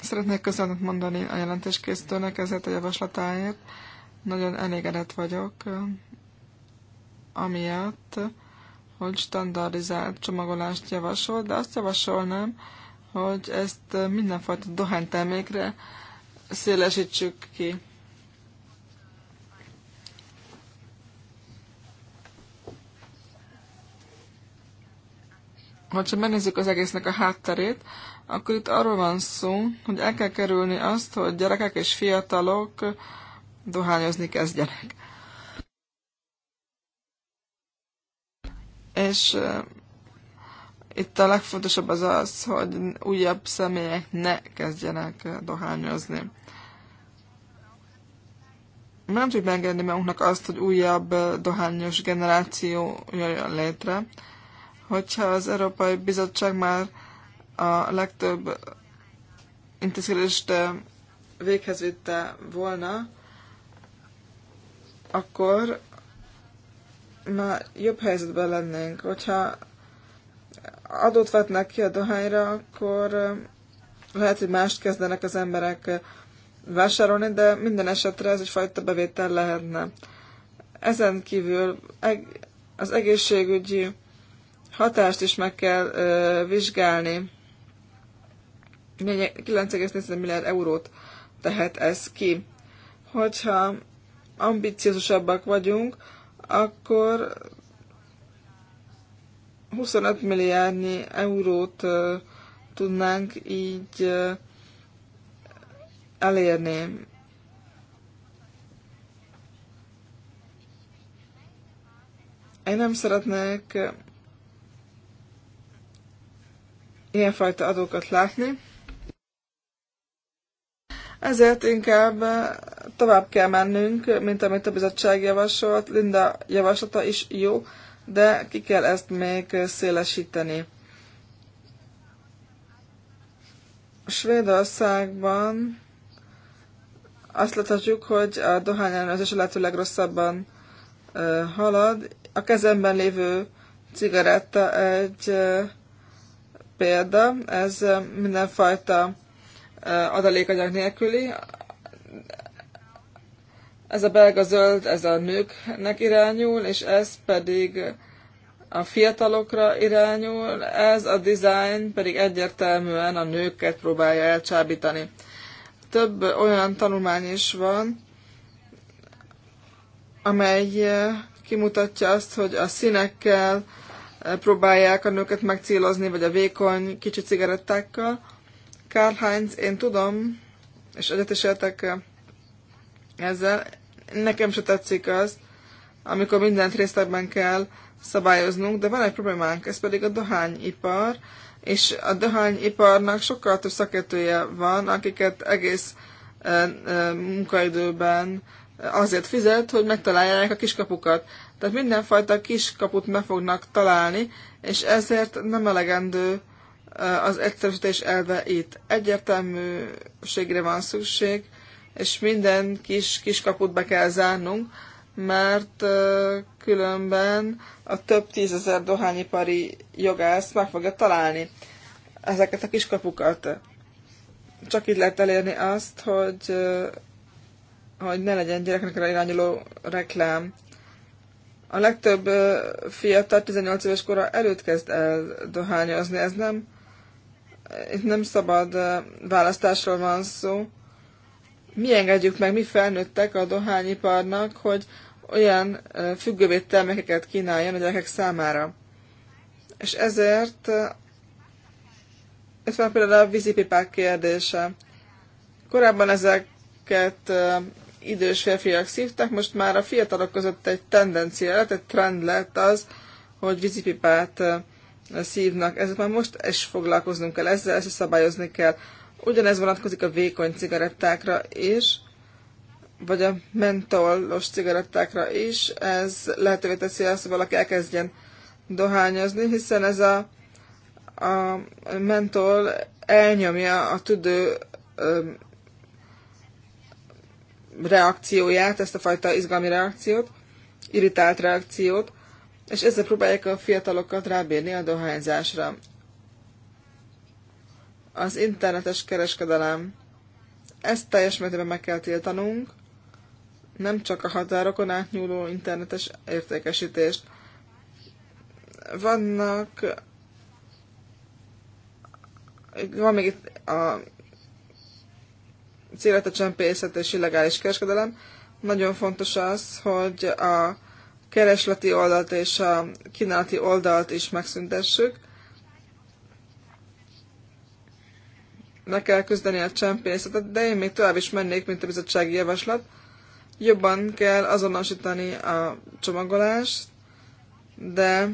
Szeretnék köszönetet mondani a jelentéskészítőnek ezért a javaslatáért. Nagyon elégedett vagyok amiatt, hogy standardizált csomagolást javasol, de azt javasolnám, hogy ezt mindenfajta dohánytermékre szélesítsük ki. Ha megnézzük az egésznek a hátterét, akkor itt arról van szó, hogy el kell kerülni azt, hogy gyerekek és fiatalok dohányozni kezdjenek. És itt a legfontosabb az az, hogy újabb személyek ne kezdjenek dohányozni. nem tudjuk megengedni magunknak azt, hogy újabb dohányos generáció jöjjön létre. Hogyha az Európai Bizottság már a legtöbb intézkedést eh, véghez vitte volna, akkor már jobb helyzetben lennénk. Hogyha adót vetnek ki a dohányra, akkor eh, lehet, hogy mást kezdenek az emberek eh, vásárolni, de minden esetre ez egyfajta bevétel lehetne. Ezen kívül az egészségügyi hatást is meg kell vizsgálni 9,4 milliárd eurót tehet ez ki. Hogyha ambiciózusabbak vagyunk, akkor 25 milliárdnyi eurót tudnánk így elérni. Én nem szeretnék ilyenfajta adókat látni. Ezért inkább eh, tovább kell mennünk, mint amit a bizottság javasolt. Linda javaslata is jó, de ki kell ezt még szélesíteni. Svédországban azt láthatjuk, hogy a dohány ellenőrzés a lehető legrosszabban eh, halad. A kezemben lévő cigaretta egy eh, példa, ez mindenfajta adalékanyag nélküli. Ez a belga zöld, ez a nőknek irányul, és ez pedig a fiatalokra irányul, ez a design pedig egyértelműen a nőket próbálja elcsábítani. Több olyan tanulmány is van, amely kimutatja azt, hogy a színekkel próbálják a nőket megcélozni, vagy a vékony, kicsi cigarettákkal. Karl Heinz, én tudom, és egyet is értek eh, ezzel, nekem se tetszik az, amikor mindent részletben kell szabályoznunk, de van egy problémánk, ez pedig a dohányipar, és a dohányiparnak sokkal több szakértője van, akiket egész eh, eh, munkaidőben azért fizet, hogy megtalálják a kiskapukat. Tehát mindenfajta kiskaput meg fognak találni, és ezért nem elegendő az egyszerűsítés elve itt. Egyértelműségre van szükség, és minden kis kaput be kell zárnunk, mert különben a több tízezer dohányipari jogász meg fogja találni ezeket a kis kapukat. Csak így lehet elérni azt, hogy, hogy ne legyen gyerekekre irányuló reklám. A legtöbb fiatal 18 éves kora előtt kezd el dohányozni, ez nem itt nem szabad választásról van szó. Mi engedjük meg, mi felnőttek a dohányiparnak, hogy olyan függővé termékeket kínáljon a gyerekek számára. És ezért ez van például a vízipipák kérdése. Korábban ezeket idős férfiak szívták, most már a fiatalok között egy tendencia lett, egy trend lett az, hogy vízipipát szívnak. Ez már most is foglalkoznunk kell ezzel, ezt szabályozni kell. Ugyanez vonatkozik a vékony cigarettákra is, vagy a mentolos cigarettákra is. Ez lehetővé teszi azt, hogy valaki elkezdjen dohányozni, hiszen ez a, a mentol elnyomja a tüdő reakcióját, ezt a fajta izgalmi reakciót, irritált reakciót, és ezzel próbálják a fiatalokat rábírni a dohányzásra. Az internetes kereskedelem. Ezt teljes mértékben meg kell tiltanunk, nem csak a határokon átnyúló internetes értékesítést. Vannak van még itt a célete csempészet és illegális kereskedelem. Nagyon fontos az, hogy a keresleti oldalt és a kínálati oldalt is megszüntessük. Ne kell küzdeni a csempészetet, de én még tovább is mennék, mint a bizottsági javaslat. Jobban kell azonosítani a csomagolást, de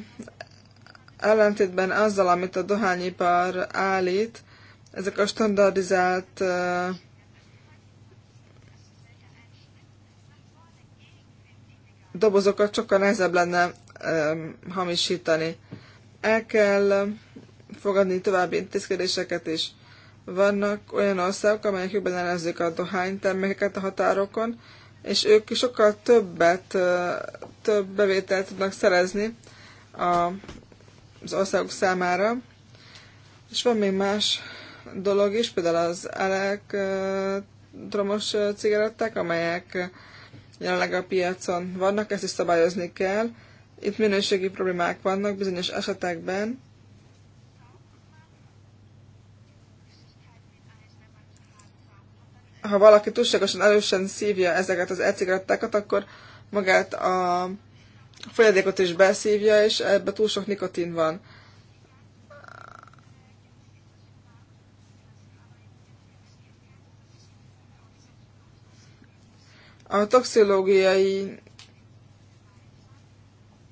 ellentétben azzal, amit a dohányipar állít, ezek a standardizált dobozokat sokkal nehezebb lenne hamisítani. El kell fogadni további intézkedéseket is. Vannak olyan országok, amelyek jobban ellenzik a dohánytermékeket a határokon, és ők sokkal többet, több bevételt tudnak szerezni az országok számára. És van még más dolog is, például az elektromos cigaretták, amelyek jelenleg a piacon vannak, ezt is szabályozni kell. Itt minőségi problémák vannak bizonyos esetekben. Ha valaki túlságosan erősen szívja ezeket az e-cigarettákat, akkor magát a folyadékot is beszívja, és ebbe túl sok nikotin van. A toxológiai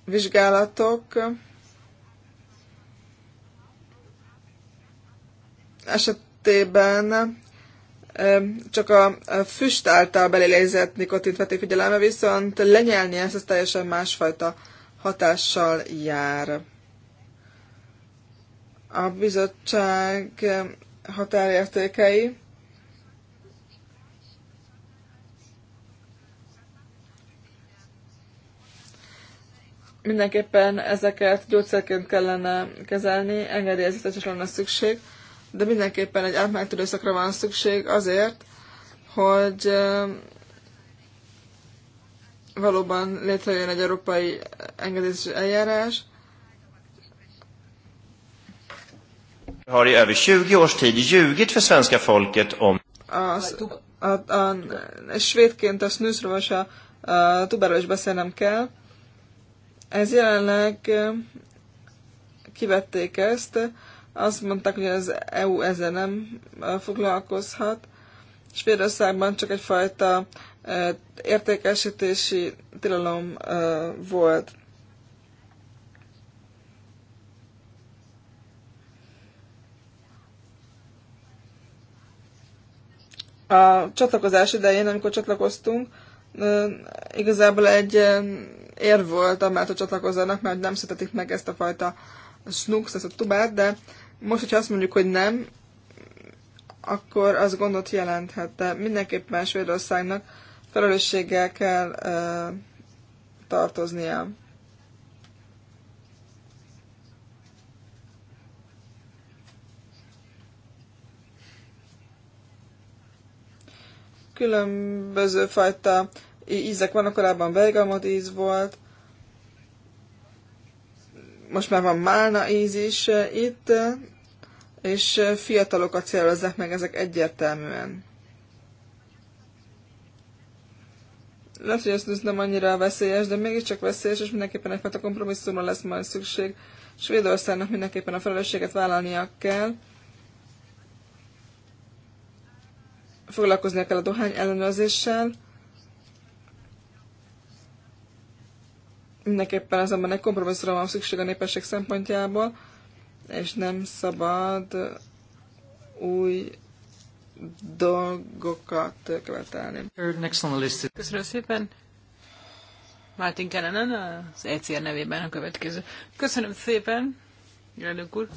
vizsgálatok esetében csak a füst által belélézett nikotint vették figyelembe, viszont lenyelni ezt, az teljesen másfajta hatással jár. A bizottság határértékei Mindenképpen ezeket gyógyszerként kellene kezelni, engedélyezetesre lenne szükség, de mindenképpen egy átmeneti van szükség azért, hogy valóban létrejön egy európai engedélyezési eljárás. Har i över 20 års tid ljugit för svenska folket om... A, a, a, a svédként a snusról és a, a tubáról is beszélnem kell. Ez jelenleg kivették ezt, azt mondták, hogy az EU ezzel nem foglalkozhat. Svédországban csak egyfajta értékesítési tilalom volt. A csatlakozás idején, amikor csatlakoztunk, igazából egy ér volt, amellett, hogy csatlakozzanak, mert nem szeretik meg ezt a fajta snux, ezt a tubát, de most, hogyha azt mondjuk, hogy nem, akkor az gondot jelenthet. De mindenképpen Svédországnak felelősséggel kell ö, tartoznia. Különböző fajta ízek vannak, korábban bergamot íz volt, most már van málna íz is eh, itt, eh, és eh, fiatalokat célozzák meg ezek egyértelműen. Lehet, hogy ez nem annyira veszélyes, de mégiscsak veszélyes, és mindenképpen egyfajta kompromisszumra lesz majd szükség. Svédországnak mindenképpen a felelősséget vállalnia kell. Foglalkoznia kell a dohány ellenőrzéssel, Mindenképpen azonban egy kompromisszra van szükség a népesség szempontjából, és nem szabad új dolgokat követelni. Köszönöm szépen! Martin Kellenen az ECR nevében a következő. Köszönöm szépen, elnök úr!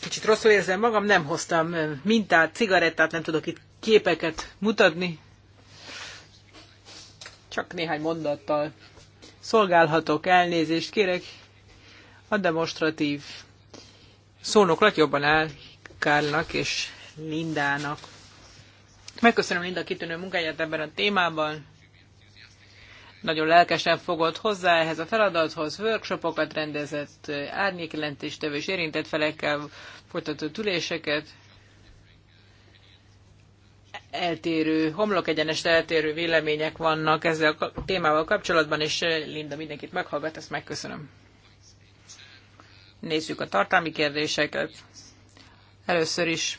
Kicsit rosszul érzem magam, nem hoztam mintát, cigarettát, nem tudok itt képeket mutatni, csak néhány mondattal szolgálhatok, elnézést kérek. A demonstratív szónoklat jobban áll Kárlnak és Lindának. Megköszönöm Linda kitűnő munkáját ebben a témában. Nagyon lelkesen fogott hozzá ehhez a feladathoz, workshopokat rendezett, árnyékjelentéstevő és érintett felekkel folytatott üléseket eltérő, homlok eltérő vélemények vannak ezzel a témával kapcsolatban, és eh, Linda mindenkit meghallgat, ezt megköszönöm. Nézzük a tartalmi kérdéseket. Először is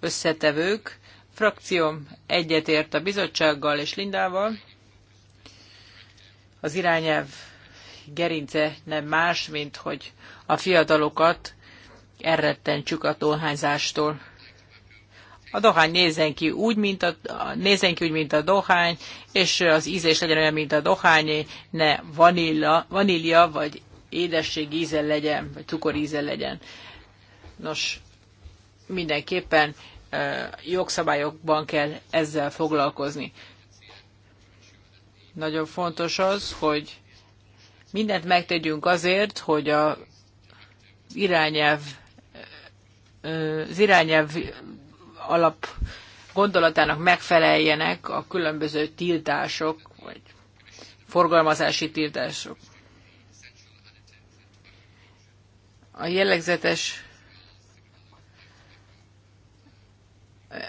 összetevők. Frakcióm egyetért a bizottsággal és Lindával. Az irányelv gerince nem más, mint hogy a fiatalokat elrettentsük a tolhányzástól a dohány nézzen ki úgy, mint a, nézzen ki úgy, mint a dohány, és az ízés legyen olyan, mint a dohányé, ne vanília, vanília vagy édesség íze legyen, vagy cukor íze legyen. Nos, mindenképpen jogszabályokban kell ezzel foglalkozni. Nagyon fontos az, hogy mindent megtegyünk azért, hogy a irányelv, az irányelv alap gondolatának megfeleljenek a különböző tiltások, vagy forgalmazási tiltások. A jellegzetes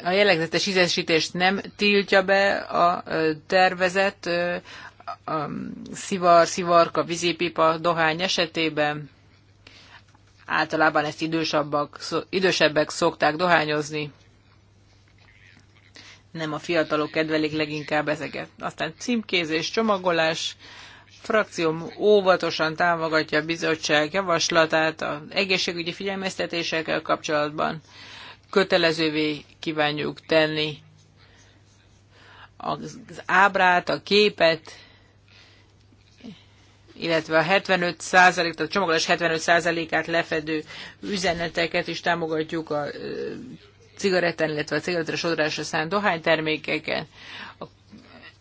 a jellegzetes ízesítést nem tiltja be a tervezet a szivar, szivarka, vízipipa, dohány esetében. Általában ezt idősebbek, idősebbek szokták dohányozni nem a fiatalok kedvelik leginkább ezeket. Aztán címkézés, csomagolás, frakcióm óvatosan támogatja a bizottság javaslatát az egészségügyi figyelmeztetésekkel kapcsolatban. Kötelezővé kívánjuk tenni az ábrát, a képet, illetve a 75 százalék, tehát a csomagolás 75 át lefedő üzeneteket is támogatjuk a cigaretten, illetve a cigaretre sodrásra szánt dohánytermékeken.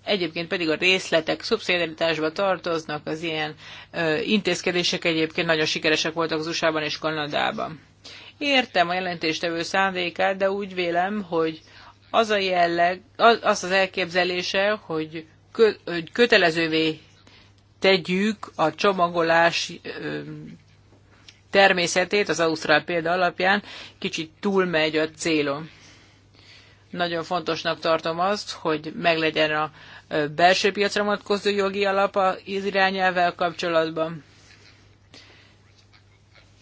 Egyébként pedig a részletek szubszidiaritásba tartoznak, az ilyen ö, intézkedések egyébként nagyon sikeresek voltak az USA-ban és Kanadában. Értem a jelentéstevő szándékát, de úgy vélem, hogy az a jelleg, az az, az elképzelése, hogy, kö, hogy kötelezővé tegyük a csomagolás természetét az Ausztrál példa alapján kicsit túlmegy a célom. Nagyon fontosnak tartom azt, hogy meglegyen a belső piacra vonatkozó jogi alap az irányelvvel kapcsolatban.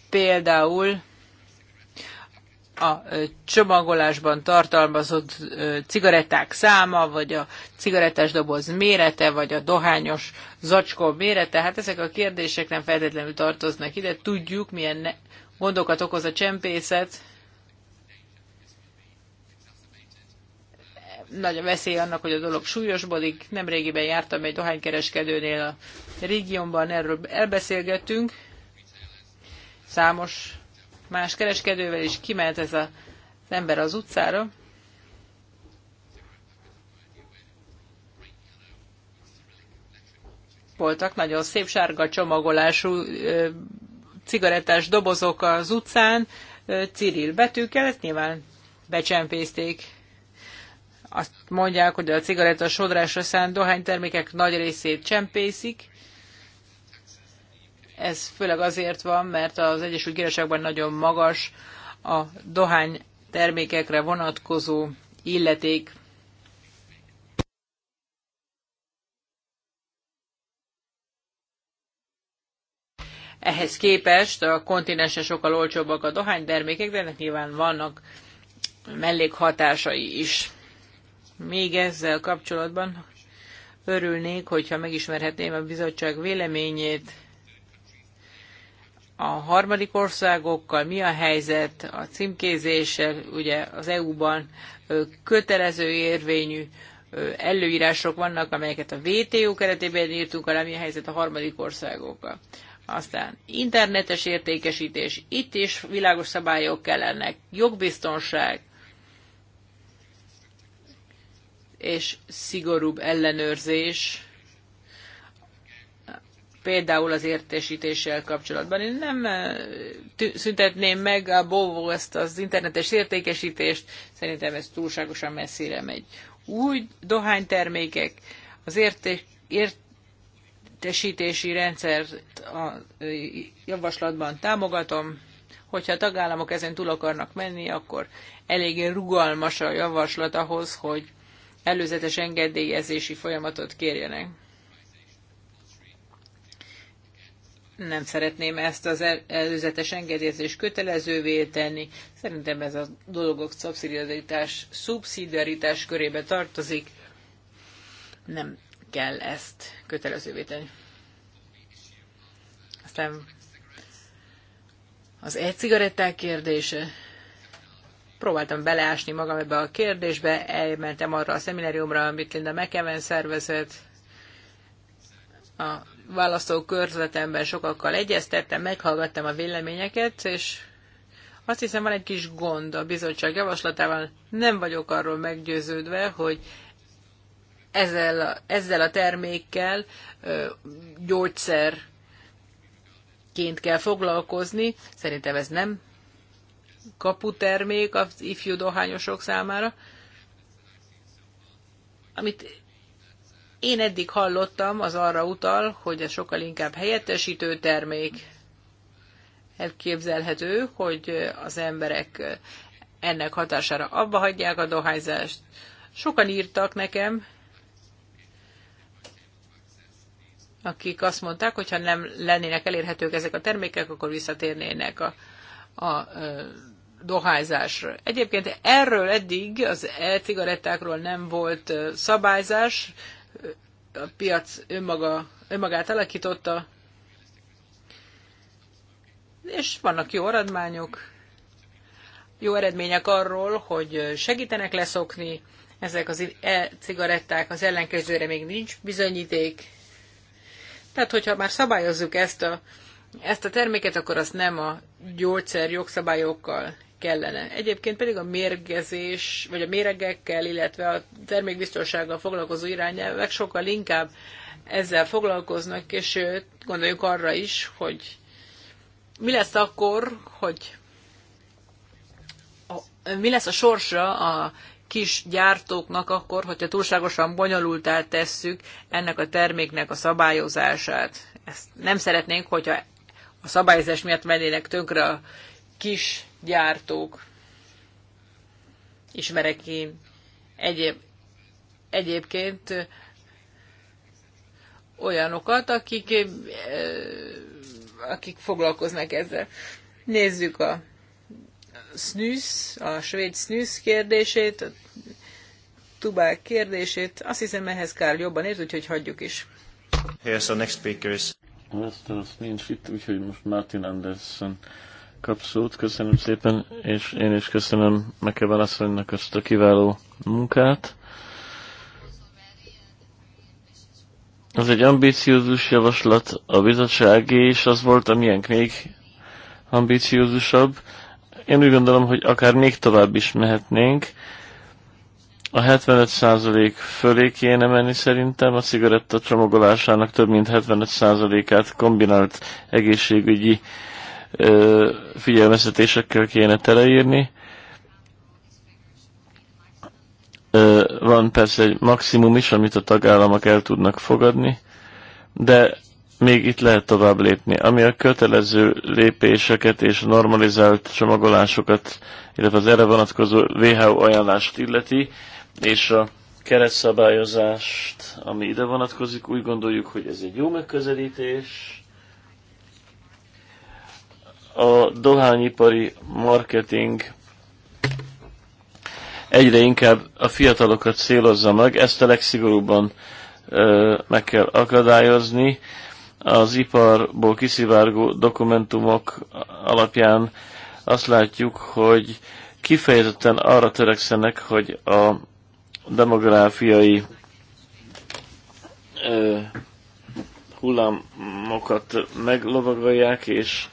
Például a csomagolásban tartalmazott cigaretták száma, vagy a cigarettás doboz mérete, vagy a dohányos zacskó mérete, hát ezek a kérdések nem feltétlenül tartoznak ide. Tudjuk, milyen gondokat okoz a csempészet, nagy a veszély annak, hogy a dolog súlyosbodik. Nemrégiben jártam egy dohánykereskedőnél a régiónban, erről elbeszélgettünk. Számos más kereskedővel, és kiment ez a, az ember az utcára. Voltak nagyon szép sárga csomagolású cigarettás dobozok az utcán, Ciril betűkkel, ezt nyilván becsempészték. Azt mondják, hogy a cigaretta sodrásra szánt dohánytermékek nagy részét csempészik, ez főleg azért van, mert az Egyesült Királyságban nagyon magas a dohány termékekre vonatkozó illeték. Ehhez képest a kontinensen sokkal olcsóbbak a termékek, de ennek nyilván vannak mellékhatásai is. Még ezzel kapcsolatban örülnék, hogyha megismerhetném a bizottság véleményét a harmadik országokkal, mi a helyzet a címkézéssel, ugye az EU-ban kötelező érvényű előírások vannak, amelyeket a WTO keretében írtunk alá, mi a helyzet a harmadik országokkal. Aztán internetes értékesítés, itt is világos szabályok kellenek, jogbiztonság, és szigorúbb ellenőrzés például az értesítéssel kapcsolatban. Én nem eh, szüntetném meg a bóvó ezt az internetes értékesítést, szerintem ez túlságosan messzire megy. Új dohánytermékek, az érté- értesítési rendszert a eh, javaslatban támogatom, hogyha a tagállamok ezen túl akarnak menni, akkor eléggé rugalmas a javaslat ahhoz, hogy előzetes engedélyezési folyamatot kérjenek. nem szeretném ezt az előzetes engedélyezést kötelezővé tenni. Szerintem ez a dolgok szubszidiaritás, szubszidiaritás körébe tartozik. Nem kell ezt kötelezővé tenni. Aztán az e-cigaretták kérdése. Próbáltam beleásni magam ebbe a kérdésbe, elmentem arra a szemináriumra, amit Linda McEwen szervezett, a választókörzetemben sokakkal egyeztettem, meghallgattam a véleményeket, és azt hiszem van egy kis gond a bizottság javaslatával. Nem vagyok arról meggyőződve, hogy ezzel, a, ezzel a termékkel gyógyszerként kell foglalkozni. Szerintem ez nem kaputermék az ifjú dohányosok számára. Amit én eddig hallottam, az arra utal, hogy ez sokkal inkább helyettesítő termék. Elképzelhető, hogy az emberek ennek hatására abba hagyják a dohányzást. Sokan írtak nekem, akik azt mondták, hogy ha nem lennének elérhetők ezek a termékek, akkor visszatérnének a, a, a dohányzásra. Egyébként erről eddig az e-cigarettákról nem volt szabályzás, a piac önmaga, önmagát alakította, és vannak jó eredmények, jó eredmények arról, hogy segítenek leszokni, ezek az e cigaretták, az ellenkezőre még nincs bizonyíték. Tehát, hogyha már szabályozzuk ezt a, ezt a terméket, akkor azt nem a gyógyszer jogszabályokkal kellene. Egyébként pedig a mérgezés, vagy a méregekkel, illetve a termékbiztonsággal foglalkozó irányelvek sokkal inkább ezzel foglalkoznak, és gondoljuk arra is, hogy mi lesz akkor, hogy a, mi lesz a sorsa a kis gyártóknak akkor, hogyha túlságosan bonyolultá tesszük ennek a terméknek a szabályozását. Ezt nem szeretnénk, hogyha a szabályozás miatt mennének tönkre a kis gyártók, ismerek én egyéb, egyébként olyanokat, akik, eh, akik foglalkoznak ezzel. Nézzük a snus, a svéd snus kérdését, a tubák kérdését. Azt hiszem, ehhez Kár jobban ért, úgyhogy hagyjuk is. Here's the next speakers. azt nincs itt, úgyhogy most Martin Anderson kap szót. Köszönöm szépen, és én is köszönöm Mekeven asszonynak ezt a kiváló munkát. Ez egy ambíciózus javaslat, a bizottságé is az volt, amilyen még ambíciózusabb. Én úgy gondolom, hogy akár még tovább is mehetnénk. A 75% fölé kéne menni szerintem, a cigaretta csomagolásának több mint 75%-át kombinált egészségügyi figyelmeztetésekkel kéne teleírni. Van persze egy maximum is, amit a tagállamok el tudnak fogadni, de még itt lehet tovább lépni. Ami a kötelező lépéseket és normalizált csomagolásokat, illetve az erre vonatkozó WHO ajánlást illeti, és a keretszabályozást, ami ide vonatkozik, úgy gondoljuk, hogy ez egy jó megközelítés, a dohányipari marketing egyre inkább a fiatalokat célozza meg, ezt a legszigorúbban meg kell akadályozni. Az iparból kiszivárgó dokumentumok alapján azt látjuk, hogy kifejezetten arra törekszenek, hogy a demográfiai hullámokat meglovagolják, és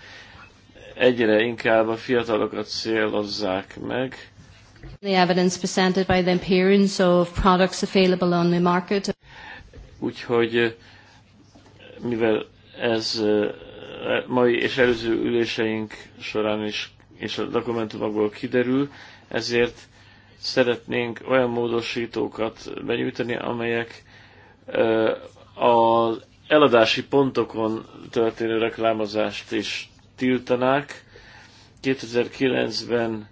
egyre inkább a fiatalokat célozzák meg. The evidence presented by the appearance of products available on the market. Úgyhogy eh, mivel ez eh, e, mai és előző üléseink során is és a dokumentumokból kiderül, ezért szeretnénk olyan módosítókat benyújtani, amelyek eh, az eladási pontokon történő reklámozást is tiltanák. 2009-ben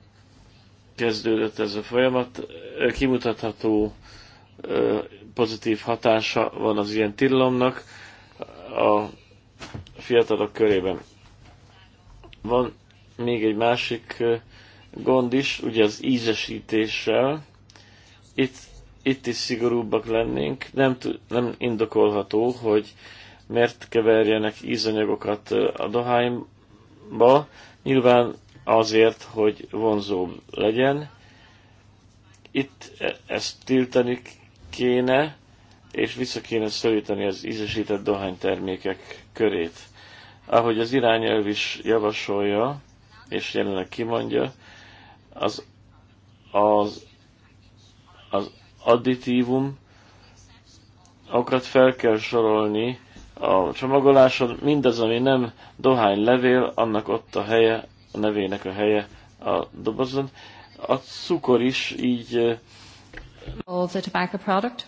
kezdődött ez a folyamat, kimutatható pozitív hatása van az ilyen tilalomnak a fiatalok körében. Van még egy másik gond is, ugye az ízesítéssel. Itt, itt is szigorúbbak lennénk. Nem, nem indokolható, hogy mert keverjenek ízanyagokat a dohány ba nyilván azért, hogy vonzóbb legyen. Itt e- ezt tiltani kéne, és vissza kéne szorítani az ízesített dohánytermékek körét. Ahogy az irányelv is javasolja, és jelenleg kimondja, az, az, az additívum okat fel kell sorolni a csomagoláson, mindaz, ami nem dohány levél, annak ott a helye, a nevének a helye a dobozon. A cukor is így... All the tobacco product.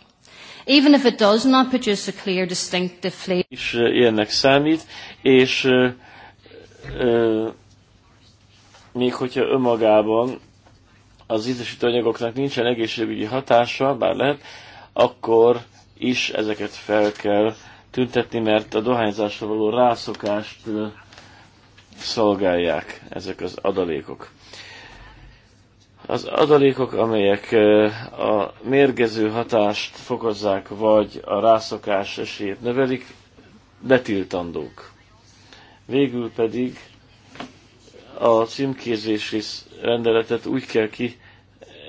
Even if it does not produce a clear, distinctive flavor. Is ilyennek számít, és ö, ö, még hogyha önmagában az ízesítőanyagoknak nincsen egészségügyi hatása, bár lehet, akkor is ezeket fel kell tüntetni, mert a dohányzásra való rászokást szolgálják ezek az adalékok. Az adalékok, amelyek a mérgező hatást fokozzák, vagy a rászokás esélyét növelik, betiltandók. Végül pedig a címkézési rendeletet úgy kell ki,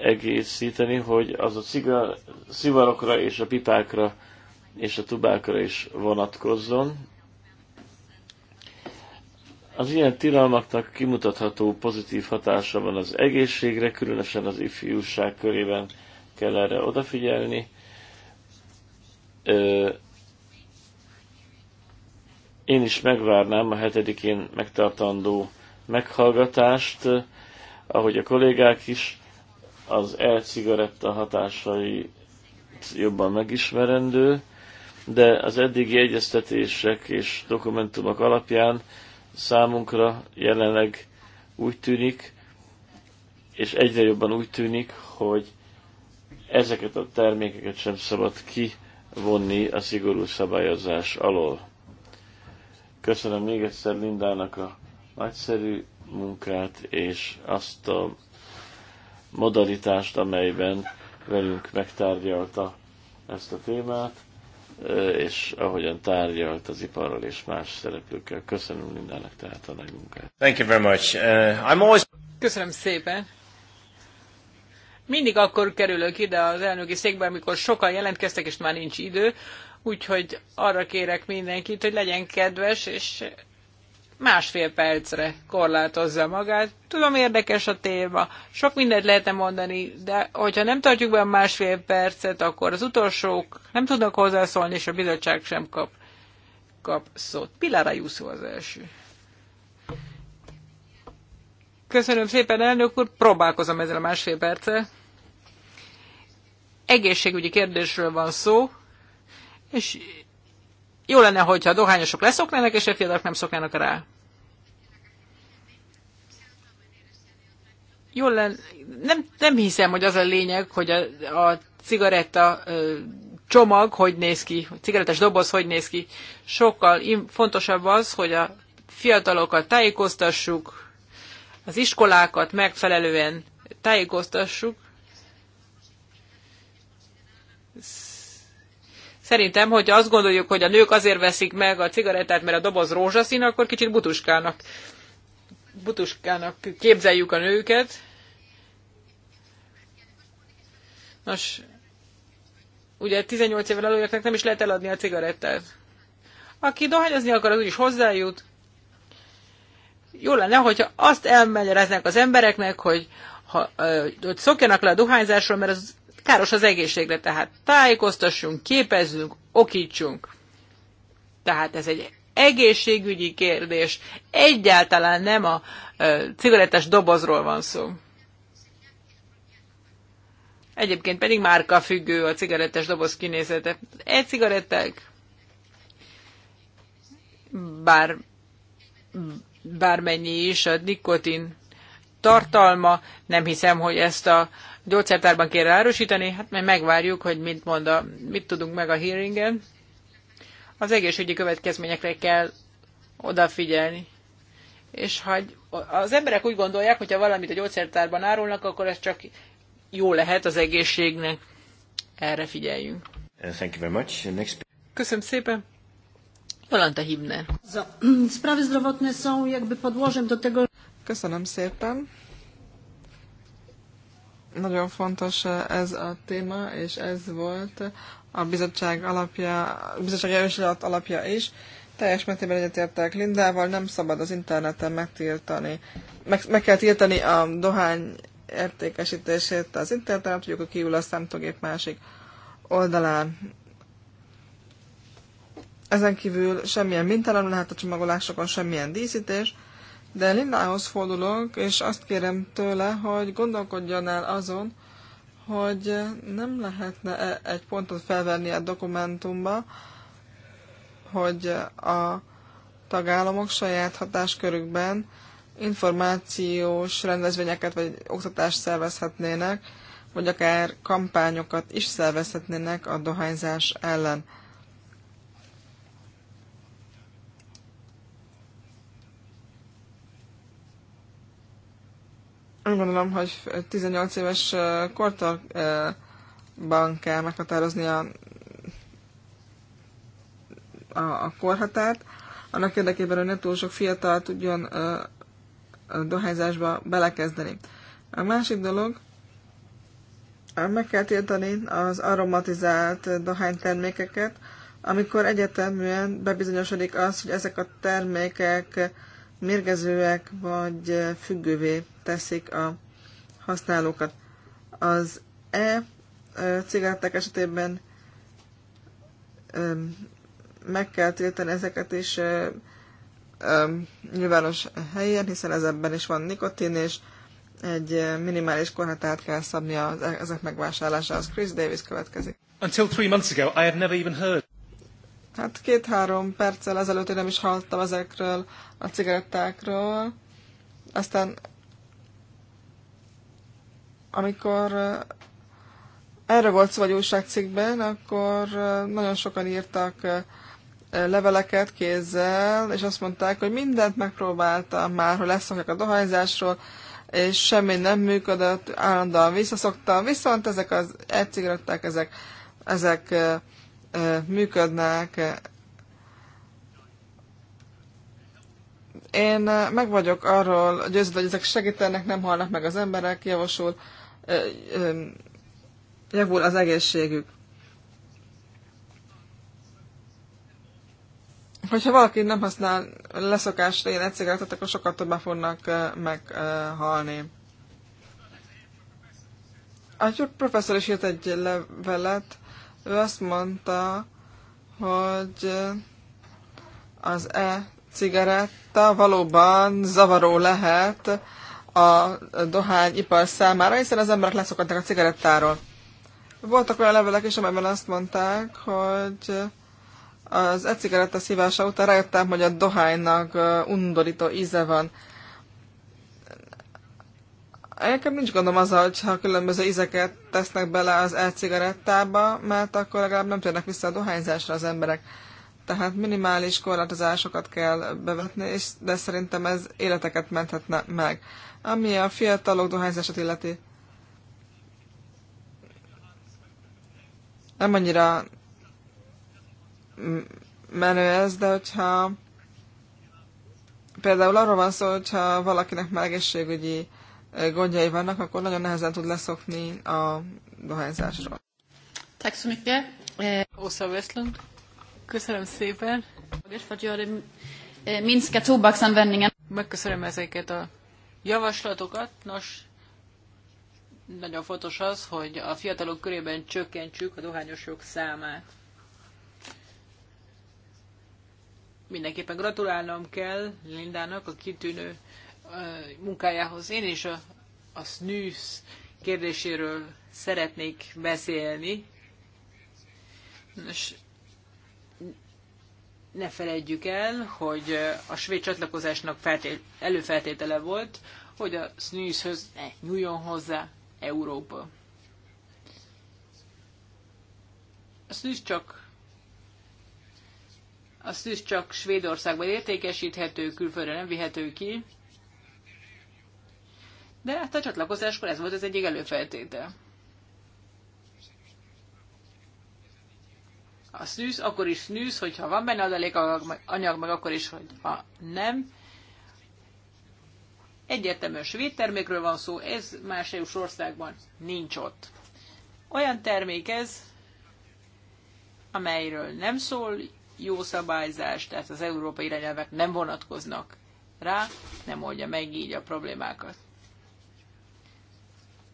egészíteni, hogy az a cigar szivarokra és a pipákra és a tubákra is vonatkozzon. Az ilyen tilalmaknak kimutatható pozitív hatása van az egészségre, különösen az ifjúság körében kell erre odafigyelni. Én is megvárnám a hetedikén megtartandó meghallgatást, ahogy a kollégák is, az e-cigaretta hatásai jobban megismerendő, de az eddigi egyeztetések és dokumentumok alapján számunkra jelenleg úgy tűnik, és egyre jobban úgy tűnik, hogy ezeket a termékeket sem szabad kivonni a szigorú szabályozás alól. Köszönöm még egyszer Lindának a nagyszerű munkát és azt a modalitást, amelyben velünk megtárgyalta ezt a témát és ahogyan tárgyalt az iparral és más szereplőkkel. Köszönöm mindennek tehát a nagy munkát. Thank you very much. Uh, I'm always... Köszönöm szépen. Mindig akkor kerülök ide az elnöki székbe, amikor sokan jelentkeztek, és már nincs idő, úgyhogy arra kérek mindenkit, hogy legyen kedves, és másfél percre korlátozza magát. Tudom, érdekes a téma, sok mindent lehetne mondani, de hogyha nem tartjuk be a másfél percet, akkor az utolsók nem tudnak hozzászólni, és a bizottság sem kap, kap szót. Pilára Ayuso az első. Köszönöm szépen, elnök úr, próbálkozom ezzel a másfél perccel. Egészségügyi kérdésről van szó, és jó lenne, hogyha a dohányosok leszoknának, és a fiatalok nem szoknának rá. Jó lenne, nem, nem hiszem, hogy az a lényeg, hogy a, a cigaretta ö, csomag hogy néz ki, a cigarettes doboz hogy néz ki. Sokkal fontosabb az, hogy a fiatalokat tájékoztassuk, az iskolákat megfelelően tájékoztassuk, Szerintem, hogyha azt gondoljuk, hogy a nők azért veszik meg a cigarettát, mert a doboz rózsaszín, akkor kicsit butuskának, butuskának képzeljük a nőket. Nos, ugye 18 évvel előjöknek nem is lehet eladni a cigarettát. Aki dohányozni akar, az úgyis hozzájut. Jó lenne, hogyha azt elmegyereznek az embereknek, hogy ha, hogy szokjanak le a dohányzásról, mert az Káros az egészségre, tehát tájékoztassunk, képezzünk, okítsunk. Tehát ez egy egészségügyi kérdés. Egyáltalán nem a cigarettás dobozról van szó. Egyébként pedig márka függő a cigarettás doboz kinézete. Egy cigaretták bár, bármennyi is a nikotin tartalma, nem hiszem, hogy ezt a gyógyszertárban kér árusítani, hát majd megvárjuk, hogy mit, mond a, mit tudunk meg a hearingen. Az egészségügyi következményekre kell odafigyelni. És ha az emberek úgy gondolják, hogyha valamit a gyógyszertárban árulnak, akkor ez csak jó lehet az egészségnek. Erre figyeljünk. Uh, thank you very much. Uh, next... Köszönöm szépen. Jolanta Hibner. <clears throat> Sprawy zdrowotne są jakby podłożem do tego... Köszönöm szépen nagyon fontos eh, ez a téma, és ez volt a bizottság alapja, a bizottság javaslat alapja is. Teljes mértékben egyetértek Lindával, nem szabad az interneten megtiltani. Meg, meg kell tiltani a dohány értékesítését az interneten, tudjuk, hogy kiül a számítógép másik oldalán. Ezen kívül semmilyen minta nem lehet a csomagolásokon, semmilyen díszítés. De Lindához fordulok, és azt kérem tőle, hogy gondolkodjon el azon, hogy nem lehetne egy pontot felvenni a dokumentumba, hogy a tagállamok saját hatáskörükben információs rendezvényeket vagy oktatást szervezhetnének, vagy akár kampányokat is szervezhetnének a dohányzás ellen. Úgy gondolom, hogy 18 éves kortarban kell meghatározni a, a, a korhatárt, annak érdekében, hogy ne túl sok fiatal tudjon a, a dohányzásba belekezdeni. A másik dolog, meg kell tiltani az aromatizált dohánytermékeket, amikor egyeteműen bebizonyosodik az, hogy ezek a termékek mérgezőek vagy függővé teszik a használókat. Az e cigaretták esetében meg kell tiltani ezeket is nyilvános helyen, hiszen ezekben is van nikotin, és egy minimális korhatárt kell szabni az, e- ezek megvásárlásához. Chris Davis következik. Until three months ago, I had never even heard. Hát két-három perccel ezelőtt én nem is hallottam ezekről a cigarettákról. Aztán amikor eh, erre volt szó egy újságcikkben, akkor eh, nagyon sokan írtak eh, leveleket kézzel, és azt mondták, hogy mindent megpróbáltam már, hogy leszokjak a dohányzásról, és semmi nem működött, állandóan visszaszoktam, viszont ezek az e ezek, ezek működnek. Én meg vagyok arról győződve, hogy ezek segítenek, nem halnak meg az emberek, javasul, javul az egészségük. hogyha valaki nem használ leszokásra ilyen egyszerűetet, akkor sokkal többen fognak meghalni. A professzor is írt egy levelet, ő azt mondta, hogy eh, az e-cigaretta valóban zavaró lehet a dohányipar számára, hiszen az emberek leszokadtak a cigarettáról. Voltak olyan levelek is, amelyben azt mondták, hogy az e-cigaretta szívása után rájöttem, hogy a dohánynak eh, undorító íze van. Egyébként nincs gondom azzal, ha különböző ízeket tesznek bele az e-cigarettába, mert akkor legalább nem térnek vissza a dohányzásra az emberek. Tehát minimális korlátozásokat kell bevetni, és de szerintem ez életeket menthetne meg. Ami a fiatalok dohányzását illeti, nem annyira menő ez, de hogyha például arról van szó, hogyha valakinek már egészségügyi gondjai vannak, akkor nagyon nehezen tud leszokni a dohányzásról. Tack så mycket. Eh, Åsa Westlund. Köszönöm szépen. Eh, Minska tobaksanvändningen. Megköszönöm ezeket a javaslatokat. Nos, nagyon fontos az, hogy a fiatalok körében csökkentsük a dohányosok számát. Mindenképpen gratulálnom kell Lindának a kitűnő munkájához. Én is a, a SNÜSZ kérdéséről szeretnék beszélni. Nos, ne felejtjük el, hogy a svéd csatlakozásnak feltét, előfeltétele volt, hogy a snüsz ne nyúljon hozzá Európa. A SNÜSZ csak a szűz csak Svédországban értékesíthető, külföldre nem vihető ki de hát a csatlakozáskor ez volt az egyik előfeltétel. A snűz, akkor is snűz, hogyha van benne adalék anyag, meg akkor is, hogyha nem. Egyértelműen svéd termékről van szó, ez más eu országban nincs ott. Olyan termék ez, amelyről nem szól jó szabályzás, tehát az európai irányelvek nem vonatkoznak rá, nem oldja meg így a problémákat.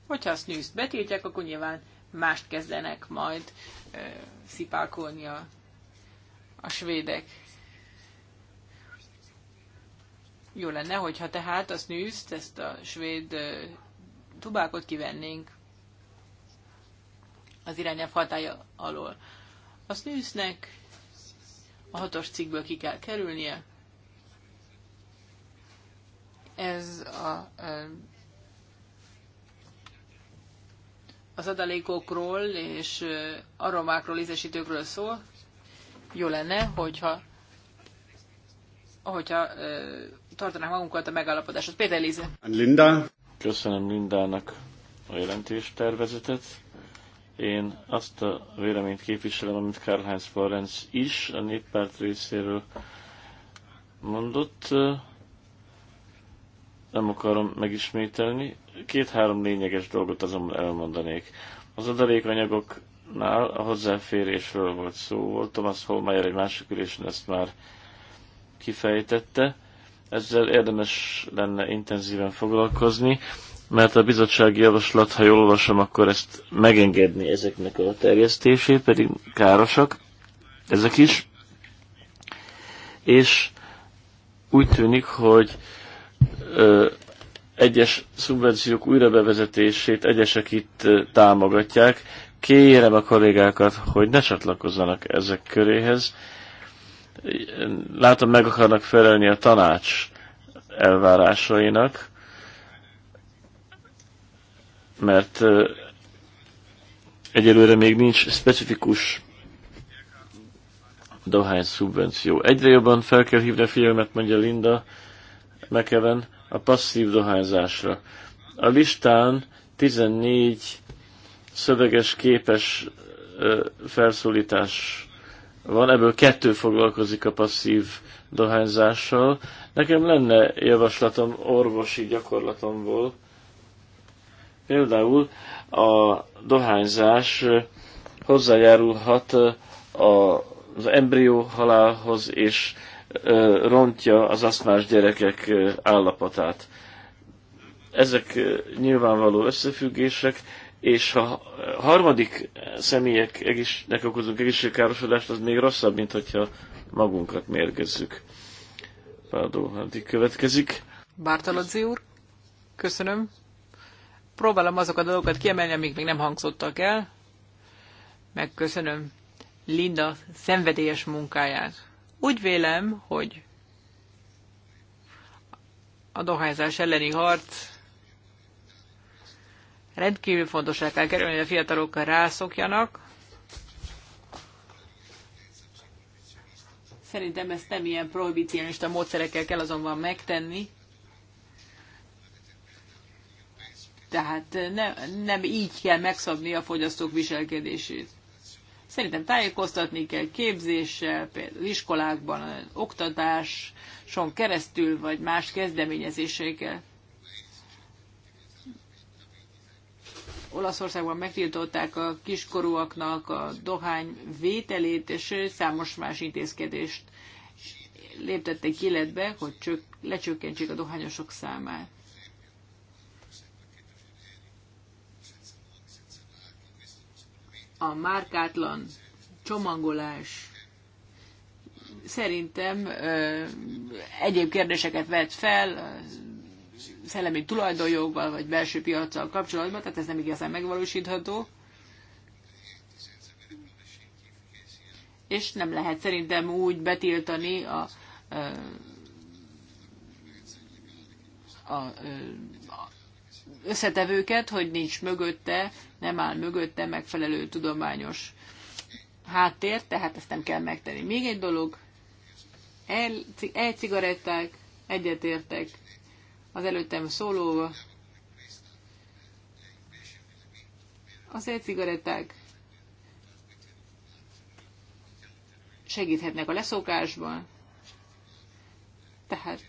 Hogyha a snooze-t betiltják, akkor nyilván mást kezdenek majd uh, szipálkolni a, a svédek. Jó lenne, hogyha tehát a snűzt, ezt a svéd uh, tubákot kivennénk az irányelv hatája alól. A snooze a hatos cikkből ki kell kerülnie. Ez a az adalékokról és aromákról, ízesítőkről szól, jó lenne, hogyha hogyha ö, tartanák magunkat a megállapodáshoz. Péter Lize. Linda. Köszönöm Lindának a jelentés tervezetet. Én azt a véleményt képviselem, amit Karl-Heinz Florenz is a néppárt részéről mondott nem akarom megismételni. Két-három lényeges dolgot azonban elmondanék. Az adalékanyagoknál a hozzáférésről volt szó, volt Thomas Holmeyer egy másik ülésen ezt már kifejtette. Ezzel érdemes lenne intenzíven foglalkozni, mert a bizottsági javaslat, ha jól olvasom, akkor ezt megengedni ezeknek a terjesztését, pedig károsak ezek is. És úgy tűnik, hogy ö, egyes szubvenciók újrabevezetését egyesek itt támogatják. Kérem a kollégákat, hogy ne csatlakozzanak ezek köréhez. Látom, meg akarnak felelni a tanács elvárásainak, mert egyelőre még nincs specifikus dohány szubvenció. Egyre jobban fel kell hívni a figyelmet, mondja Linda McEwen, a passzív dohányzásra. A listán 14 szöveges képes felszólítás van, ebből kettő foglalkozik a passzív dohányzással. Nekem lenne javaslatom orvosi gyakorlatomból. Például a dohányzás hozzájárulhat az embrió halálhoz és rontja az aszmás gyerekek állapotát. Ezek nyilvánvaló összefüggések, és ha harmadik személyeknek okozunk egészségkárosodást, az még rosszabb, mint hogyha magunkat mérgezzük. Pádó, addig következik. Bártalodzi úr, köszönöm. Próbálom azokat a dolgokat kiemelni, amik még nem hangzottak el. Megköszönöm Linda szenvedélyes munkáját. Úgy vélem, hogy a dohányzás elleni harc rendkívül fontosá kell kerülni, hogy a fiatalok rászokjanak. Szerintem ezt nem ilyen prohibicionista módszerekkel kell azonban megtenni. Tehát ne, nem így kell megszabni a fogyasztók viselkedését. Szerintem tájékoztatni kell képzéssel, például iskolákban, oktatáson keresztül, vagy más kezdeményezésekkel. Olaszországban megtiltották a kiskorúaknak a dohány vételét, és számos más intézkedést léptették életbe, hogy csök, lecsökkentsék a dohányosok számát. a márkátlan csomagolás szerintem ö, egyéb kérdéseket vet fel, szellemi tulajdonjoggal vagy belső piaccal kapcsolatban, tehát ez nem igazán megvalósítható. És nem lehet szerintem úgy betiltani a, a, a összetevőket, hogy nincs mögötte nem áll mögötte megfelelő tudományos háttér, tehát ezt nem kell megtenni. Még egy dolog, egy cigaretták egyetértek az előttem szólóval, az egy cigaretták segíthetnek a leszokásban, tehát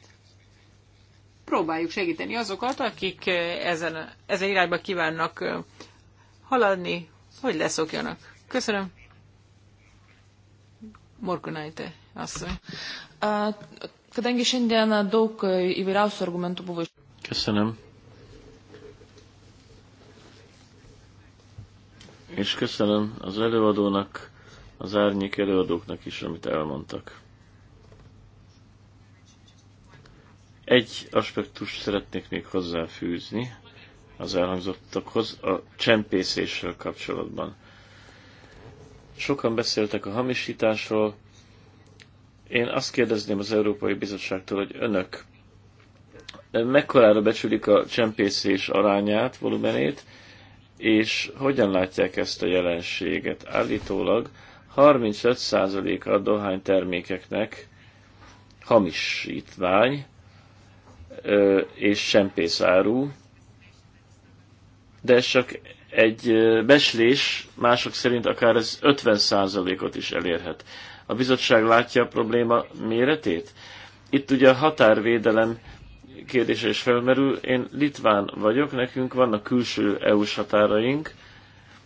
próbáljuk segíteni azokat, akik ezen, ezen irányba kívánnak haladni, hogy leszokjanak. Köszönöm. Morkunaitė, asszony. Kadangi a dolg, įvairiausių argumentų buvo. Köszönöm. És köszönöm az előadónak, az árnyék előadóknak is, amit elmondtak. Egy aspektust szeretnék még hozzáfűzni az elhangzottakhoz a csempészéssel kapcsolatban. Sokan beszéltek a hamisításról. Én azt kérdezném az Európai Bizottságtól, hogy önök mekkorára becsülik a csempészés arányát, volumenét, és hogyan látják ezt a jelenséget? Állítólag 35%-a a dohány termékeknek hamisítvány és csempészáru, de ez csak egy beslés, mások szerint akár ez 50%-ot is elérhet. A bizottság látja a probléma méretét? Itt ugye a határvédelem kérdése is felmerül. Én litván vagyok, nekünk vannak külső EU-s határaink,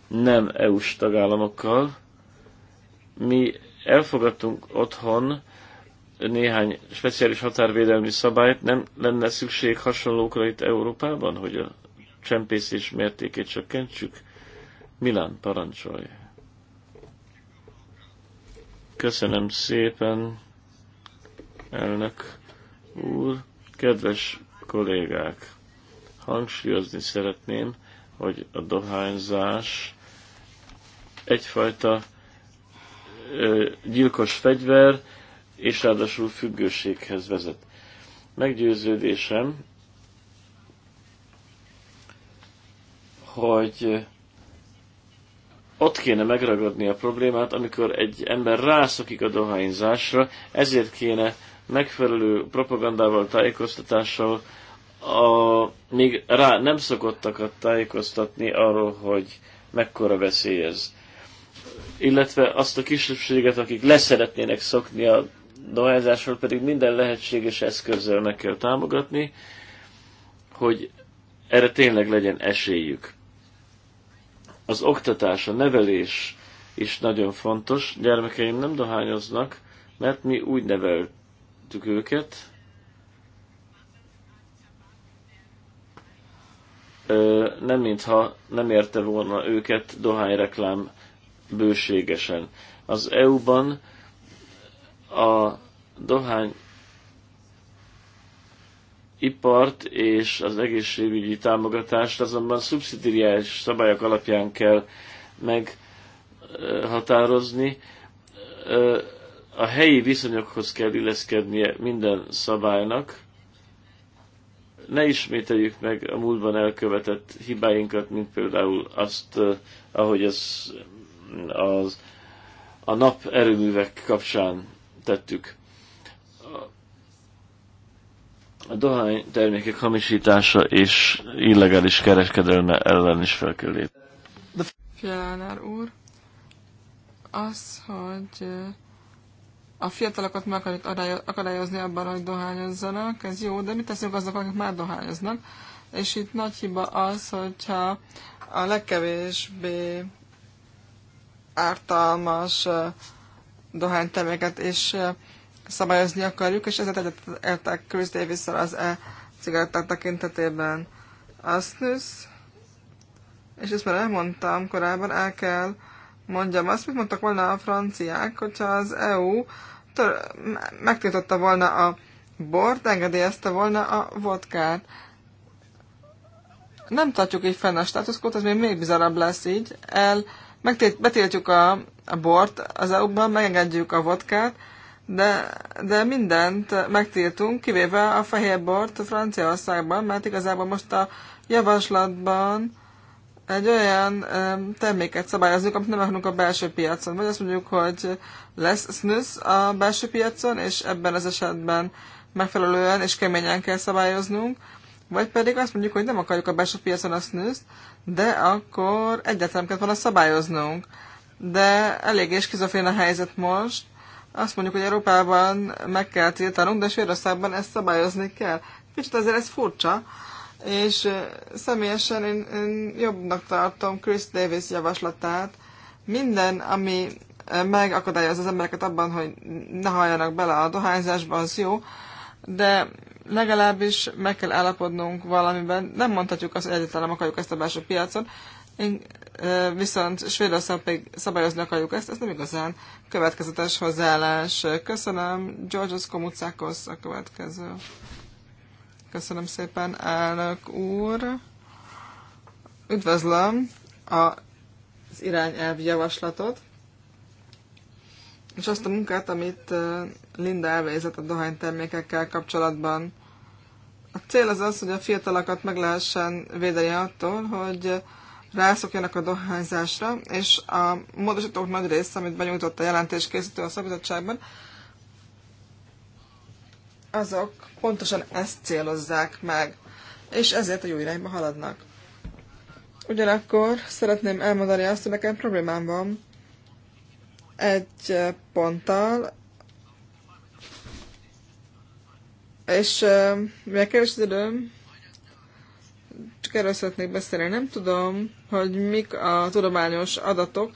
nem EU-s tagállamokkal. Mi elfogadtunk otthon néhány speciális határvédelmi szabályt, nem lenne szükség hasonlókra itt Európában, hogy a csempészés mértékét csökkentsük. Milán, parancsolj! Köszönöm szépen, elnök úr, kedves kollégák! Hangsúlyozni szeretném, hogy a dohányzás egyfajta ö, gyilkos fegyver, és ráadásul függőséghez vezet. Meggyőződésem, hogy ott kéne megragadni a problémát, amikor egy ember rászokik a dohányzásra, ezért kéne megfelelő propagandával, tájékoztatással a, még rá nem szokottakat tájékoztatni arról, hogy mekkora veszély ez. Illetve azt a kisebbséget, akik leszeretnének szokni a dohányzásról, pedig minden lehetséges eszközzel meg kell támogatni, hogy erre tényleg legyen esélyük. Az oktatás, a nevelés is nagyon fontos. Gyermekeim nem dohányoznak, mert mi úgy neveltük őket, nem mintha nem érte volna őket dohányreklám bőségesen. Az EU-ban a dohány ipart és az egészségügyi támogatást azonban szubszidiális szabályok alapján kell meghatározni. A helyi viszonyokhoz kell illeszkednie minden szabálynak. Ne ismételjük meg a múltban elkövetett hibáinkat, mint például azt, ahogy az, az, a nap erőművek kapcsán tettük a dohány termékek hamisítása és illegális kereskedelme ellen is fel kell lépni. Fjellner úr, az, hogy eh, a fiatalokat meg akarjuk akadályozni abban, hogy dohányozzanak, ez jó, de mit teszünk azok, akik már dohányoznak? És itt nagy hiba az, hogyha a legkevésbé ártalmas eh, dohányterméket és eh, szabályozni akarjuk, és ezért egyetértek Chris davis az e-cigaretták tekintetében. A nősz, és ezt már elmondtam korábban, el kell mondjam azt, mit mondtak volna a franciák, hogyha az EU tör- megtiltotta volna a bort, engedélyezte volna a vodkát. Nem tartjuk így fenn a státuszkót, ez még, még bizarabb lesz így. El, megtilt, betiltjuk a, a bort az EU-ban, megengedjük a vodkát, de, de mindent megtiltunk, kivéve a a Franciaországban, mert igazából most a javaslatban egy olyan terméket szabályozunk, amit nem akarunk a belső piacon. Vagy azt mondjuk, hogy lesz snus a belső piacon, és ebben az esetben megfelelően és keményen kell szabályoznunk, vagy pedig azt mondjuk, hogy nem akarjuk a belső piacon a snus de akkor egyetemket van a szabályoznunk. De eléggé skizofrén a helyzet most, azt mondjuk, hogy Európában meg kell tiltanunk, de Svédországban ezt szabályozni kell. Kicsit azért ez furcsa, és személyesen én, én jobbnak tartom Chris Davis javaslatát. Minden, ami megakadályoz az embereket abban, hogy ne halljanak bele a dohányzásba, az jó, de legalábbis meg kell állapodnunk valamiben. Nem mondhatjuk azt, hogy egyáltalán akarjuk ezt a belső piacon, viszont Svédország pedig szabályozni akarjuk ezt, ez nem igazán következetes hozzáállás. Köszönöm, Georgios Komucákos a következő. Köszönöm szépen, elnök úr. Üdvözlöm a, az irányelv javaslatot, és azt a munkát, amit Linda elvégzett a dohánytermékekkel kapcsolatban. A cél az az, hogy a fiatalokat meg lehessen védeni attól, hogy rászokjanak a dohányzásra, és a módosítók nagy része, amit benyújtott a jelentés készítő a szabadságban, azok pontosan ezt célozzák meg, és ezért a jó irányba haladnak. Ugyanakkor szeretném elmondani azt, hogy nekem problémám van egy ponttal, és mivel kevés az időm, csak erről szeretnék beszélni, nem tudom, hogy mik a tudományos adatok,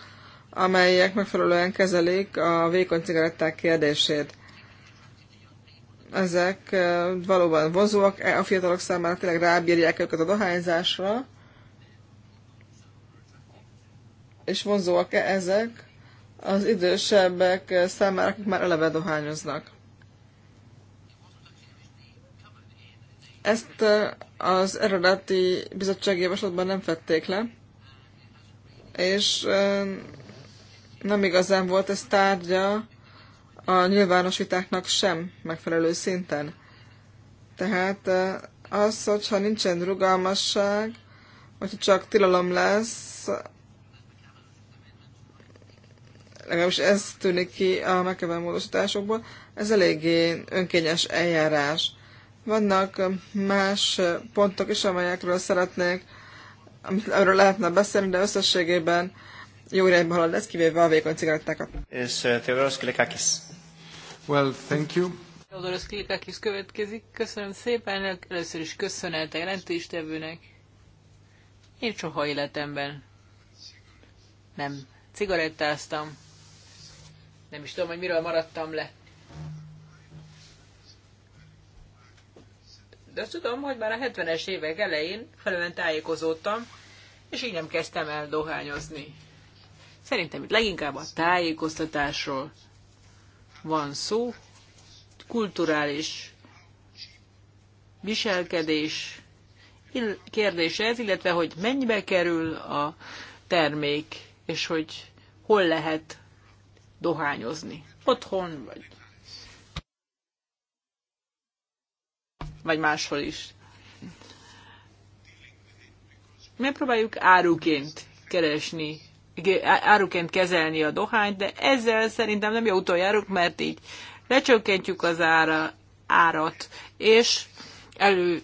amelyek megfelelően kezelik a vékony cigaretták kérdését. Ezek valóban vonzóak, e, a fiatalok számára tényleg rábírják őket a dohányzásra, és vonzóak -e ezek az idősebbek számára, akik már eleve dohányoznak. Ezt az eredeti bizottsági javaslatban nem fették le, és nem igazán volt ez tárgya a nyilvános vitáknak sem megfelelő szinten. Tehát az, hogyha nincsen rugalmasság, hogyha csak tilalom lesz, legalábbis ez tűnik ki a megkeven módosításokból, ez eléggé önkényes eljárás. Vannak más pontok is, amelyekről szeretnék amit erről lehetne beszélni, de összességében jó irányba halad ez, kivéve a vékony cigarettákat. És eh, Theodoros Kilikakis. Well, thank you. Theodoros Kilikakis következik. Köszönöm szépen, először is köszönet a jelentéstevőnek. Én soha életemben nem cigarettáztam. Nem is tudom, hogy miről maradtam le. De azt tudom, hogy már a 70-es évek elején felően tájékozódtam, és így nem kezdtem el dohányozni. Szerintem itt leginkább a tájékoztatásról van szó, kulturális viselkedés kérdése ez, illetve hogy mennyibe kerül a termék, és hogy hol lehet dohányozni. Otthon, vagy vagy máshol is. Megpróbáljuk áruként keresni, áruként kezelni a dohányt, de ezzel szerintem nem jó utoljárunk, mert így lecsökkentjük az ára, árat, és elő,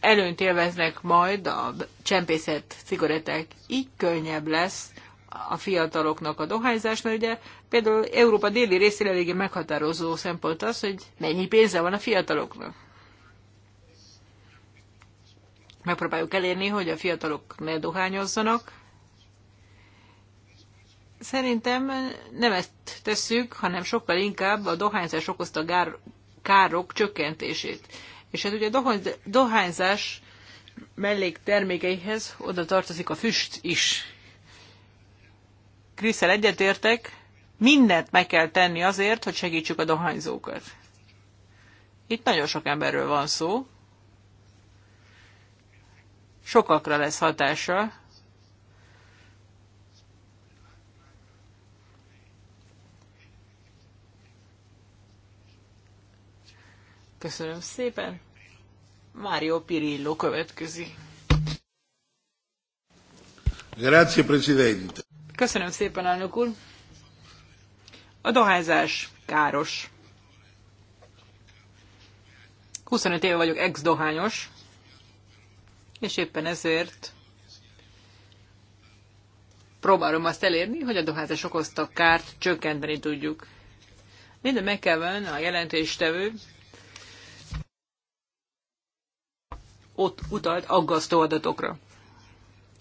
előnyt élveznek majd a csempészet cigaretták. Így könnyebb lesz a fiataloknak a dohányzás, mert ugye például Európa déli részére eléggé meghatározó szempont az, hogy mennyi pénze van a fiataloknak megpróbáljuk elérni, hogy a fiatalok ne dohányozzanak. Szerintem nem ezt tesszük, hanem sokkal inkább a dohányzás okozta gár, károk csökkentését. És hát ugye a dohányzás melléktermékeihez oda tartozik a füst is. Kriszel egyetértek, mindent meg kell tenni azért, hogy segítsük a dohányzókat. Itt nagyon sok emberről van szó, sokakra lesz hatása. Köszönöm szépen. Mário Pirillo következik. Grazie, Presidente. Köszönöm szépen, elnök úr. A dohányzás káros. 25 éve vagyok ex-dohányos, és éppen ezért próbálom azt elérni, hogy a dohányzás okozta kárt csökkenteni tudjuk. Minden McEwen, a jelentéstevő, ott utalt aggasztó adatokra.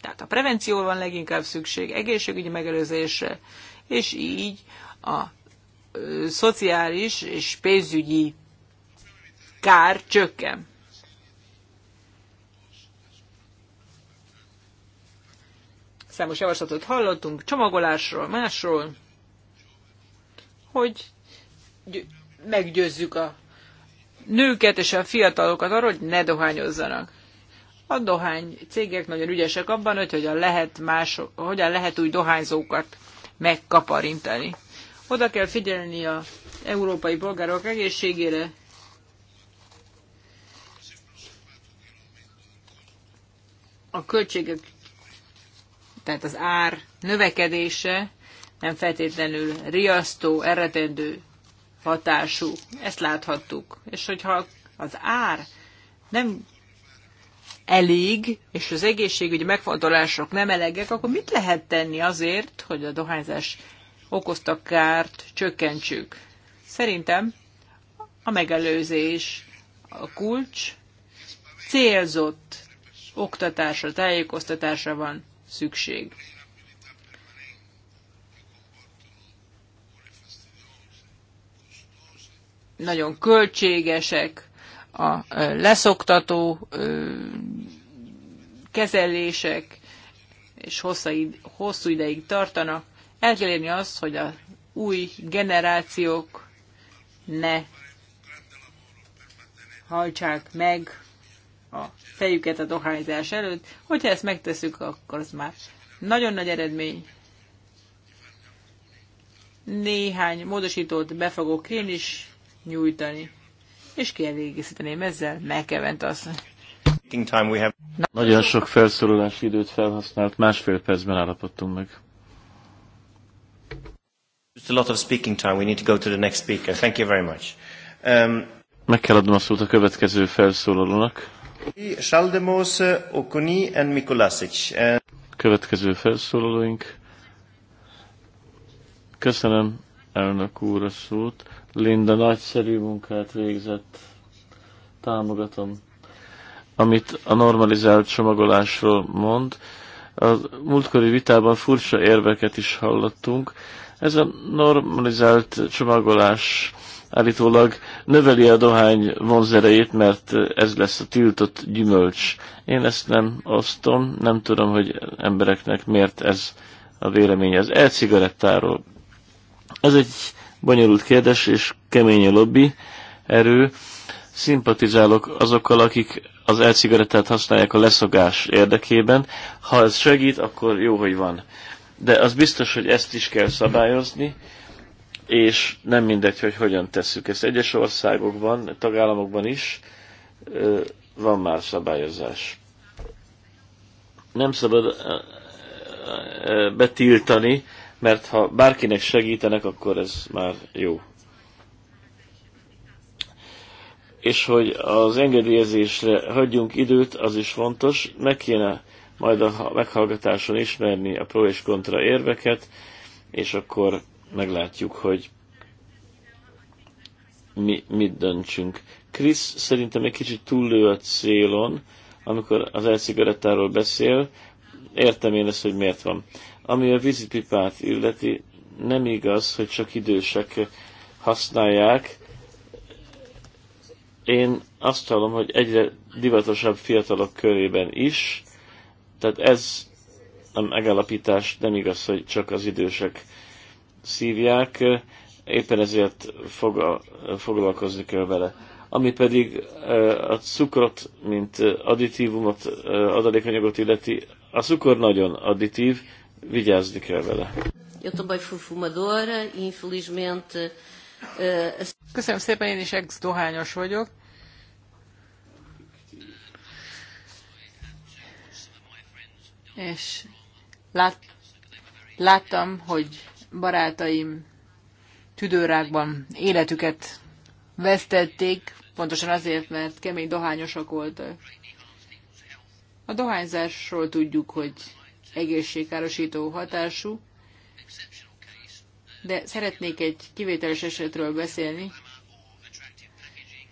Tehát a prevenció van leginkább szükség, egészségügyi megelőzésre, és így a ö, szociális és pénzügyi kár csökken. számos javaslatot hallottunk, csomagolásról, másról, hogy meggyőzzük a nőket és a fiatalokat arról, hogy ne dohányozzanak. A dohány cégek nagyon ügyesek abban, hogy hogyan lehet, más, hogyan lehet úgy dohányzókat megkaparintani. Oda kell figyelni a európai polgárok egészségére, a költségek tehát az ár növekedése nem feltétlenül riasztó, eredendő hatású. Ezt láthattuk. És hogyha az ár nem elég, és az egészségügyi megfontolások nem elegek, akkor mit lehet tenni azért, hogy a dohányzás okozta kárt csökkentsük? Szerintem a megelőzés a kulcs, célzott oktatásra, tájékoztatásra van szükség. Nagyon költségesek a leszoktató kezelések, és hosszú ideig tartanak. El kell érni azt, hogy a új generációk ne hajtsák meg a fejüket a dohányzás előtt. Hogyha ezt megteszünk, akkor az már nagyon nagy eredmény. Néhány módosítót be fogok én is nyújtani, és kielégíteném ezzel megkevent azt. Nagyon sok felszólalási időt felhasznált, másfél percben állapodtunk meg. Just a lot of speaking time. We need to go to the next speaker. Thank you very much. Um, meg kell adnom a szót a következő felszólalónak. Saldemos, Okuni and Mikulasic. Következő felszólalóink. Köszönöm elnök úr a szót. Linda nagyszerű munkát végzett. Támogatom. Amit a normalizált csomagolásról mond, a múltkori vitában furcsa érveket is hallottunk. Ez a normalizált csomagolás állítólag növeli a dohány vonzerejét, mert ez lesz a tiltott gyümölcs. Én ezt nem osztom, nem tudom, hogy embereknek miért ez a véleménye az e-cigarettáról. Ez egy bonyolult kérdés, és kemény a lobby erő. Szimpatizálok azokkal, akik az elcigarettát használják a leszogás érdekében. Ha ez segít, akkor jó, hogy van. De az biztos, hogy ezt is kell szabályozni, és nem mindegy, hogy hogyan tesszük ezt. Egyes országokban, tagállamokban is van már szabályozás. Nem szabad betiltani, mert ha bárkinek segítenek, akkor ez már jó. És hogy az engedélyezésre hagyjunk időt, az is fontos. Meg kéne majd a meghallgatáson ismerni a pro és kontra érveket, és akkor meglátjuk, hogy mi, mit döntsünk. Krisz szerintem egy kicsit túllő a célon, amikor az elszigarettáról beszél, értem én ezt, hogy miért van. Ami a vízipipát illeti, nem igaz, hogy csak idősek használják. Én azt hallom, hogy egyre divatosabb fiatalok körében is, tehát ez a megállapítás nem igaz, hogy csak az idősek szívják, éppen ezért fog, foglalkozni kell vele. Ami pedig a cukrot, mint additívumot, adalékanyagot illeti, a cukor nagyon additív, vigyázni kell vele. Eu também fui fumadora e infelizmente... Eh, Köszönöm szépen, én is ex-dohányos vagyok. És lát, láttam, hogy barátaim tüdőrákban életüket vesztették, pontosan azért, mert kemény dohányosak voltak. A dohányzásról tudjuk, hogy egészségkárosító hatású, de szeretnék egy kivételes esetről beszélni.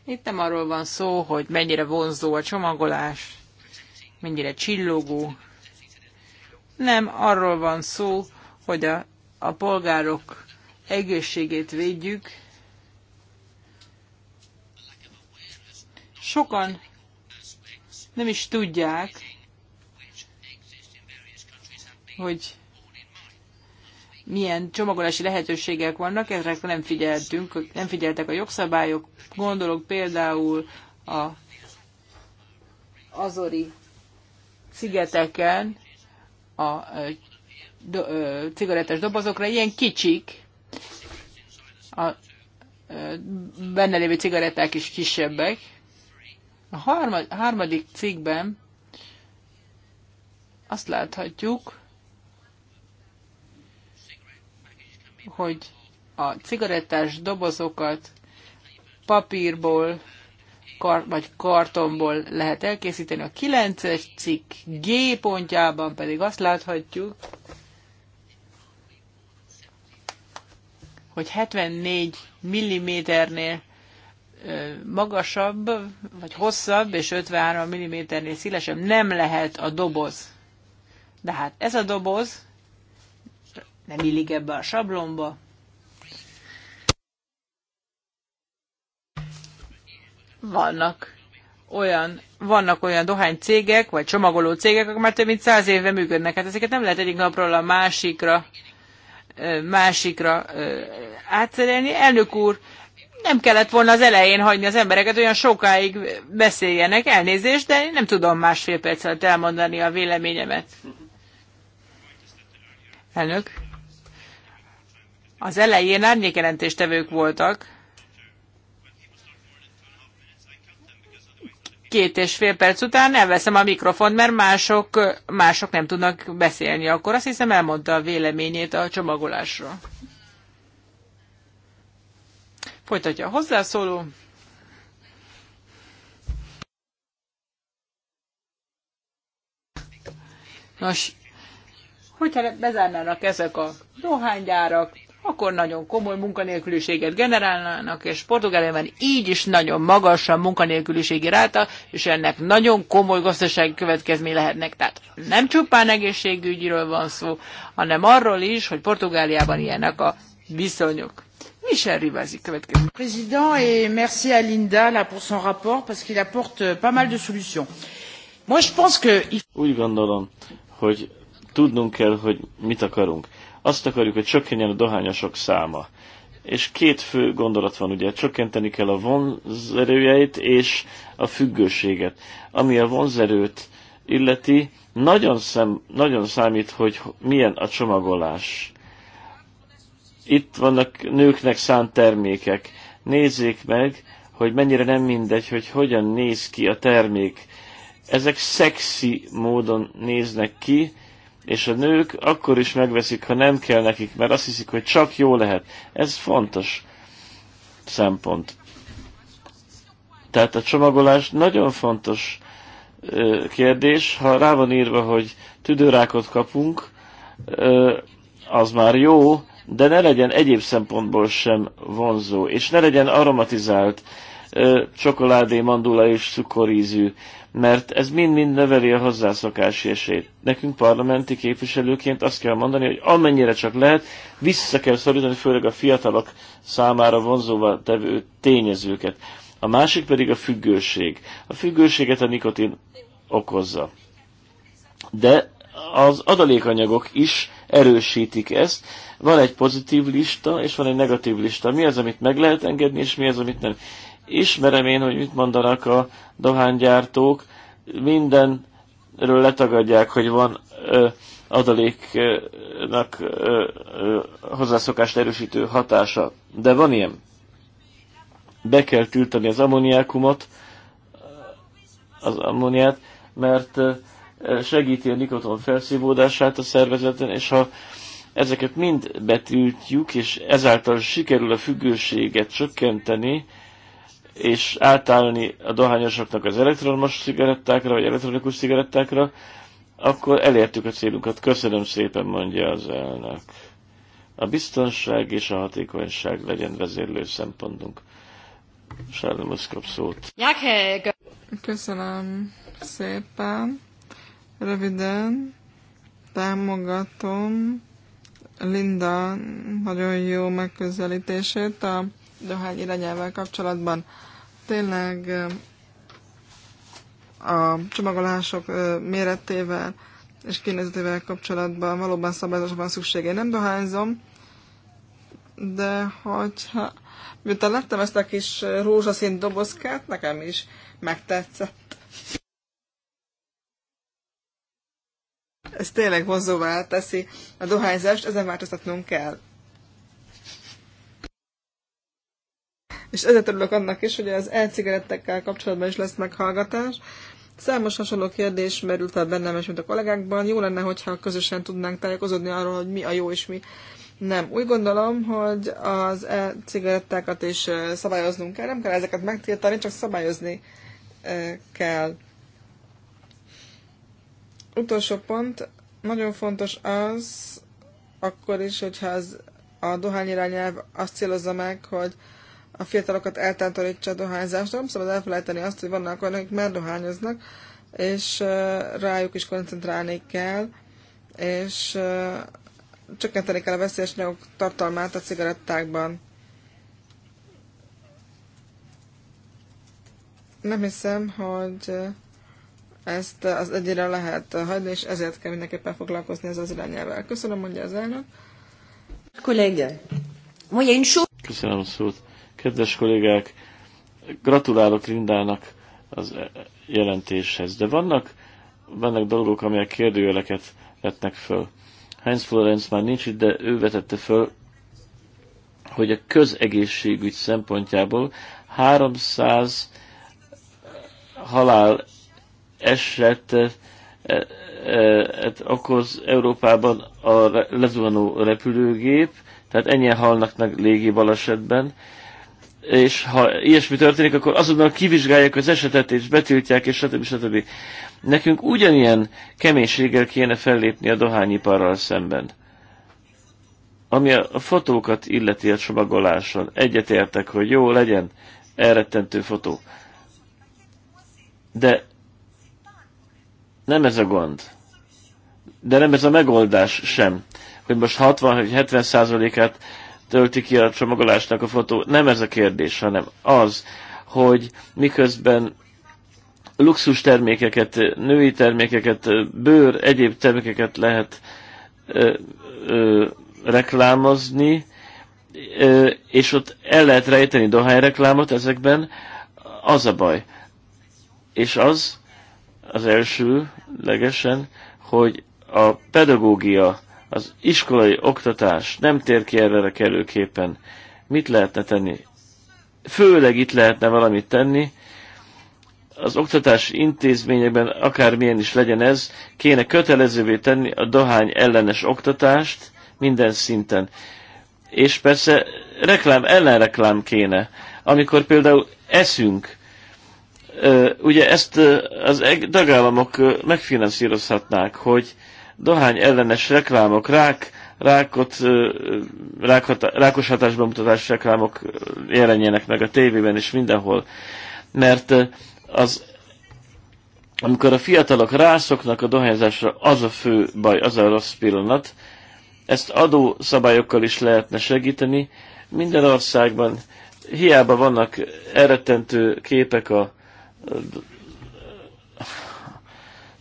Itt nem arról van szó, hogy mennyire vonzó a csomagolás, mennyire csillogó. Nem, arról van szó, hogy a a polgárok egészségét védjük. Sokan nem is tudják, hogy milyen csomagolási lehetőségek vannak, ezre nem figyeltünk, nem figyeltek a jogszabályok. Gondolok például a azori szigeteken a do, ö, cigarettás dobozokra, ilyen kicsik, a ö, benne lévő cigaretták is kisebbek. A harmad, harmadik cikkben azt láthatjuk, hogy a cigarettás dobozokat papírból kar, vagy kartonból lehet elkészíteni. A 9-es cikk G pontjában pedig azt láthatjuk, hogy 74 mm-nél magasabb, vagy hosszabb, és 53 mm-nél szélesebb nem lehet a doboz. De hát ez a doboz nem illik ebbe a sablomba Vannak olyan, vannak olyan dohánycégek, vagy csomagoló cégek, akik már több mint száz éve működnek. Hát ezeket nem lehet egyik napról a másikra másikra átszerelni. Elnök úr, nem kellett volna az elején hagyni az embereket, olyan sokáig beszéljenek, elnézést, de én nem tudom másfél perc alatt elmondani a véleményemet. Elnök. Az elején árnyékelentéstevők voltak, két és fél perc után elveszem a mikrofont, mert mások, mások nem tudnak beszélni. Akkor azt hiszem elmondta a véleményét a csomagolásról. Folytatja a hozzászóló. Nos, hogyha bezárnának ezek a dohánygyárak, akkor nagyon komoly munkanélküliséget generálnának, és Portugáliában így is nagyon magas a munkanélküliségi ráta, és ennek nagyon komoly gazdasági következmény lehetnek. Tehát nem csupán egészségügyről van szó, hanem arról is, hogy Portugáliában ilyenek a viszonyok. Michel Rivasi következő. Président, et merci à Linda là pour son rapport, parce qu'il apporte euh, pas mal de solutions. Moi, je pense que... Úgy gondolom, hogy tudnunk kell, hogy mit akarunk azt akarjuk, hogy csökkenjen a dohányosok száma. És két fő gondolat van, ugye, csökkenteni kell a vonzerőjeit és a függőséget. Ami a vonzerőt illeti, nagyon, szem, nagyon számít, hogy milyen a csomagolás. Itt vannak nőknek szánt termékek. Nézzék meg, hogy mennyire nem mindegy, hogy hogyan néz ki a termék. Ezek szexi módon néznek ki, és a nők akkor is megveszik, ha nem kell nekik, mert azt hiszik, hogy csak jó lehet. Ez fontos szempont. Tehát a csomagolás nagyon fontos kérdés. Ha rá van írva, hogy tüdőrákot kapunk, az már jó, de ne legyen egyéb szempontból sem vonzó, és ne legyen aromatizált csokoládé, mandula és cukorízű, mert ez mind-mind növeli a hozzászokás esélyt. Nekünk parlamenti képviselőként azt kell mondani, hogy amennyire csak lehet, vissza kell szorítani főleg a fiatalok számára vonzóva tevő tényezőket. A másik pedig a függőség. A függőséget a nikotin okozza. De az adalékanyagok is erősítik ezt. Van egy pozitív lista, és van egy negatív lista. Mi az, amit meg lehet engedni, és mi az, amit nem. Ismerem én, hogy mit mondanak a dohánygyártók, mindenről letagadják, hogy van ö, adaléknak ö, ö, hozzászokást erősítő hatása. De van ilyen. Be kell tiltani az ammoniákumot, az ammoniát, mert segíti a nikotin felszívódását a szervezeten, és ha ezeket mind betiltjuk, és ezáltal sikerül a függőséget csökkenteni, és átállni a dohányosoknak az elektromos cigarettákra, vagy elektronikus cigarettákra, akkor elértük a célunkat. Köszönöm szépen, mondja az elnök. A biztonság és a hatékonyság legyen vezérlő szempontunk. Sárlomusz kap szót. Köszönöm szépen. Röviden támogatom Linda nagyon jó megközelítését a dohány irányával kapcsolatban. Tényleg a csomagolások méretével és kinézetével kapcsolatban valóban szabályozásra van szüksége. Én nem dohányzom, de hogyha miután láttam ezt a kis rózsaszín dobozkát, nekem is megtetszett. Ez tényleg vonzóvá teszi a dohányzást, ezen változtatnunk kell. és ezért örülök annak is, hogy az elcigarettekkel kapcsolatban is lesz meghallgatás. Számos hasonló kérdés merült fel bennem és mint a kollégákban. Jó lenne, hogyha közösen tudnánk tájékozódni arról, hogy mi a jó és mi nem. Úgy gondolom, hogy az e-cigarettákat is szabályoznunk kell. Nem kell ezeket megtiltani, csak szabályozni kell. Utolsó pont. Nagyon fontos az, akkor is, hogyha az, a dohányirányelv azt célozza meg, hogy a fiatalokat eltántorítsa a dohányzástól. Nem szabad elfelejteni azt, hogy vannak olyanok, akik már dohányoznak, és rájuk is koncentrálni kell, és csökkenteni kell a veszélyes anyagok tartalmát a cigarettákban. Nem hiszem, hogy ezt az egyére lehet hagyni, és ezért kell mindenképpen foglalkozni ezzel az irányelvel. Köszönöm, mondja az elnök. Kollégia. én Köszönöm a szót. Kedves kollégák, gratulálok Lindának az e- jelentéshez, de vannak, vannak dolgok, amelyek kérdőjeleket vetnek föl. Heinz Florenz már nincs itt, de ő vetette föl, hogy a közegészségügy szempontjából 300 halál eset e-, e, e, okoz Európában a lezuhanó repülőgép, tehát ennyien halnak meg légi balesetben, és ha ilyesmi történik, akkor azonnal kivizsgálják az esetet, és betiltják, és stb. stb. Nekünk ugyanilyen keménységgel kéne fellépni a dohányiparral szemben. Ami a fotókat illeti a csomagoláson, egyetértek, hogy jó legyen elrettentő fotó. De nem ez a gond. De nem ez a megoldás sem, hogy most 60 vagy 70 százalékát tölti ki a csomagolásnak a fotó. Nem ez a kérdés, hanem az, hogy miközben luxus termékeket, női termékeket, bőr, egyéb termékeket lehet ö, ö, reklámozni, ö, és ott el lehet rejteni dohányreklámot ezekben, az a baj. És az az első legesen, hogy a pedagógia az iskolai oktatás nem tér ki erre kellőképpen. Mit lehetne tenni? Főleg itt lehetne valamit tenni. Az oktatás intézményekben, akármilyen is legyen ez, kéne kötelezővé tenni a dohány ellenes oktatást minden szinten. És persze reklám ellenreklám kéne. Amikor például eszünk, ugye ezt az tagállamok megfinanszírozhatnák, hogy dohány ellenes reklámok, rák, rákot, rák hatá, rákos hatásban mutatás reklámok jelenjenek meg a tévében és mindenhol. Mert az, amikor a fiatalok rászoknak a dohányzásra, az a fő baj, az a rossz pillanat. Ezt adó szabályokkal is lehetne segíteni. Minden országban hiába vannak eretentő képek a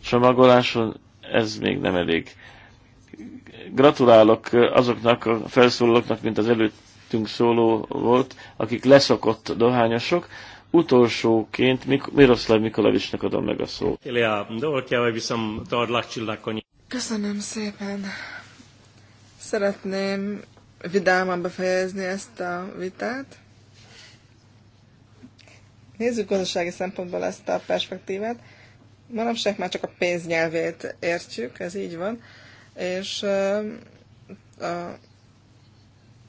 csomagoláson, ez még nem elég. Gratulálok azoknak a felszólalóknak, mint az előttünk szóló volt, akik leszokott dohányosok. Utolsóként Mik- Miroslav Mikolavicsnak adom meg a szót. Köszönöm szépen. Szeretném vidáman befejezni ezt a vitát. Nézzük gazdasági szempontból ezt a perspektívát manapság már csak a pénznyelvét értjük, ez így van, és a,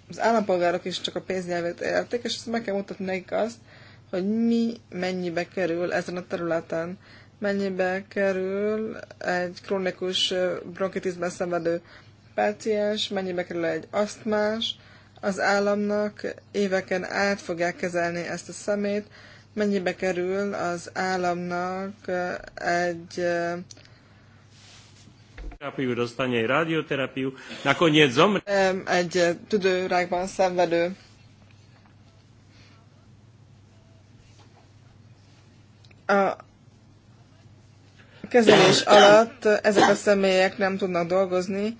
az állampolgárok is csak a pénznyelvét értik, és ezt meg kell mutatni nekik azt, hogy mi mennyibe kerül ezen a területen, mennyibe kerül egy krónikus bronkitisben szenvedő páciens, mennyibe kerül egy asztmás, az államnak éveken át fogják kezelni ezt a szemét, mennyibe kerül az államnak egy terapiu, dostanie egy rádioterapiu, nakoniec zomr. Egy tüdőrákban szenvedő a kezelés alatt ezek a személyek nem tudnak dolgozni,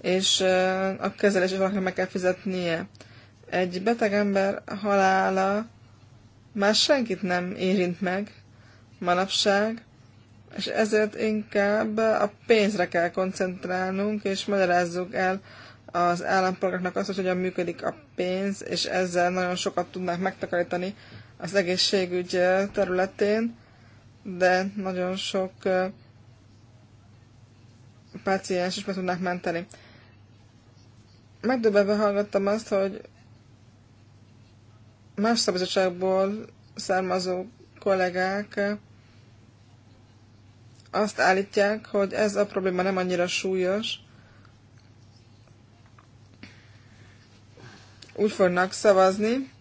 és a kezelés is valakinek meg kell fizetnie. Egy beteg ember halála már senkit nem érint meg manapság, és ezért inkább a pénzre kell koncentrálnunk, és magyarázzuk el az állampolgárnak azt, hogy hogyan működik a pénz, és ezzel nagyon sokat tudnák megtakarítani az egészségügy területén, de nagyon sok páciens is meg tudnák menteni. Megdöbbenve hallgattam azt, hogy más szabadságból származó kollégák azt állítják, hogy ez a probléma nem annyira súlyos. Úgy fognak szavazni,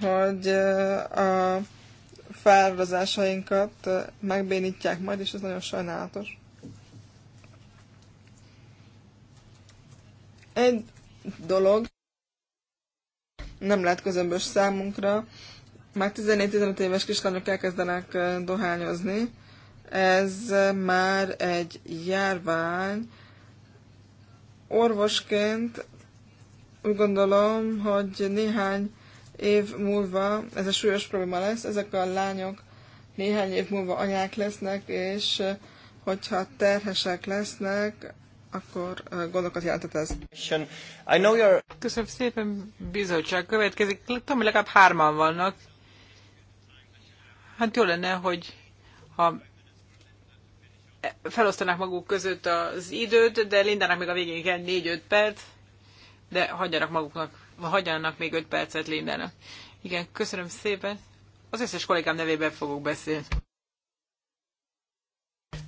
hogy eh, a fáradozásainkat eh, megbénítják majd, és ez nagyon sajnálatos. Egy dolog, nem lehet közömbös számunkra. Már 14-15 éves kislányok elkezdenek dohányozni. Ez már egy járvány. Orvosként úgy gondolom, hogy néhány év múlva ez a súlyos probléma lesz. Ezek a lányok néhány év múlva anyák lesznek, és hogyha terhesek lesznek, akkor gondokat jelentett ez. Köszönöm szépen, bizottság következik. Tudom, hogy legalább hárman vannak. Hát jó lenne, hogy ha felosztanák maguk között az időt, de Lindának még a végén kell 4-5 perc, de hagyjanak maguknak, hagyjanak még 5 percet Lindának. Igen, köszönöm szépen. Az összes kollégám nevében fogok beszélni.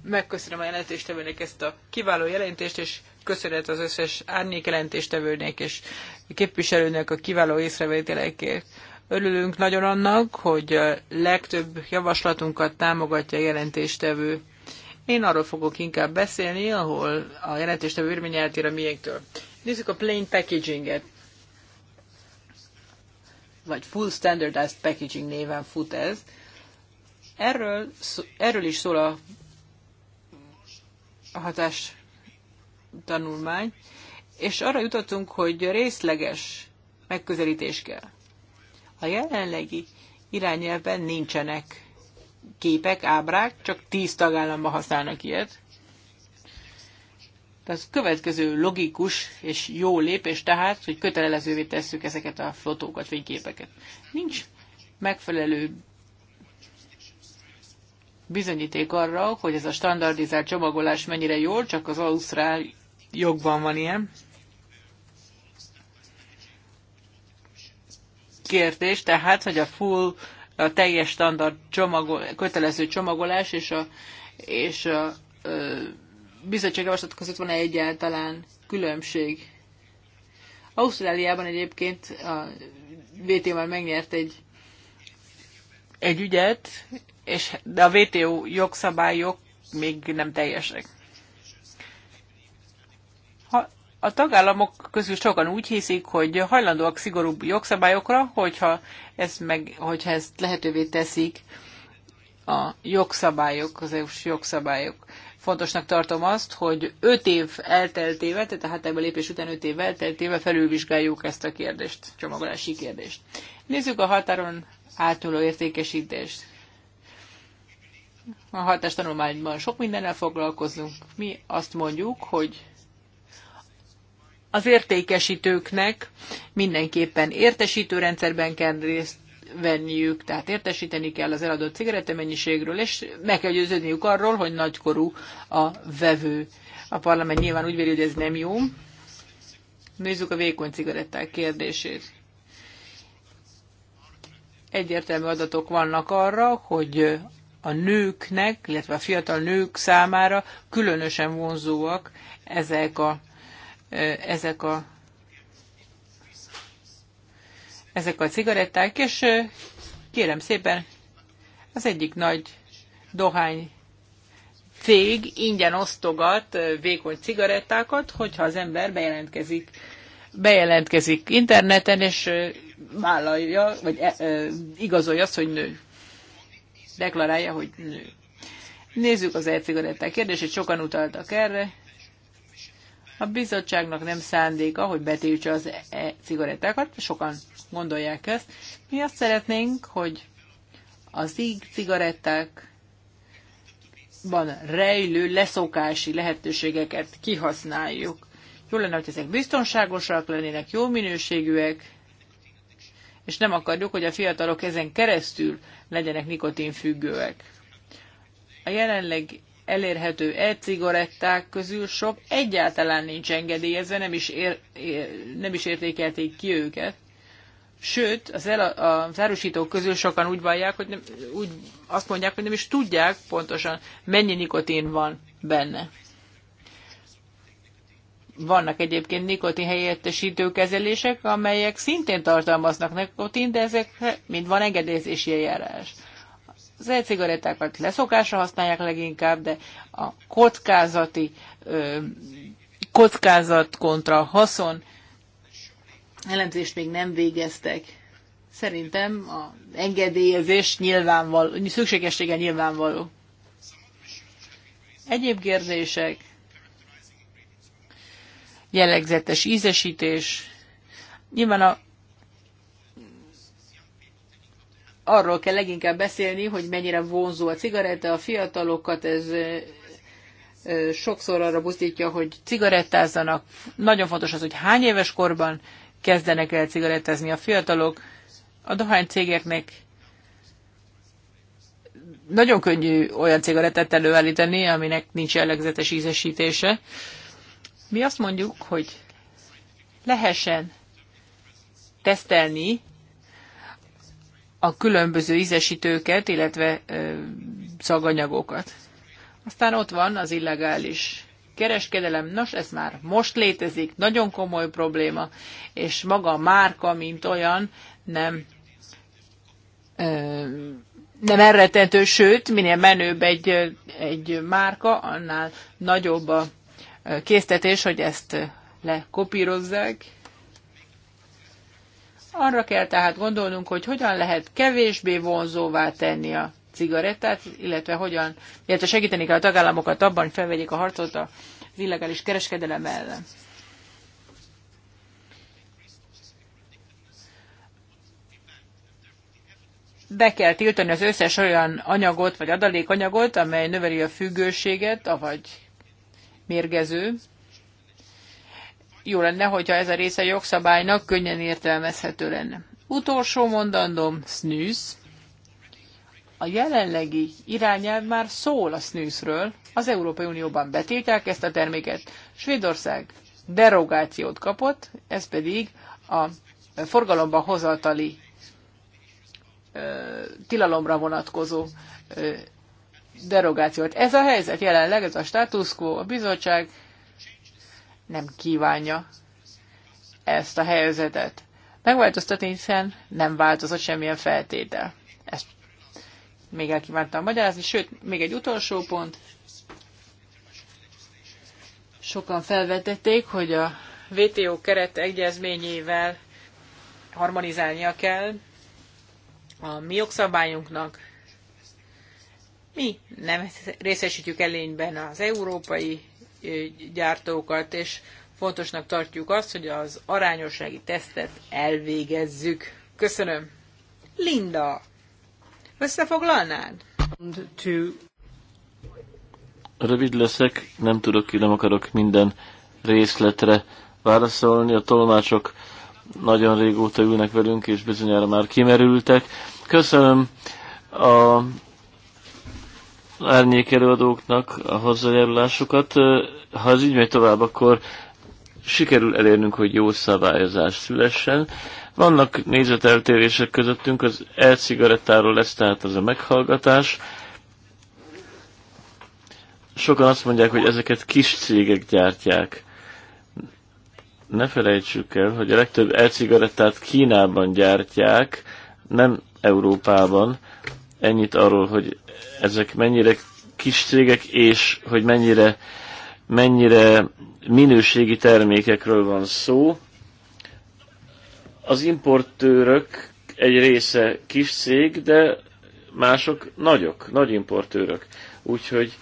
Megköszönöm a jelentéstevőnek ezt a kiváló jelentést, és köszönet az összes árnyék jelentéstevőnek és képviselőnek a kiváló észrevételekért. Örülünk nagyon annak, hogy a legtöbb javaslatunkat támogatja a jelentéstevő. Én arról fogok inkább beszélni, ahol a jelentéstevő örmény eltér a miénktől. Nézzük a plain packaginget. Vagy full standardized packaging néven fut ez. Erről, erről is szól a a hatás tanulmány, és arra jutottunk, hogy részleges megközelítés kell. A jelenlegi irányelvben nincsenek képek, ábrák, csak tíz tagállamban használnak ilyet. Tehát következő logikus és jó lépés tehát, hogy kötelezővé tesszük ezeket a fotókat, fényképeket. Nincs megfelelő bizonyíték arra, hogy ez a standardizált csomagolás mennyire jó, csak az ausztrál jogban van ilyen. Kérdés tehát, hogy a full, a teljes standard csomagol, kötelező csomagolás és a, és a ö, bizottságjavaslat között van-e egyáltalán különbség. Ausztráliában egyébként a VT már megnyert egy, egy ügyet, és, de a WTO jogszabályok még nem teljesek. Ha a tagállamok közül sokan úgy hiszik, hogy hajlandóak szigorúbb jogszabályokra, hogyha ez meg, hogyha ezt lehetővé teszik a jogszabályok, az EU-s jogszabályok. Fontosnak tartom azt, hogy 5 év elteltével, tehát a hátába lépés után 5 év elteltével felülvizsgáljuk ezt a kérdést, csomagolási kérdést. Nézzük a határon átnyúló értékesítést. A hatás tanulmányban sok mindennel foglalkozunk. Mi azt mondjuk, hogy az értékesítőknek mindenképpen értesítő rendszerben kell részt venniük, tehát értesíteni kell az eladott cigarettamennyiségről, és meg kell győződniük arról, hogy nagykorú a vevő. A parlament nyilván úgy véli, hogy ez nem jó. Nézzük a vékony cigaretták kérdését. Egyértelmű adatok vannak arra, hogy a nőknek, illetve a fiatal nők számára különösen vonzóak ezek a, ezek a ezek a cigaretták, és kérem szépen, az egyik nagy dohány cég ingyen osztogat vékony cigarettákat, hogyha az ember bejelentkezik, bejelentkezik interneten, és vállalja, vagy e, igazolja azt, hogy nő deklarálja, hogy nő. Nézzük az e kérdését, sokan utaltak erre. A bizottságnak nem szándéka, hogy betiltsa az e-cigarettákat, sokan gondolják ezt. Mi azt szeretnénk, hogy az íg cigarettákban rejlő leszokási lehetőségeket kihasználjuk. Jó lenne, hogy ezek biztonságosak lennének, jó minőségűek, és nem akarjuk, hogy a fiatalok ezen keresztül legyenek nikotinfüggőek. A jelenleg elérhető e-cigaretták közül sok egyáltalán nincs engedélyezve, nem is, ér, ér, nem is értékelték ki őket. Sőt, az, el, az árusítók közül sokan úgy vallják, hogy nem, úgy azt mondják, hogy nem is tudják pontosan, mennyi nikotin van benne. Vannak egyébként nikotin helyettesítő kezelések, amelyek szintén tartalmaznak nikotin, de ezek mind van engedélyezési eljárás. Az e-cigarettákat leszokásra használják leginkább, de a kockázati ö, kockázat kontra haszon elemzést még nem végeztek. Szerintem a engedélyezés nyilvánvaló, szükségessége nyilvánvaló. Egyéb kérdések jellegzetes ízesítés. Nyilván a, arról kell leginkább beszélni, hogy mennyire vonzó a cigaretta a fiatalokat, ez sokszor arra buzdítja, hogy cigarettázzanak. Nagyon fontos az, hogy hány éves korban kezdenek el cigarettázni a fiatalok. A dohány cégeknek nagyon könnyű olyan cigarettát előállítani, aminek nincs jellegzetes ízesítése. Mi azt mondjuk, hogy lehessen tesztelni a különböző ízesítőket, illetve ö, szaganyagokat. Aztán ott van az illegális kereskedelem. Nos, ez már most létezik, nagyon komoly probléma, és maga a márka, mint olyan, nem, ö, nem erretentő, sőt, minél menőbb egy, egy márka, annál nagyobb a késztetés, hogy ezt lekopírozzák. Arra kell tehát gondolnunk, hogy hogyan lehet kevésbé vonzóvá tenni a cigarettát, illetve hogyan, illetve segíteni kell a tagállamokat abban, hogy felvegyék a harcot a illegális kereskedelem ellen. be kell tiltani az összes olyan anyagot vagy adalékanyagot, amely növeli a függőséget, vagy mérgező. Jó lenne, hogyha ez a része jogszabálynak könnyen értelmezhető lenne. Utolsó mondandom, snűz. A jelenlegi irányelv már szól a snűzről, az Európai Unióban betiltják ezt a terméket. Svédország derogációt kapott, ez pedig a forgalomba hozatali tilalomra vonatkozó derogációt. Ez a helyzet jelenleg, ez a status quo, a bizottság nem kívánja ezt a helyzetet megváltoztatni, hiszen nem változott semmilyen feltétel. Ezt még elkívántam magyarázni, sőt, még egy utolsó pont. Sokan felvetették, hogy a WTO keret egyezményével harmonizálnia kell a mi jogszabályunknak, mi nem részesítjük előnyben az európai gyártókat, és fontosnak tartjuk azt, hogy az arányossági tesztet elvégezzük. Köszönöm. Linda, összefoglalnád? Rövid leszek, nem tudok ki, nem akarok minden részletre válaszolni. A tolmácsok nagyon régóta ülnek velünk, és bizonyára már kimerültek. Köszönöm a árnyékelőadóknak a hozzájárulásukat. Ha az így megy tovább, akkor sikerül elérnünk, hogy jó szabályozás szülessen. Vannak nézeteltérések közöttünk, az e-cigarettáról lesz tehát az a meghallgatás. Sokan azt mondják, hogy ezeket kis cégek gyártják. Ne felejtsük el, hogy a legtöbb e-cigarettát Kínában gyártják, nem Európában. Ennyit arról, hogy ezek mennyire kis cégek, és hogy mennyire, mennyire minőségi termékekről van szó. Az importőrök egy része kis cég, de mások nagyok, nagy importőrök. Úgyhogy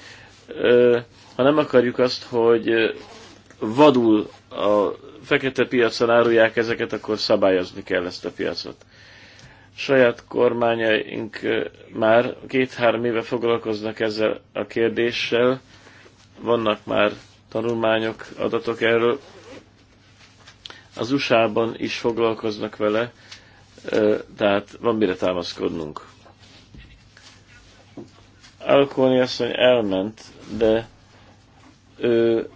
ha nem akarjuk azt, hogy vadul a fekete piacon árulják ezeket, akkor szabályozni kell ezt a piacot saját kormányaink már két-három éve foglalkoznak ezzel a kérdéssel, vannak már tanulmányok, adatok erről. Az USA-ban is foglalkoznak vele, tehát van mire támaszkodnunk. Alkóni asszony elment, de ő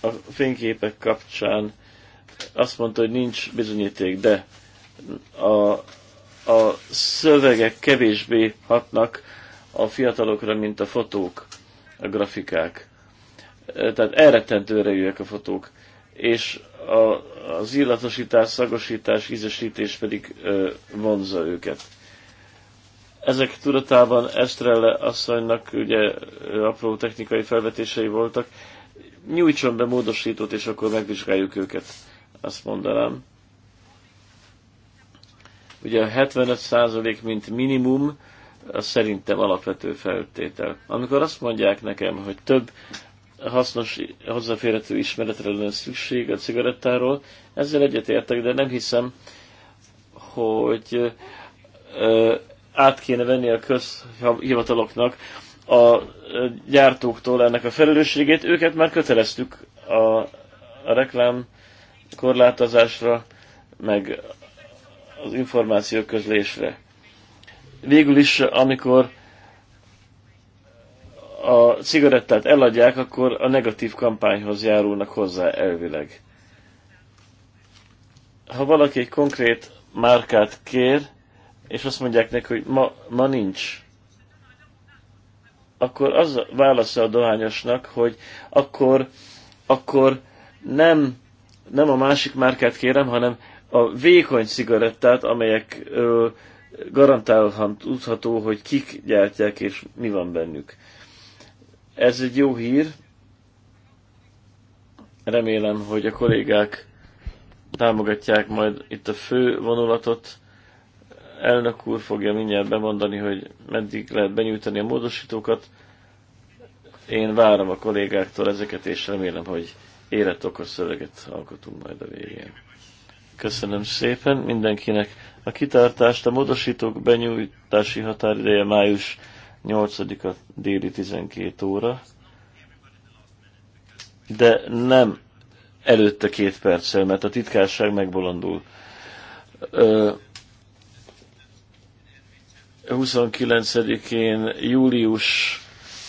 a fényképek kapcsán azt mondta, hogy nincs bizonyíték, de a a szövegek kevésbé hatnak a fiatalokra, mint a fotók, a grafikák. Tehát elrettentő erejűek a fotók. És a, az illatosítás, szagosítás, ízesítés pedig ö, vonza őket. Ezek tudatában Estrelle asszonynak ugye apró technikai felvetései voltak. Nyújtson be módosítót, és akkor megvizsgáljuk őket, azt mondanám. Ugye a 75% mint minimum, az szerintem alapvető feltétel. Amikor azt mondják nekem, hogy több hasznos, hozzáférhető ismeretre lenne szükség a cigarettáról, ezzel egyetértek, de nem hiszem, hogy ö, át kéne venni a közhivataloknak a gyártóktól ennek a felelősségét. Őket már köteleztük a, a reklám korlátozásra, meg az információ közlésre. Végül is, amikor a cigarettát eladják, akkor a negatív kampányhoz járulnak hozzá elvileg. Ha valaki egy konkrét márkát kér, és azt mondják neki, hogy ma, ma nincs, akkor az válasza a dohányosnak, hogy akkor, akkor nem, nem a másik márkát kérem, hanem a vékony cigarettát, amelyek garantálhatóan tudható, hogy kik gyártják és mi van bennük. Ez egy jó hír. Remélem, hogy a kollégák támogatják majd itt a fő vonulatot. Elnök úr fogja mindjárt bemondani, hogy meddig lehet benyújtani a módosítókat. Én várom a kollégáktól ezeket, és remélem, hogy élet okos szöveget alkotunk majd a végén. Köszönöm szépen mindenkinek. A kitartást a módosítók benyújtási határideje május 8-a déli 12 óra, de nem előtte két perccel, mert a titkárság megbolondul. 29-én, július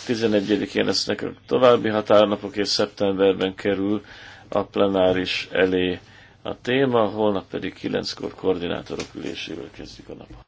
11-én lesznek a további határnapok, és szeptemberben kerül a plenáris elé a téma, holnap pedig 9-kor koordinátorok ülésével kezdjük a napot.